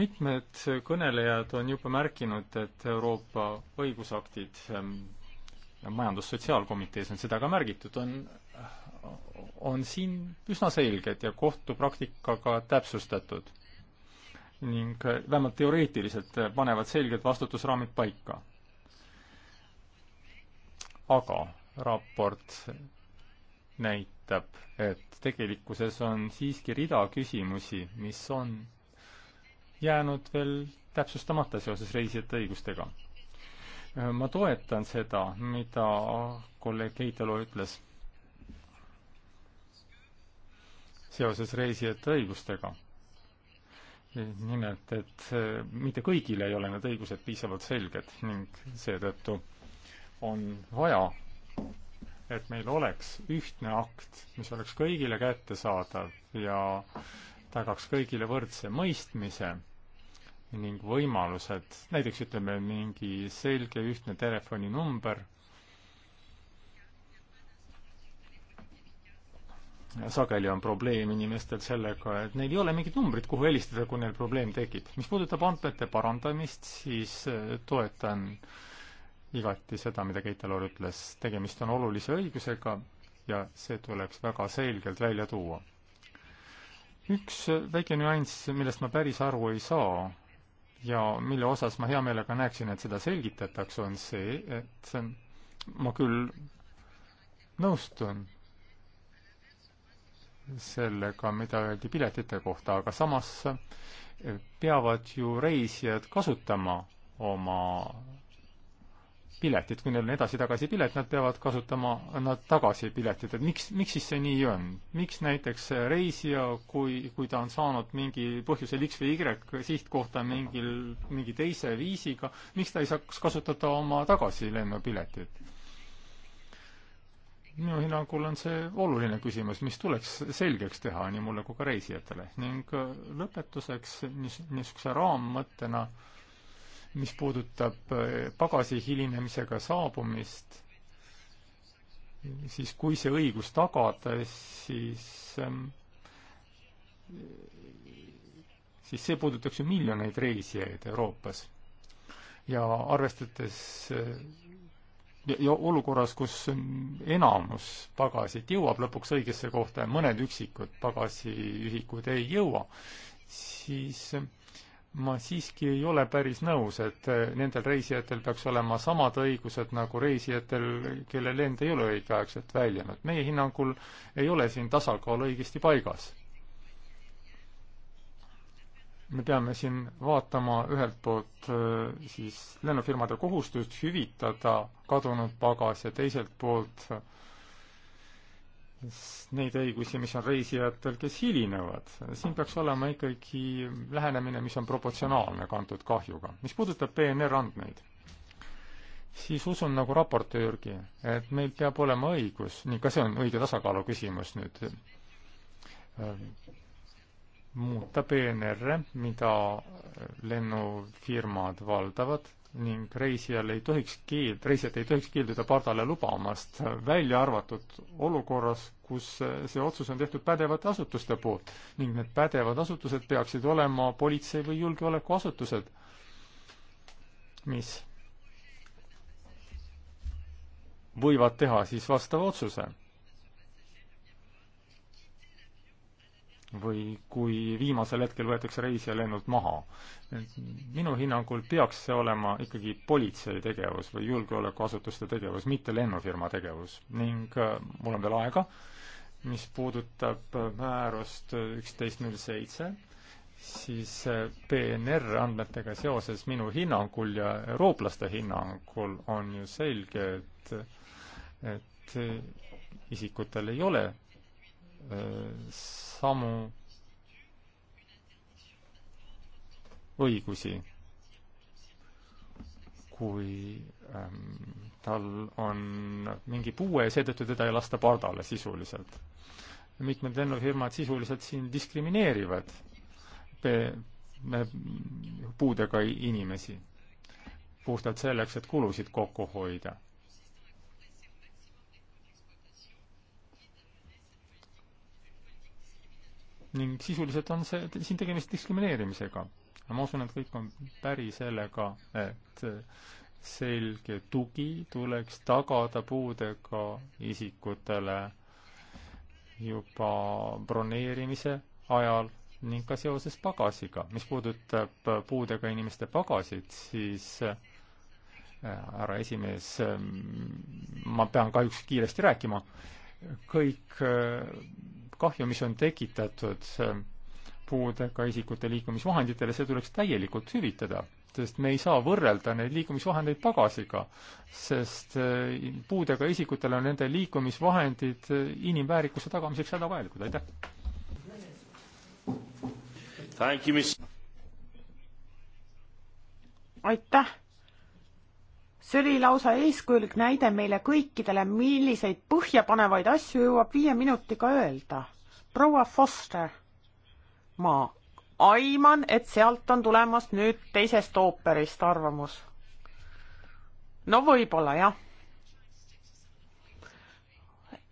mitmed kõnelejad on juba märkinud, et Euroopa õigusaktid ähm, majandus-sotsiaalkomitees on seda ka märgitud, on, on siin üsna selged ja kohtupraktikaga täpsustatud. ning äh, vähemalt teoreetiliselt panevad selged vastutusraamid paika. aga raport näitab, et tegelikkuses on siiski rida küsimusi, mis on jäänud veel täpsustamata seoses reisijate õigustega. ma toetan seda, mida kolleeg Heitalo ütles seoses reisijate õigustega. nimelt, et mitte kõigil ei ole need õigused piisavalt selged ning seetõttu on vaja, et meil oleks ühtne akt, mis oleks kõigile kättesaadav ja tagaks kõigile võrdse mõistmise ning võimalused, näiteks ütleme, mingi selge ühtne telefoninumber, sageli on probleem inimestel sellega, et neil ei ole mingit numbrit, kuhu helistada, kui neil probleem tekib. mis puudutab andmete parandamist, siis äh, toetan igati seda, mida Keit Alor ütles, tegemist on olulise õigusega ja see tuleks väga selgelt välja tuua. üks väike nüanss, millest ma päris aru ei saa, ja mille osas ma hea meelega näeksin, et seda selgitatakse, on see, et see on, ma küll nõustun sellega, mida öeldi piletite kohta, aga samas peavad ju reisijad kasutama oma piletit, kui neil on edasi-tagasi pilet, nad peavad kasutama nad tagasi piletit, et miks, miks siis see nii on? miks näiteks reisija, kui, kui ta on saanud mingi põhjusel X või Y sihtkohta mingil, mingi teise viisiga, miks ta ei saaks kasutada oma tagasilennupiletit? minu hinnangul on see oluline küsimus, mis tuleks selgeks teha nii mulle kui ka reisijatele ning lõpetuseks niis-, niisuguse raammõttena äh, mis puudutab eh, pagasi hilinemisega saabumist, siis kui see õigus tagada, siis ähm, siis see puudutaks ju miljoneid reisijaid Euroopas. ja arvestades äh, ja, ja olukorras, kus enamus pagasit jõuab lõpuks õigesse kohta ja mõned üksikud pagasiühikud ei jõua, siis äh, ma siiski ei ole päris nõus, et eh, nendel reisijatel peaks olema samad õigused nagu reisijatel, kelle lend ei ole õigeaegselt väljunud. meie hinnangul ei ole siin tasakaal õigesti paigas. me peame siin vaatama ühelt poolt eh, siis lennufirmade kohustust hüvitada kadunud pagas ja teiselt poolt äh, neid õigusi, mis on reisijatel, kes hilinevad. siin peaks olema ikkagi lähenemine, mis on proportsionaalne kantud kahjuga. mis puudutab PNR andmeid, siis usun nagu raportöörgi, et meil peab olema õigus, nii, ka see on õige tasakaalu küsimus nüüd, muuta PNR-e, mida lennufirmad valdavad ning reisijal ei tohiks keeld, reisijat ei tohiks keelduda pardale lubamast, välja arvatud olukorras, kus see otsus on tehtud pädevate asutuste poolt ning need pädevad asutused peaksid olema politsei või julgeolekuasutused, mis võivad teha siis vastava otsuse või kui viimasel hetkel võetakse reisija lennult maha. minu hinnangul peaks see olema ikkagi politsei tegevus või julgeolekuasutuste tegevus, mitte lennufirma tegevus. ning äh, mul on veel aega, mis puudutab äh, määrust üksteist null seitse, siis äh, PNR andmetega seoses minu hinnangul ja eurooplaste hinnangul on ju selge, et, et isikutel ei ole samu õigusi, kui ähm, tal on mingi puue ja seetõttu teda ei lasta pardale sisuliselt. mitmed lennufirmad sisuliselt siin diskrimineerivad pe-, puudega inimesi puhtalt selleks, et kulusid kokku hoida ning sisuliselt on see, siin tegemist diskrimineerimisega. ma usun, et kõik on päri sellega, et selge tugi tuleks tagada puudega isikutele juba broneerimise ajal ning ka seoses pagasiga. mis puudutab puudega inimeste pagasid, siis äh, härra esimees, ähm, ma pean kahjuks kiiresti rääkima, kõik äh, kahju, mis on tekitatud ehm, puudega isikute liikumisvahenditele, see tuleks täielikult hüvitada, sest me ei saa võrrelda neid liikumisvahendeid pagasiga, sest eh, puudega isikutele on nende liikumisvahendid eh, inimväärikuse tagamiseks hädavajalikud, aitäh! aitäh! see oli lausa eeskujulik näide meile kõikidele, milliseid põhjapanevaid asju jõuab viie minutiga öelda proua Foster, ma aiman, et sealt on tulemas nüüd teisest ooperist arvamus. no võib-olla jah.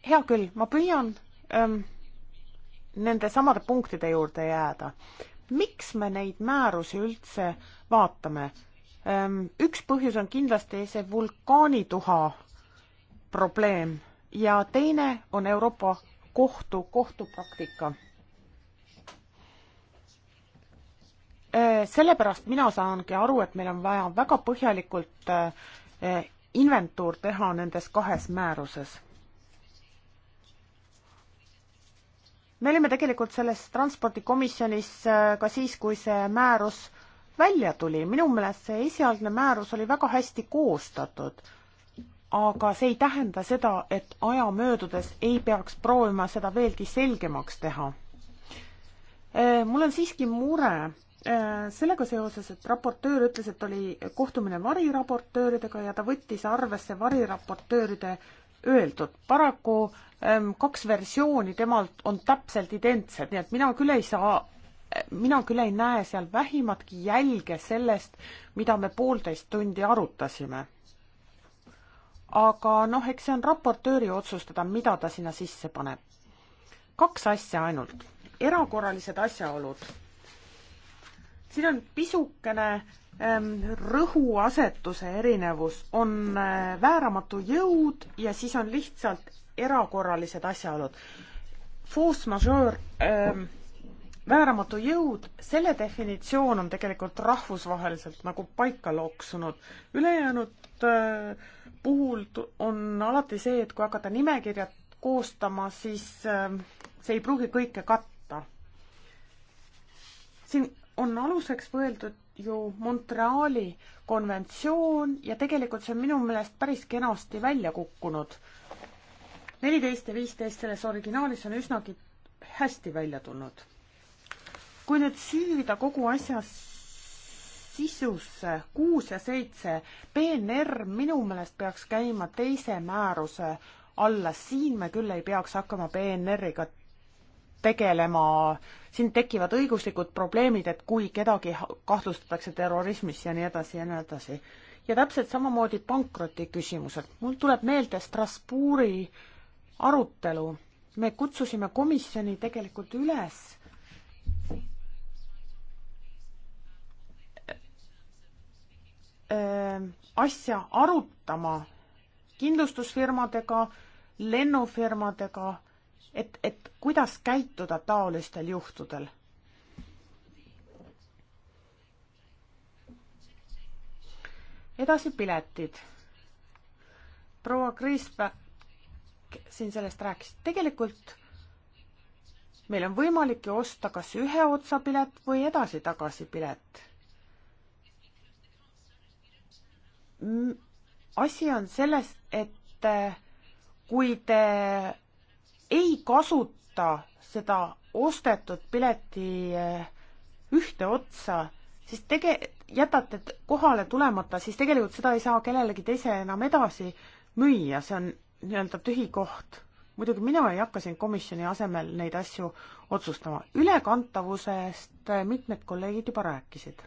hea küll, ma püüan ähm, nende samade punktide juurde jääda. miks me neid määrusi üldse vaatame ähm,? üks põhjus on kindlasti see vulkaanituha probleem ja teine on Euroopa kohtu, kohtupraktika. Äh, sellepärast mina saangi aru, et meil on vaja väga põhjalikult äh, inventuur teha nendes kahes määruses me olime tegelikult selles transpordikomisjonis äh, ka siis, kui see määrus välja tuli, minu meelest see esialgne määrus oli väga hästi koostatud aga see ei tähenda seda, et aja möödudes ei peaks proovima seda veelgi selgemaks teha. Äh, mul on siiski mure äh, sellega seoses, et raportöör ütles, et oli kohtumine variraportööridega ja ta võttis arvesse variraportööride öeldud. paraku ähm, kaks versiooni temalt on täpselt identsed, nii et mina küll ei saa äh, mina küll ei näe seal vähimatki jälge sellest, mida me poolteist tundi arutasime aga noh, eks see on raportööri otsustada, mida ta sinna sisse paneb. kaks asja ainult, erakorralised asjaolud. siin on pisukene ehm, rõhuasetuse erinevus, on eh, vääramatu jõud ja siis on lihtsalt erakorralised asjaolud. Force majeure ähm, vääramatu jõud, selle definitsioon on tegelikult rahvusvaheliselt nagu paika loksunud. ülejäänud äh, puhul on alati see, et kui hakata nimekirja koostama, siis äh, see ei pruugi kõike katta. siin on aluseks võetud ju Montreali konventsioon ja tegelikult see on minu meelest päris kenasti välja kukkunud. neliteist ja viisteist selles originaalis on üsnagi hästi välja tulnud kui nüüd süüvida kogu asja sisusse, kuus ja seitse, PNR minu meelest peaks käima teise määruse alla, siin me küll ei peaks hakkama PNR-iga tegelema, siin tekivad õiguslikud probleemid, et kui kedagi kahtlustatakse terrorismis ja nii edasi ja nii edasi. ja täpselt samamoodi pankroti küsimused. mul tuleb meelde Strasbourgi arutelu, me kutsusime komisjoni tegelikult üles asja arutama kindlustusfirmadega, lennufirmadega, et, et kuidas käituda taolistel juhtudel? edasi piletid. proua Kriisberg siin sellest rääkis, tegelikult meil on võimalik ju osta kas ühe otsa pilet või edasi-tagasi pilet asi on selles, et äh, kui te ei kasuta seda ostetud pileti äh, ühte otsa, siis tege-, jätate kohale tulemata, siis tegelikult seda ei saa kellelegi teise enam edasi müüa, see on nii-öelda tühi koht. muidugi mina ei hakka siin komisjoni asemel neid asju otsustama. ülekantavusest äh, mitmed kolleegid juba rääkisid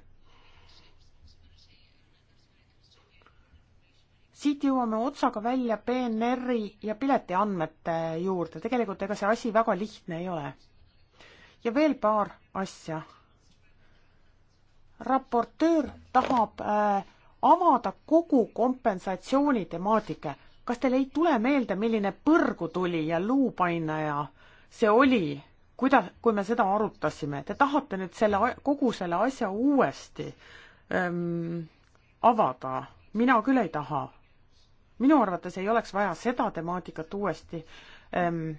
siit jõuame otsaga välja PNR-i ja piletiandmete juurde, tegelikult ega see asi väga lihtne ei ole. ja veel paar asja. raportöör tahab äh, avada kogu kompensatsiooni temaatika. kas teil ei tule meelde, milline põrgutuli ja luupainaja see oli, kuida-, kui me seda arutasime, te tahate nüüd selle, kogu selle asja uuesti ähm, avada? mina küll ei taha minu arvates ei oleks vaja seda temaatikat uuesti ähm,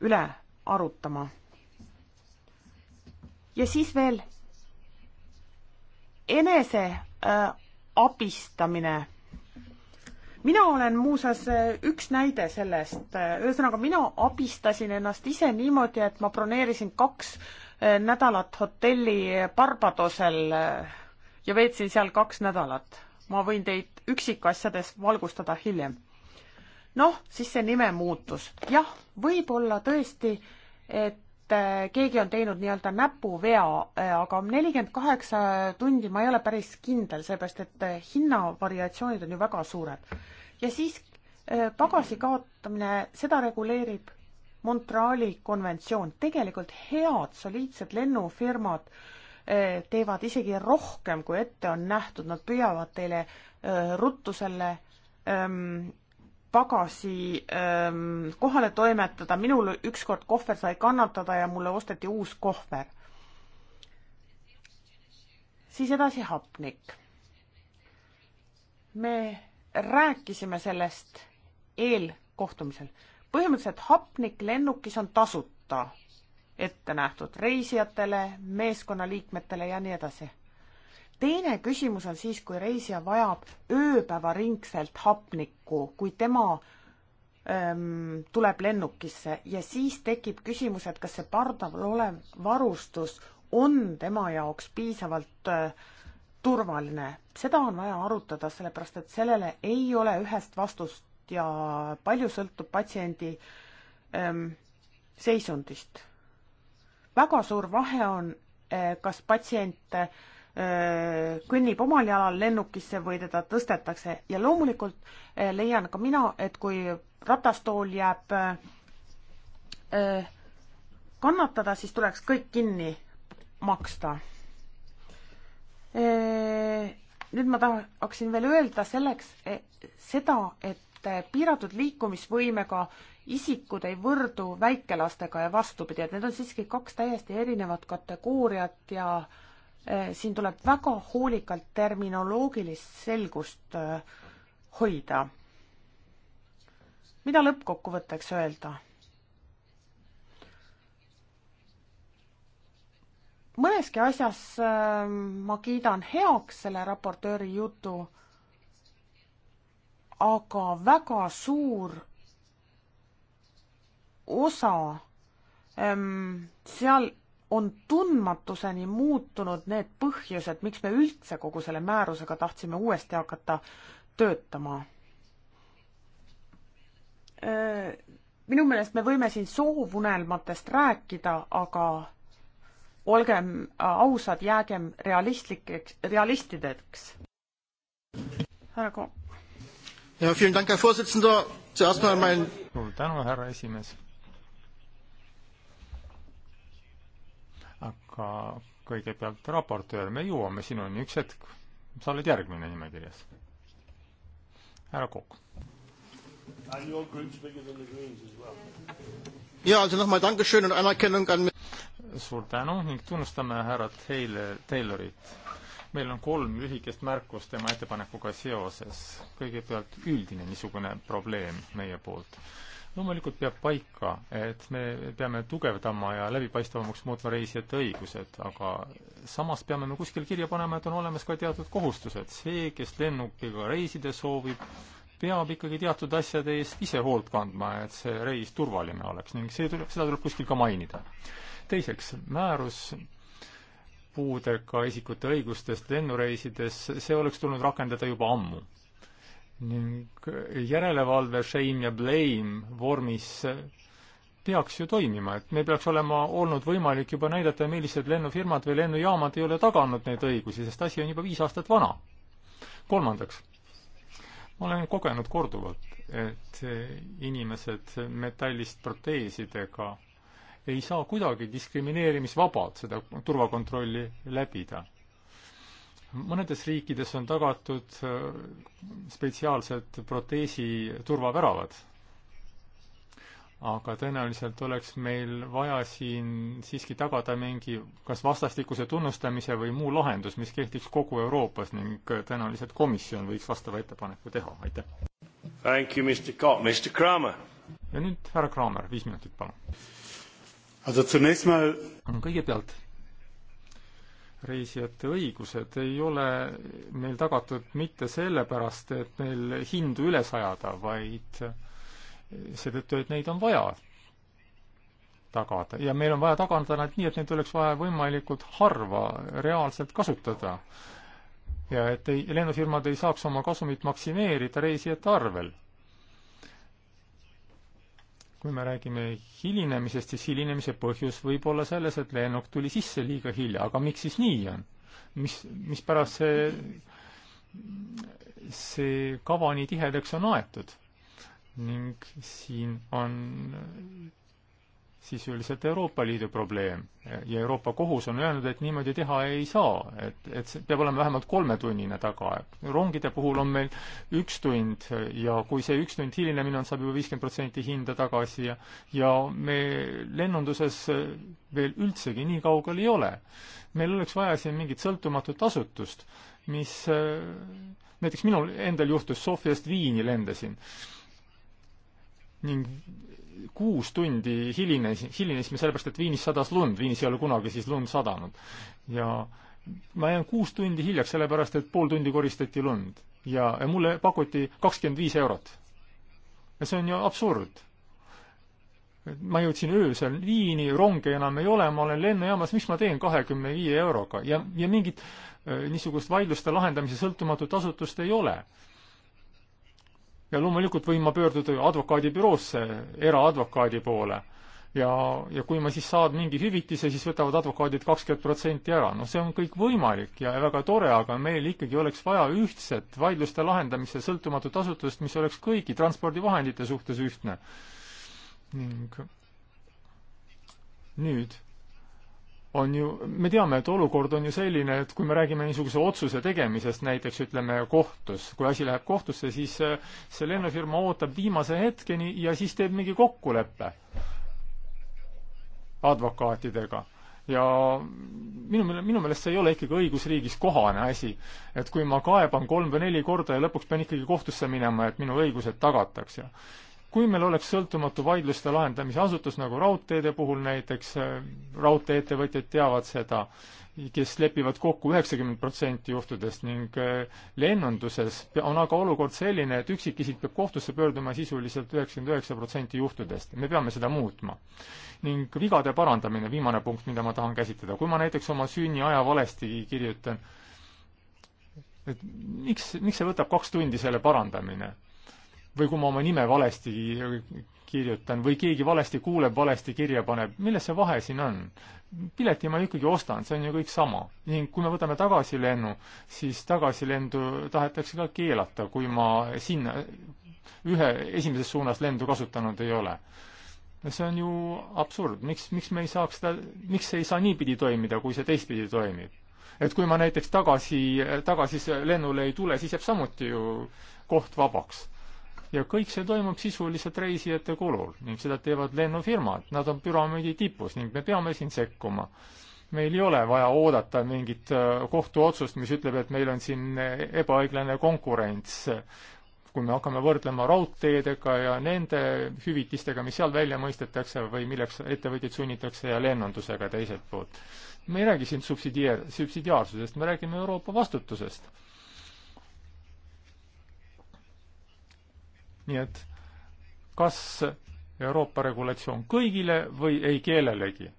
üle arutama. ja siis veel enese äh, abistamine. mina olen muuseas äh, üks näide sellest, äh, ühesõnaga mina abistasin ennast ise niimoodi, et ma broneerisin kaks äh, nädalat hotelli Barbadosel äh, ja veetsin seal kaks nädalat ma võin teid üksikasjades valgustada hiljem. noh, siis see nime muutus. jah, võib-olla tõesti, et äh, keegi on teinud nii-öelda näpuvea, äh, aga nelikümmend kaheksa tundi ma ei ole päris kindel, seepärast et äh, hinnavariatsioonid on ju väga suured. ja siis pagasi kaotamine, seda reguleerib Montreali konventsioon. tegelikult head soliidsed lennufirmad äh, Eh, teevad isegi rohkem, kui ette on nähtud, nad püüavad teile eh, ruttu selle ehm, pagasi ehm, kohale toimetada, minul ükskord kohver sai kannatada ja mulle osteti uus kohver. siis edasi hapnik. me rääkisime sellest eelkohtumisel. põhimõtteliselt hapnik lennukis on tasuta ette nähtud reisijatele, meeskonnaliikmetele ja nii edasi. teine küsimus on siis, kui reisija vajab ööpäevaringselt hapnikku, kui tema ähm, tuleb lennukisse ja siis tekib küsimus, et kas see pardal olev varustus on tema jaoks piisavalt äh, turvaline. seda on vaja arutada, sellepärast et sellele ei ole ühest vastust ja palju sõltub patsiendi ähm, seisundist väga suur vahe on, eh, kas patsient eh, kõnnib omal jalal lennukisse või teda tõstetakse ja loomulikult eh, leian ka mina, et kui ratastool jääb kannatada, siis tuleks kõik kinni maksta. nüüd ma tahaksin veel öelda selleks seda, et piiratud liikumisvõimega isikud ei võrdu väikelastega ja vastupidi, et need on siiski kaks täiesti erinevat kategooriat ja eh, siin tuleb väga hoolikalt terminoloogilist selgust eh, hoida. mida lõppkokkuvõtteks öelda? mõneski asjas eh, ma kiidan heaks selle raportööri jutu, aga väga suur osa, ehm, seal on tundmatuseni muutunud need põhjused, miks me üldse kogu selle määrusega tahtsime uuesti hakata töötama. Ehm, minu meelest me võime siin soovunelmatest rääkida, aga olgem ausad, jäägem realistlikeks, realistideks. härra Ko-. ja, tänu, härra esimees aga kõigepealt raportöör, me jõuame sinuni, üks hetk, sa oled järgmine nimekirjas. härra Kokk. ja, also nochmal Dankeschön und Anerkennung an suur tänu ning tunnustame härra Taylor, Taylorit. meil on kolm lühikest märkust tema ettepanekuga seoses. kõigepealt üldine niisugune probleem meie poolt loomulikult peab paika, et me peame tugevdama ja läbipaistvamaks muutma reisijate õigused, aga samas peame me kuskil kirja panema, et on olemas ka teatud kohustused. see, kes lennukiga reisida soovib, peab ikkagi teatud asjade eest ise hoolt kandma, et see reis turvaline oleks ning see tuleb, seda tuleb kuskil ka mainida. teiseks, määrus puudega isikute õigustest lennureisides, see oleks tulnud rakendada juba ammu ning järelevalve shame ja blame vormis peaks ju toimima, et meil peaks olema olnud võimalik juba näidata, millised lennufirmad või lennujaamad ei ole taganud neid õigusi, sest asi on juba viis aastat vana. kolmandaks, ma olen kogenud korduvalt, et inimesed metallist proteesidega ei saa kuidagi diskrimineerimisvabalt seda turvakontrolli läbida mõnedes riikides on tagatud äh, spetsiaalsed proteesi turvaväravad, aga tõenäoliselt oleks meil vaja siin siiski tagada mingi kas vastastikuse tunnustamise või muu lahendus, mis kehtiks kogu Euroopas ning tõenäoliselt komisjon võiks vastava ettepaneku teha, aitäh. Thank you, Mr Cobb, Mr Kramer. ja nüüd härra Kramer, viis minutit, palun. kõigepealt reisijate õigused ei ole meil tagatud mitte sellepärast, et meil hindu üles ajada, vaid seetõttu, et neid on vaja tagada ja meil on vaja tagada nad nii, et neid oleks vaja võimalikult harva reaalselt kasutada. ja et ei, lennufirmad ei saaks oma kasumit maksimeerida reisijate arvel kui me räägime hilinemisest, siis hilinemise põhjus võib olla selles, et lennuk tuli sisse liiga hilja, aga miks siis nii on? mis, mispärast see, see kava nii tihedaks on aetud? ning siin on sisuliselt Euroopa Liidu probleem ja Euroopa Kohus on öelnud, et niimoodi teha ei saa, et, et see peab olema vähemalt kolmetunnine tagaaeg. rongide puhul on meil üks tund ja kui see üks tund hilinemine on, saab juba viiskümmend protsenti hinda tagasi ja ja me lennunduses veel üldsegi nii kaugel ei ole. meil oleks vaja siin mingit sõltumatut asutust, mis näiteks minul endal juhtus, Sofiast Viini lendasin ning kuus tundi hilines, hilinesime sellepärast, et Viinis sadas lund, Viinis ei ole kunagi siis lund sadanud. ja ma jään kuus tundi hiljaks, sellepärast et pool tundi koristati lund. ja, ja mulle pakuti kakskümmend viis eurot. ja see on ju absurd. ma jõudsin öösel Viini, ronge enam ei ole, ma olen lennujaamas, mis ma teen kahekümne viie euroga ja, ja mingit äh, niisugust vaidluste lahendamise sõltumatut asutust ei ole ja loomulikult võin ma pöörduda advokaadibüroosse, eraadvokaadi poole. ja, ja kui ma siis saan mingi hüvitise, siis võtavad advokaadid kakskümmend protsenti ära. no see on kõik võimalik ja väga tore, aga meil ikkagi oleks vaja ühtset vaidluste lahendamise sõltumatut asutust, mis oleks kõigi transpordivahendite suhtes ühtne. ning nüüd on ju, me teame, et olukord on ju selline, et kui me räägime niisuguse otsuse tegemisest näiteks ütleme kohtus, kui asi läheb kohtusse, siis äh, see lennufirma ootab viimase hetkeni ja siis teeb mingi kokkuleppe advokaatidega ja minu meelest, minu meelest see ei ole ikkagi õigusriigis kohane asi. et kui ma kaeban kolm või neli korda ja lõpuks pean ikkagi kohtusse minema, et minu õigused tagatakse kui meil oleks sõltumatu vaidluste lahendamise asutus, nagu raudteede puhul näiteks, äh, raudtee-ettevõtjad teavad seda, kes lepivad kokku üheksakümmend protsenti juhtudest ning äh, lennunduses on aga olukord selline, et üksikisik peab kohtusse pöörduma sisuliselt üheksakümmend üheksa protsenti juhtudest. me peame seda muutma. ning vigade parandamine, viimane punkt, mida ma tahan käsitleda. kui ma näiteks oma sünniaja valesti kirjutan, et miks, miks see võtab kaks tundi, selle parandamine? või kui ma oma nime valesti kirjutan või keegi valesti kuuleb, valesti kirja paneb, milles see vahe siin on? pileti ma ikkagi ostan, see on ju kõik sama. ning kui me võtame tagasilennu, siis tagasilendu tahetakse ka keelata, kui ma sinna ühe, esimeses suunas lendu kasutanud ei ole. see on ju absurd, miks, miks me ei saaks seda, miks see ei saa niipidi toimida, kui see teistpidi toimib? et kui ma näiteks tagasi, tagasi lennule ei tule, siis jääb samuti ju koht vabaks ja kõik see toimub sisuliselt reisijate kulul ning seda teevad lennufirmad, nad on püramiidi tipus ning me peame siin sekkuma. meil ei ole vaja oodata mingit äh, kohtuotsust, mis ütleb, et meil on siin äh, ebaõiglane konkurents. kui me hakkame võrdlema raudteedega ja nende hüvitistega, mis seal välja mõistetakse või milleks ettevõtjaid sunnitakse ja lennundusega teiselt poolt. me ei räägi siin subsidiaar-, subsidiaarsusest, me räägime Euroopa vastutusest nii et kas Euroopa regulatsioon kõigile või ei kellelegi?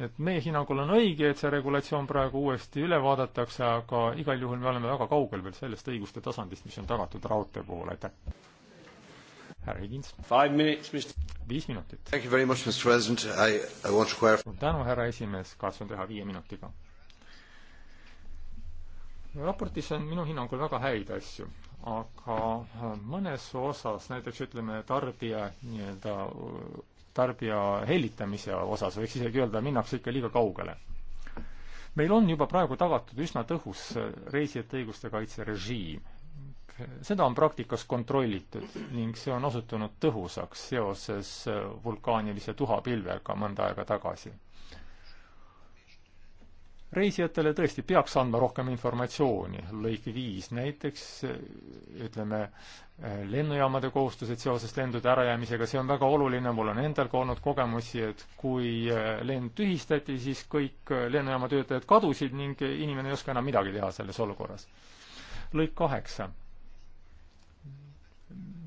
et meie hinnangul on õige, et see regulatsioon praegu uuesti üle vaadatakse, aga igal juhul me oleme väga kaugel veel sellest õiguste tasandist, mis on tagatud raudtee puhul, aitäh. härra Higins. viis minutit. suur tänu, härra esimees, katsun teha viie minutiga raportis on minu hinnangul väga häid asju aga äh, mõnes osas, näiteks ütleme, tarbija nii-öelda, äh, tarbija hellitamise osas võiks isegi öelda, minnakse ikka liiga kaugele. meil on juba praegu tagatud üsna tõhus äh, reisijate õiguste kaitse režiim. seda on praktikas kontrollitud ning see on osutunud tõhusaks seoses vulkaanilise tuhapilvega mõnda aega tagasi reisijatele tõesti peaks andma rohkem informatsiooni, lõik viis näiteks, ütleme, lennujaamade kohustused seoses lendude ärajäämisega, see on väga oluline, mul on endal ka olnud kogemusi, et kui lend tühistati, siis kõik lennujaama töötajad kadusid ning inimene ei oska enam midagi teha selles olukorras. lõik kaheksa.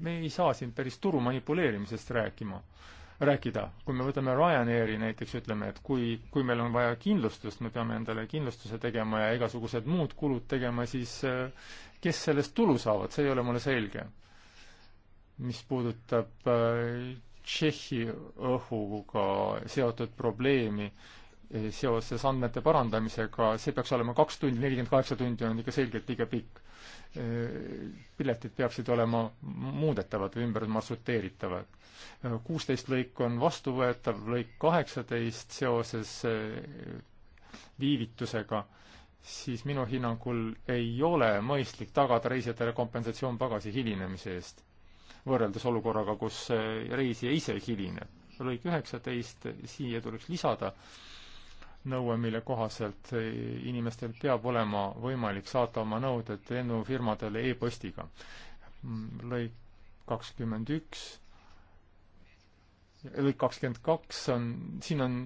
me ei saa siin päris turu manipuleerimisest rääkima rääkida, kui me võtame Ryanairi näiteks, ütleme, et kui, kui meil on vaja kindlustust, me peame endale kindlustuse tegema ja igasugused muud kulud tegema, siis eh, kes sellest tulu saavad, see ei ole mulle selge. mis puudutab eh, Tšehhi õhuga seotud probleemi, seoses andmete parandamisega, see peaks olema kaks tundi, nelikümmend kaheksa tundi on ikka selgelt liiga pikk. piletid peaksid olema muudetavad või ümber marsruteeritavad. kuusteist lõik on vastuvõetav, lõik kaheksateist seoses eh, viivitusega, siis minu hinnangul ei ole mõistlik tagada reisijatele kompensatsioon pagasi hilinemise eest, võrreldes olukorraga, kus eh, reisija ise hilineb. lõik üheksateist, siia tuleks lisada äh, nõue, mille kohaselt inimestel peab olema võimalik saata oma nõuded lennufirmadele e-postiga. lõik kakskümmend üks, lõik kakskümmend kaks on, siin on,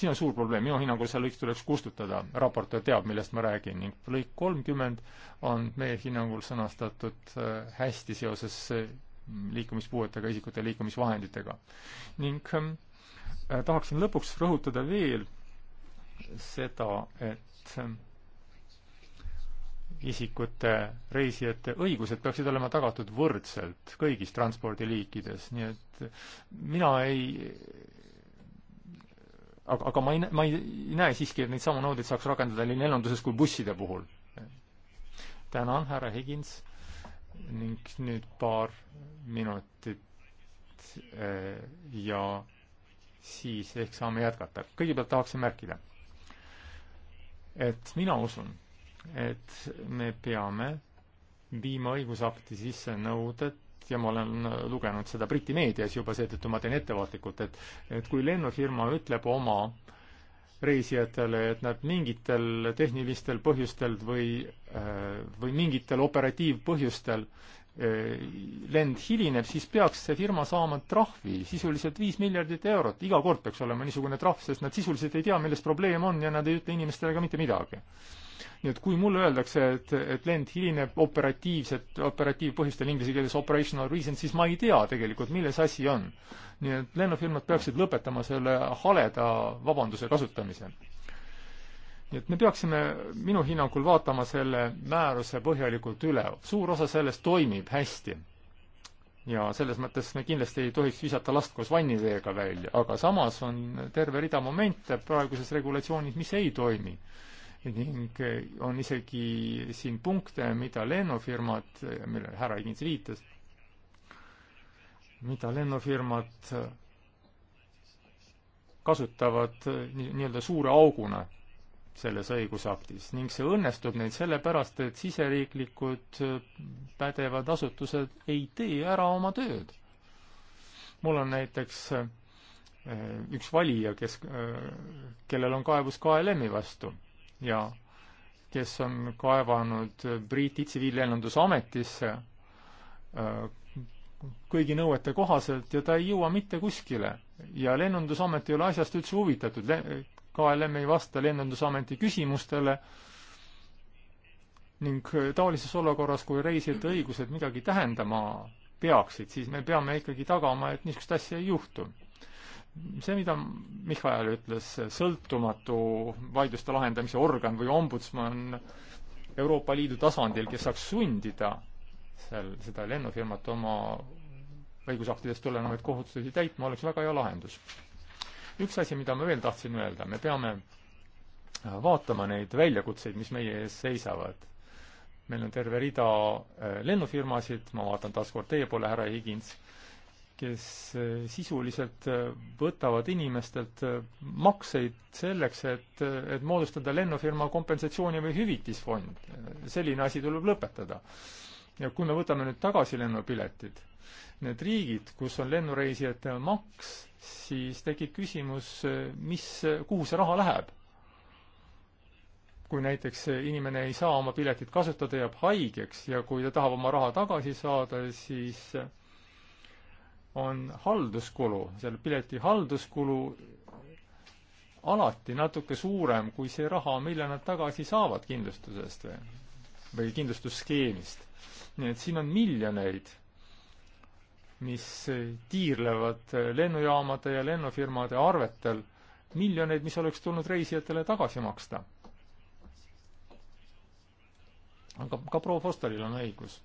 siin on suur probleem, minu hinnangul see lõik tuleks kustutada, raportöör teab, millest ma räägin, ning lõik kolmkümmend on meie hinnangul sõnastatud äh, hästi seoses äh, liikumispuuetega isikute liikumisvahenditega. ning ähm, äh, tahaksin lõpuks rõhutada veel seda, et isikute, reisijate õigused peaksid olema tagatud võrdselt kõigis transpordiliikides, nii et mina ei, aga, aga ma ei, ma ei näe siiski, et neid samu nõudeid saaks rakendada nii lennunduses kui busside puhul. tänan, härra Higins ning nüüd paar minutit eh, ja siis ehk saame jätkata. kõigepealt tahaksin märkida et mina usun, et me peame viima õigusakti sisse nõuded ja ma olen lugenud seda Briti meedias juba, seetõttu ma teen ettevaatlikult, et et kui lennufirma ütleb oma reisijatele, et nad mingitel tehnilistel põhjustel või, äh, või mingitel operatiivpõhjustel äh, lend hilineb, siis peaks see firma saama trahvi, sisuliselt viis miljardit eurot, iga kord peaks olema niisugune trahv, sest nad sisuliselt ei tea, milles probleem on ja nad ei ütle inimestele ka mitte midagi. nii et kui mulle öeldakse, et, et lend hilineb operatiivset, operatiivpõhjustel inglise keeles operational reason, siis ma ei tea tegelikult, milles asi on. nii et lennufirmad peaksid lõpetama selle haleda vabanduse kasutamise nii et me peaksime minu hinnangul vaatama selle määruse põhjalikult üle. suur osa sellest toimib hästi. ja selles mõttes me kindlasti ei tohiks visata last koos vanniveega välja, aga samas on terve rida momente praeguses regulatsioonis, mis ei toimi. ning on isegi siin punkte, mida lennufirmad, millele härra Higins viitas, mida lennufirmad kasutavad nii-öelda nii suure auguna selles õigusaktis ning see õnnestub neil sellepärast, et siseriiklikud äh, pädevad asutused ei tee ära oma tööd. mul on näiteks äh, üks valija, kes, äh, kellel on kaebus KLM-i vastu ja kes on kaevanud Briti tsiviillennundusametisse kõigi nõuete kohaselt ja ta ei jõua mitte kuskile. ja lennundusamet ei ole asjast üldse huvitatud, KLM ei vasta lennundusameti küsimustele ning taolises olukorras, kui reisijate õigused midagi tähendama peaksid, siis me peame ikkagi tagama, et niisugust asja ei juhtu. see, mida Mihhail ütles, sõltumatu vaidluste lahendamise organ või ombudsman Euroopa Liidu tasandil, kes saaks sundida seal seda lennufirmat oma õigusaktidest tulenevaid kohustusi täitma, oleks väga hea lahendus üks asi, mida ma veel tahtsin öelda, me peame vaatama neid väljakutseid, mis meie ees seisavad. meil on terve rida äh, lennufirmasid, ma vaatan taaskord teie poole, härra Higins, kes äh, sisuliselt äh, võtavad inimestelt makseid selleks, et, et moodustada lennufirma kompensatsiooni- või hüvitisfond. selline asi tuleb lõpetada. ja kui me võtame nüüd tagasi lennupiletid, need riigid, kus on lennureisijate maks, siis tekib küsimus, mis, kuhu see raha läheb? kui näiteks inimene ei saa oma piletit kasutada, jääb haigeks ja kui ta tahab oma raha tagasi saada, siis on halduskulu, selle pileti halduskulu alati natuke suurem kui see raha, mille nad tagasi saavad kindlustusest või, või kindlustusskeemist. nii et siin on miljoneid mis tiirlevad lennujaamade ja lennufirmade arvetel miljoneid, mis oleks tulnud reisijatele tagasi maksta. aga ka proua Fosteril on õigus.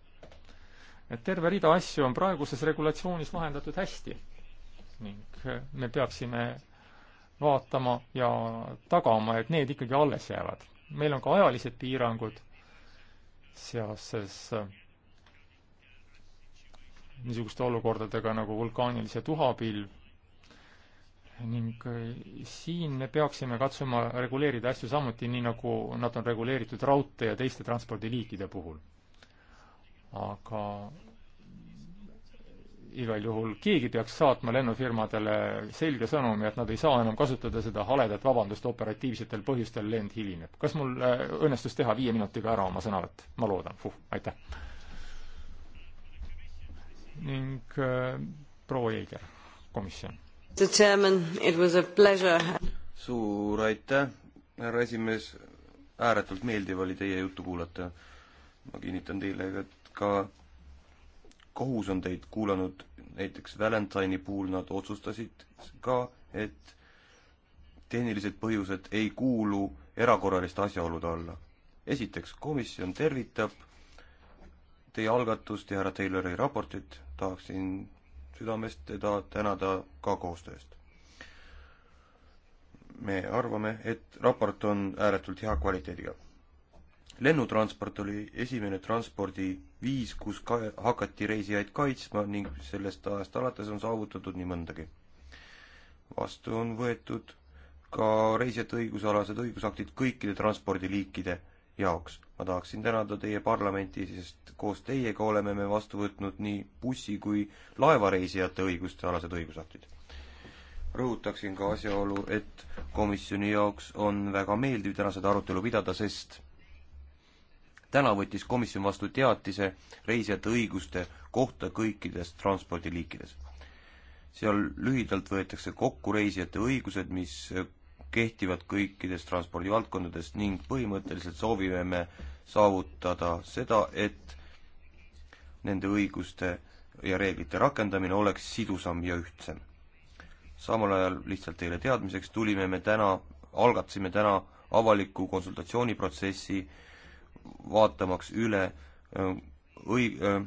et terve rida asju on praeguses regulatsioonis lahendatud hästi ning me peaksime vaatama ja tagama, et need ikkagi alles jäävad. meil on ka ajalised piirangud seoses niisuguste olukordadega nagu vulkaanilise tuhapilv ning eh, siin me peaksime katsuma reguleerida asju samuti nii, nagu nad on reguleeritud raudtee ja teiste transpordiliikide puhul. aga igal juhul keegi peaks saatma lennufirmadele selge sõnumi, et nad ei saa enam kasutada seda haledat vabandust operatiivsetel põhjustel lend hilineb. kas mul eh, õnnestus teha viie minutiga ära oma sõnavõtt? ma loodan, aitäh! ning äh, proua Jeiger, komisjon. suur aitäh, härra esimees, ääretult meeldiv oli teie juttu kuulata. ma kinnitan teile, et ka kohus on teid kuulanud, näiteks Valentine'i puhul nad otsustasid ka, et tehnilised põhjused ei kuulu erakorraliste asjaolude alla. esiteks, komisjon tervitab teie algatust ja härra Taylori raportit, tahaksin südamest teda tänada ka koostöö eest. me arvame, et raport on ääretult hea kvaliteediga. lennutransport oli esimene transpordiviis, kus ka hakati reisijaid kaitsma ning sellest ajast alates on saavutatud nii mõndagi. vastu on võetud ka reisijate õigusalased õigusaktid kõikide transpordiliikide jaoks. ma tahaksin tänada teie parlamenti, sest koos teiega oleme me vastu võtnud nii bussi- kui laevareisijate õiguste alased õigusaktid. rõhutaksin ka asjaolu, et komisjoni jaoks on väga meeldiv täna seda arutelu pidada, sest täna võttis komisjon vastu teatise reisijate õiguste kohta kõikides transpordiliikides seal lühidalt võetakse kokku reisijate õigused, mis kehtivad kõikides transpordivaldkondades ning põhimõtteliselt soovime me saavutada seda, et nende õiguste ja reeglite rakendamine oleks sidusam ja ühtsem. samal ajal lihtsalt teile teadmiseks tulime me täna, algatasime täna avaliku konsultatsiooniprotsessi, vaatamaks üle äh, õi-, äh,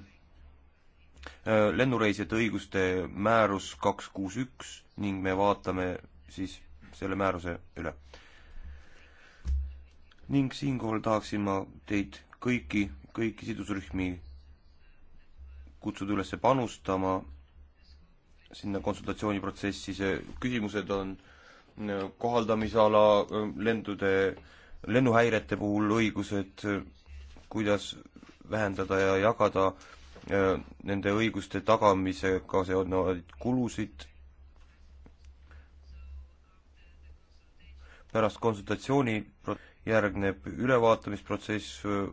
äh, lennureisijate õiguste määrus kaks kuus üks ning me vaatame siis selle määruse üle. ning siinkohal tahaksin ma teid kõiki, kõiki sidusrühmi kutsuda üles panustama sinna konsultatsiooniprotsessi, see küsimused on äh, kohaldamisala, äh, lendude, lennuhäirete puhul õigused, kuidas vähendada ja jagada äh, nende õiguste tagamisega seonduvaid kulusid pärast konsultatsiooni järgneb ülevaatamisprotsess äh,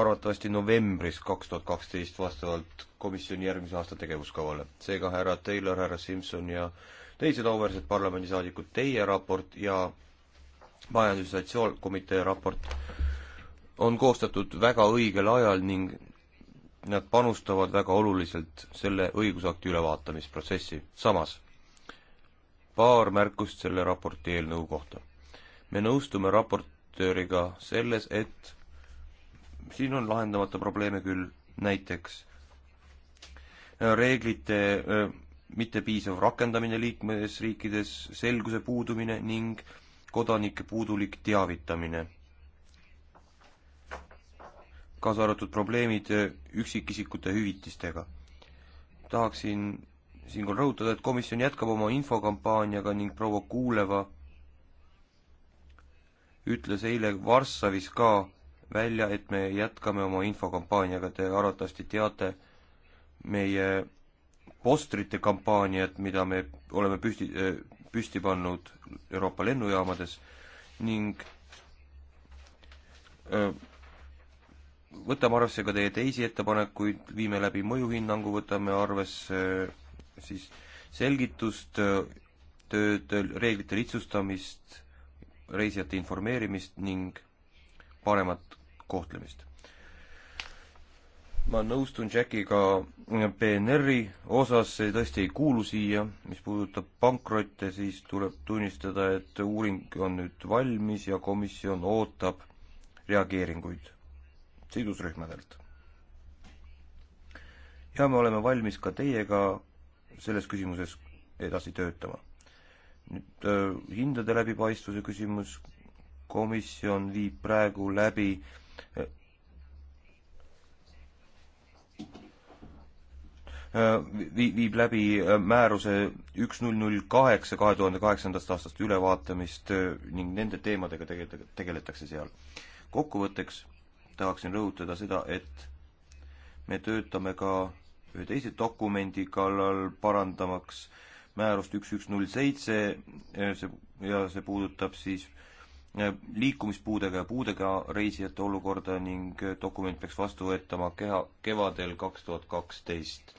arvatavasti novembris kaks tuhat kaksteist vastavalt komisjoni järgmise aasta tegevuskavale. seega härra Taylor, härra Simson ja teised auväärsed parlamendisaadikud, teie raport ja majandus- ja sotsiaalkomitee raport on koostatud väga õigel ajal ning nad panustavad väga oluliselt selle õigusakti ülevaatamisprotsessi. samas paar märkust selle raporti eelnõu kohta. me nõustume raportööriga selles, et siin on lahendamata probleeme küll, näiteks äh, reeglite äh, mittepiisav rakendamine liikmesriikides, selguse puudumine ning kodanike puudulik teavitamine. kaasa arvatud probleemid äh, üksikisikute hüvitistega. tahaksin siinkohal rõhutada, et komisjon jätkab oma infokampaaniaga ning proua Kuuleva ütles eile Varssavis ka välja, et me jätkame oma infokampaaniaga, te arvatavasti teate meie postrite kampaaniat, mida me oleme püsti, püsti pannud Euroopa lennujaamades ning öö, võtame arvesse ka teie teisi ettepanekuid, viime läbi mõjuhinnangu, võtame arvesse siis selgitust, tööd, reeglite lihtsustamist, reisijate informeerimist ning paremat kohtlemist. ma nõustun Jackiga PNR-i osas, see tõesti ei kuulu siia, mis puudutab pankrotte, siis tuleb tunnistada, et uuring on nüüd valmis ja komisjon ootab reageeringuid sidusrühmadelt. ja me oleme valmis ka teiega selles küsimuses edasi töötama. nüüd äh, hindade läbipaistvuse küsimus, komisjon viib praegu läbi äh, vii-, viib läbi äh, määruse üks null null kaheksa kahe tuhande kaheksandast aastast ülevaatamist ning nende teemadega tege-, tegeletakse seal. kokkuvõtteks tahaksin rõhutada seda, et me töötame ka ühe teise dokumendi kallal, parandamaks määrust üks, üks, null, seitse, eh, see, ja see puudutab siis eh, liikumispuudega ja puudega reisijate olukorda ning eh, dokument peaks vastu võetama keha, kevadel kaks tuhat kaksteist.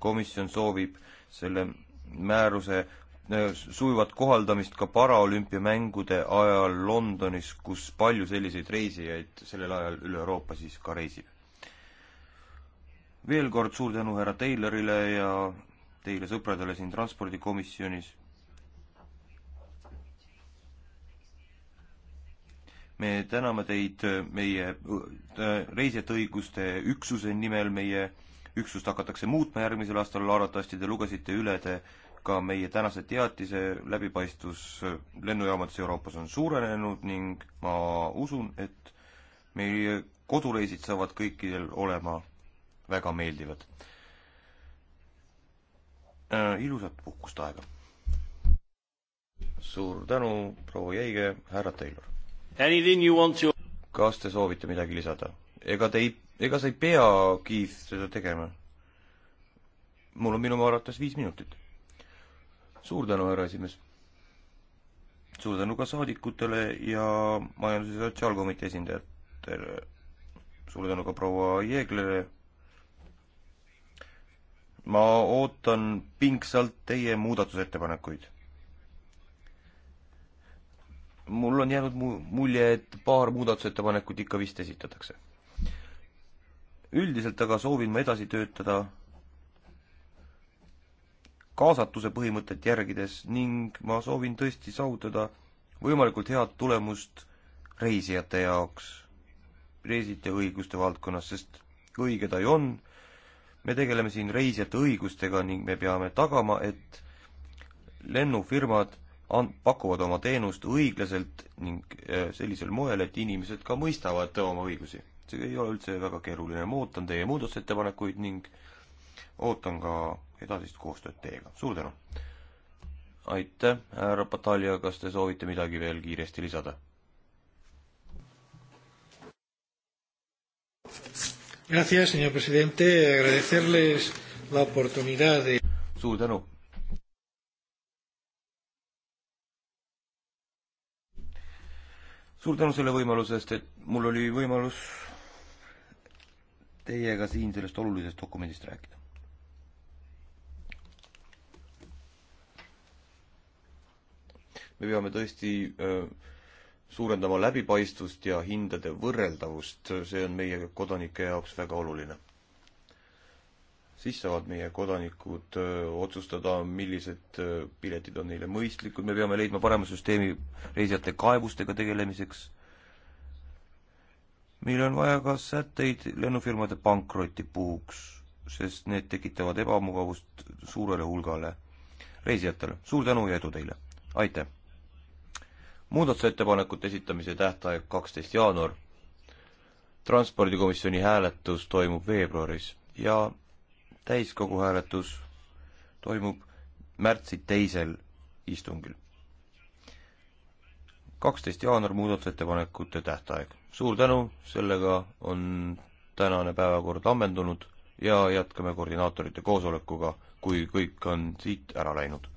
komisjon soovib selle määruse sujuvat kohaldamist ka paraolümpiamängude ajal Londonis, kus palju selliseid reisijaid sellel ajal üle Euroopa siis ka reisib veel kord suur tänu härra Taylorile ja teile sõpradele siin transpordikomisjonis. me täname teid meie äh, reisijate õiguste üksuse nimel, meie üksust hakatakse muutma järgmisel aastal, arvatavasti te lugesite üle te ka meie tänase teatise läbipaistvus lennujaamades Euroopas on suurenenud ning ma usun, et meie kodureisid saavad kõikidel olema väga meeldivad. Äh, ilusat puhkust aega! suur tänu, proua Jäige, härra Taylor. Anything you want to kas te soovite midagi lisada? ega te ei, ega sa ei pea, Keith, seda tegema. mul on minu arvates viis minutit. suur tänu, härra esimees. suur tänu ka saadikutele ja majandus- ja sotsiaalkomitee esindajatele. suur tänu ka proua Jeeglele ma ootan pingsalt teie muudatusettepanekuid. mul on jäänud mu-, mulje, et paar muudatusettepanekut ikka vist esitatakse. üldiselt aga soovin ma edasi töötada kaasatuse põhimõtet järgides ning ma soovin tõesti saavutada võimalikult head tulemust reisijate jaoks, reisijate õiguste valdkonnas, sest õige ta ju on me tegeleme siin reisijate õigustega ning me peame tagama, et lennufirmad an-, pakuvad oma teenust õiglaselt ning äh, sellisel moel, et inimesed ka mõistavad oma õigusi. see ei ole üldse väga keeruline, ma ootan teie muudatusettepanekuid ning ootan ka edasist koostööd teiega, suur tänu! aitäh, härra Patalja, kas te soovite midagi veel kiiresti lisada? Gracias, señor presidente. Agradecerles la oportunidad de... suur tänu. suur tänu selle võimaluse eest, et mul oli võimalus teiega siin sellest olulisest dokumendist rääkida. me peame tõesti öö, äh, suurendama läbipaistvust ja hindade võrreldavust, see on meie kodanike jaoks väga oluline. siis saavad meie kodanikud äh, otsustada, millised äh, piletid on neile mõistlikud, me peame leidma parema süsteemi reisijate kaebustega tegelemiseks. meil on vaja ka sätteid lennufirmade pankroti puhuks, sest need tekitavad ebamugavust suurele hulgale reisijatele. suur tänu ja edu teile! aitäh! muudatusettepanekute esitamise tähtaeg kaksteist jaanuar. transpordikomisjoni hääletus toimub veebruaris ja täiskogu hääletus toimub märtsi teisel istungil. kaksteist jaanuar muudatusettepanekute tähtaeg. suur tänu, sellega on tänane päevakord ammendunud ja jätkame koordinaatorite koosolekuga, kui kõik on siit ära läinud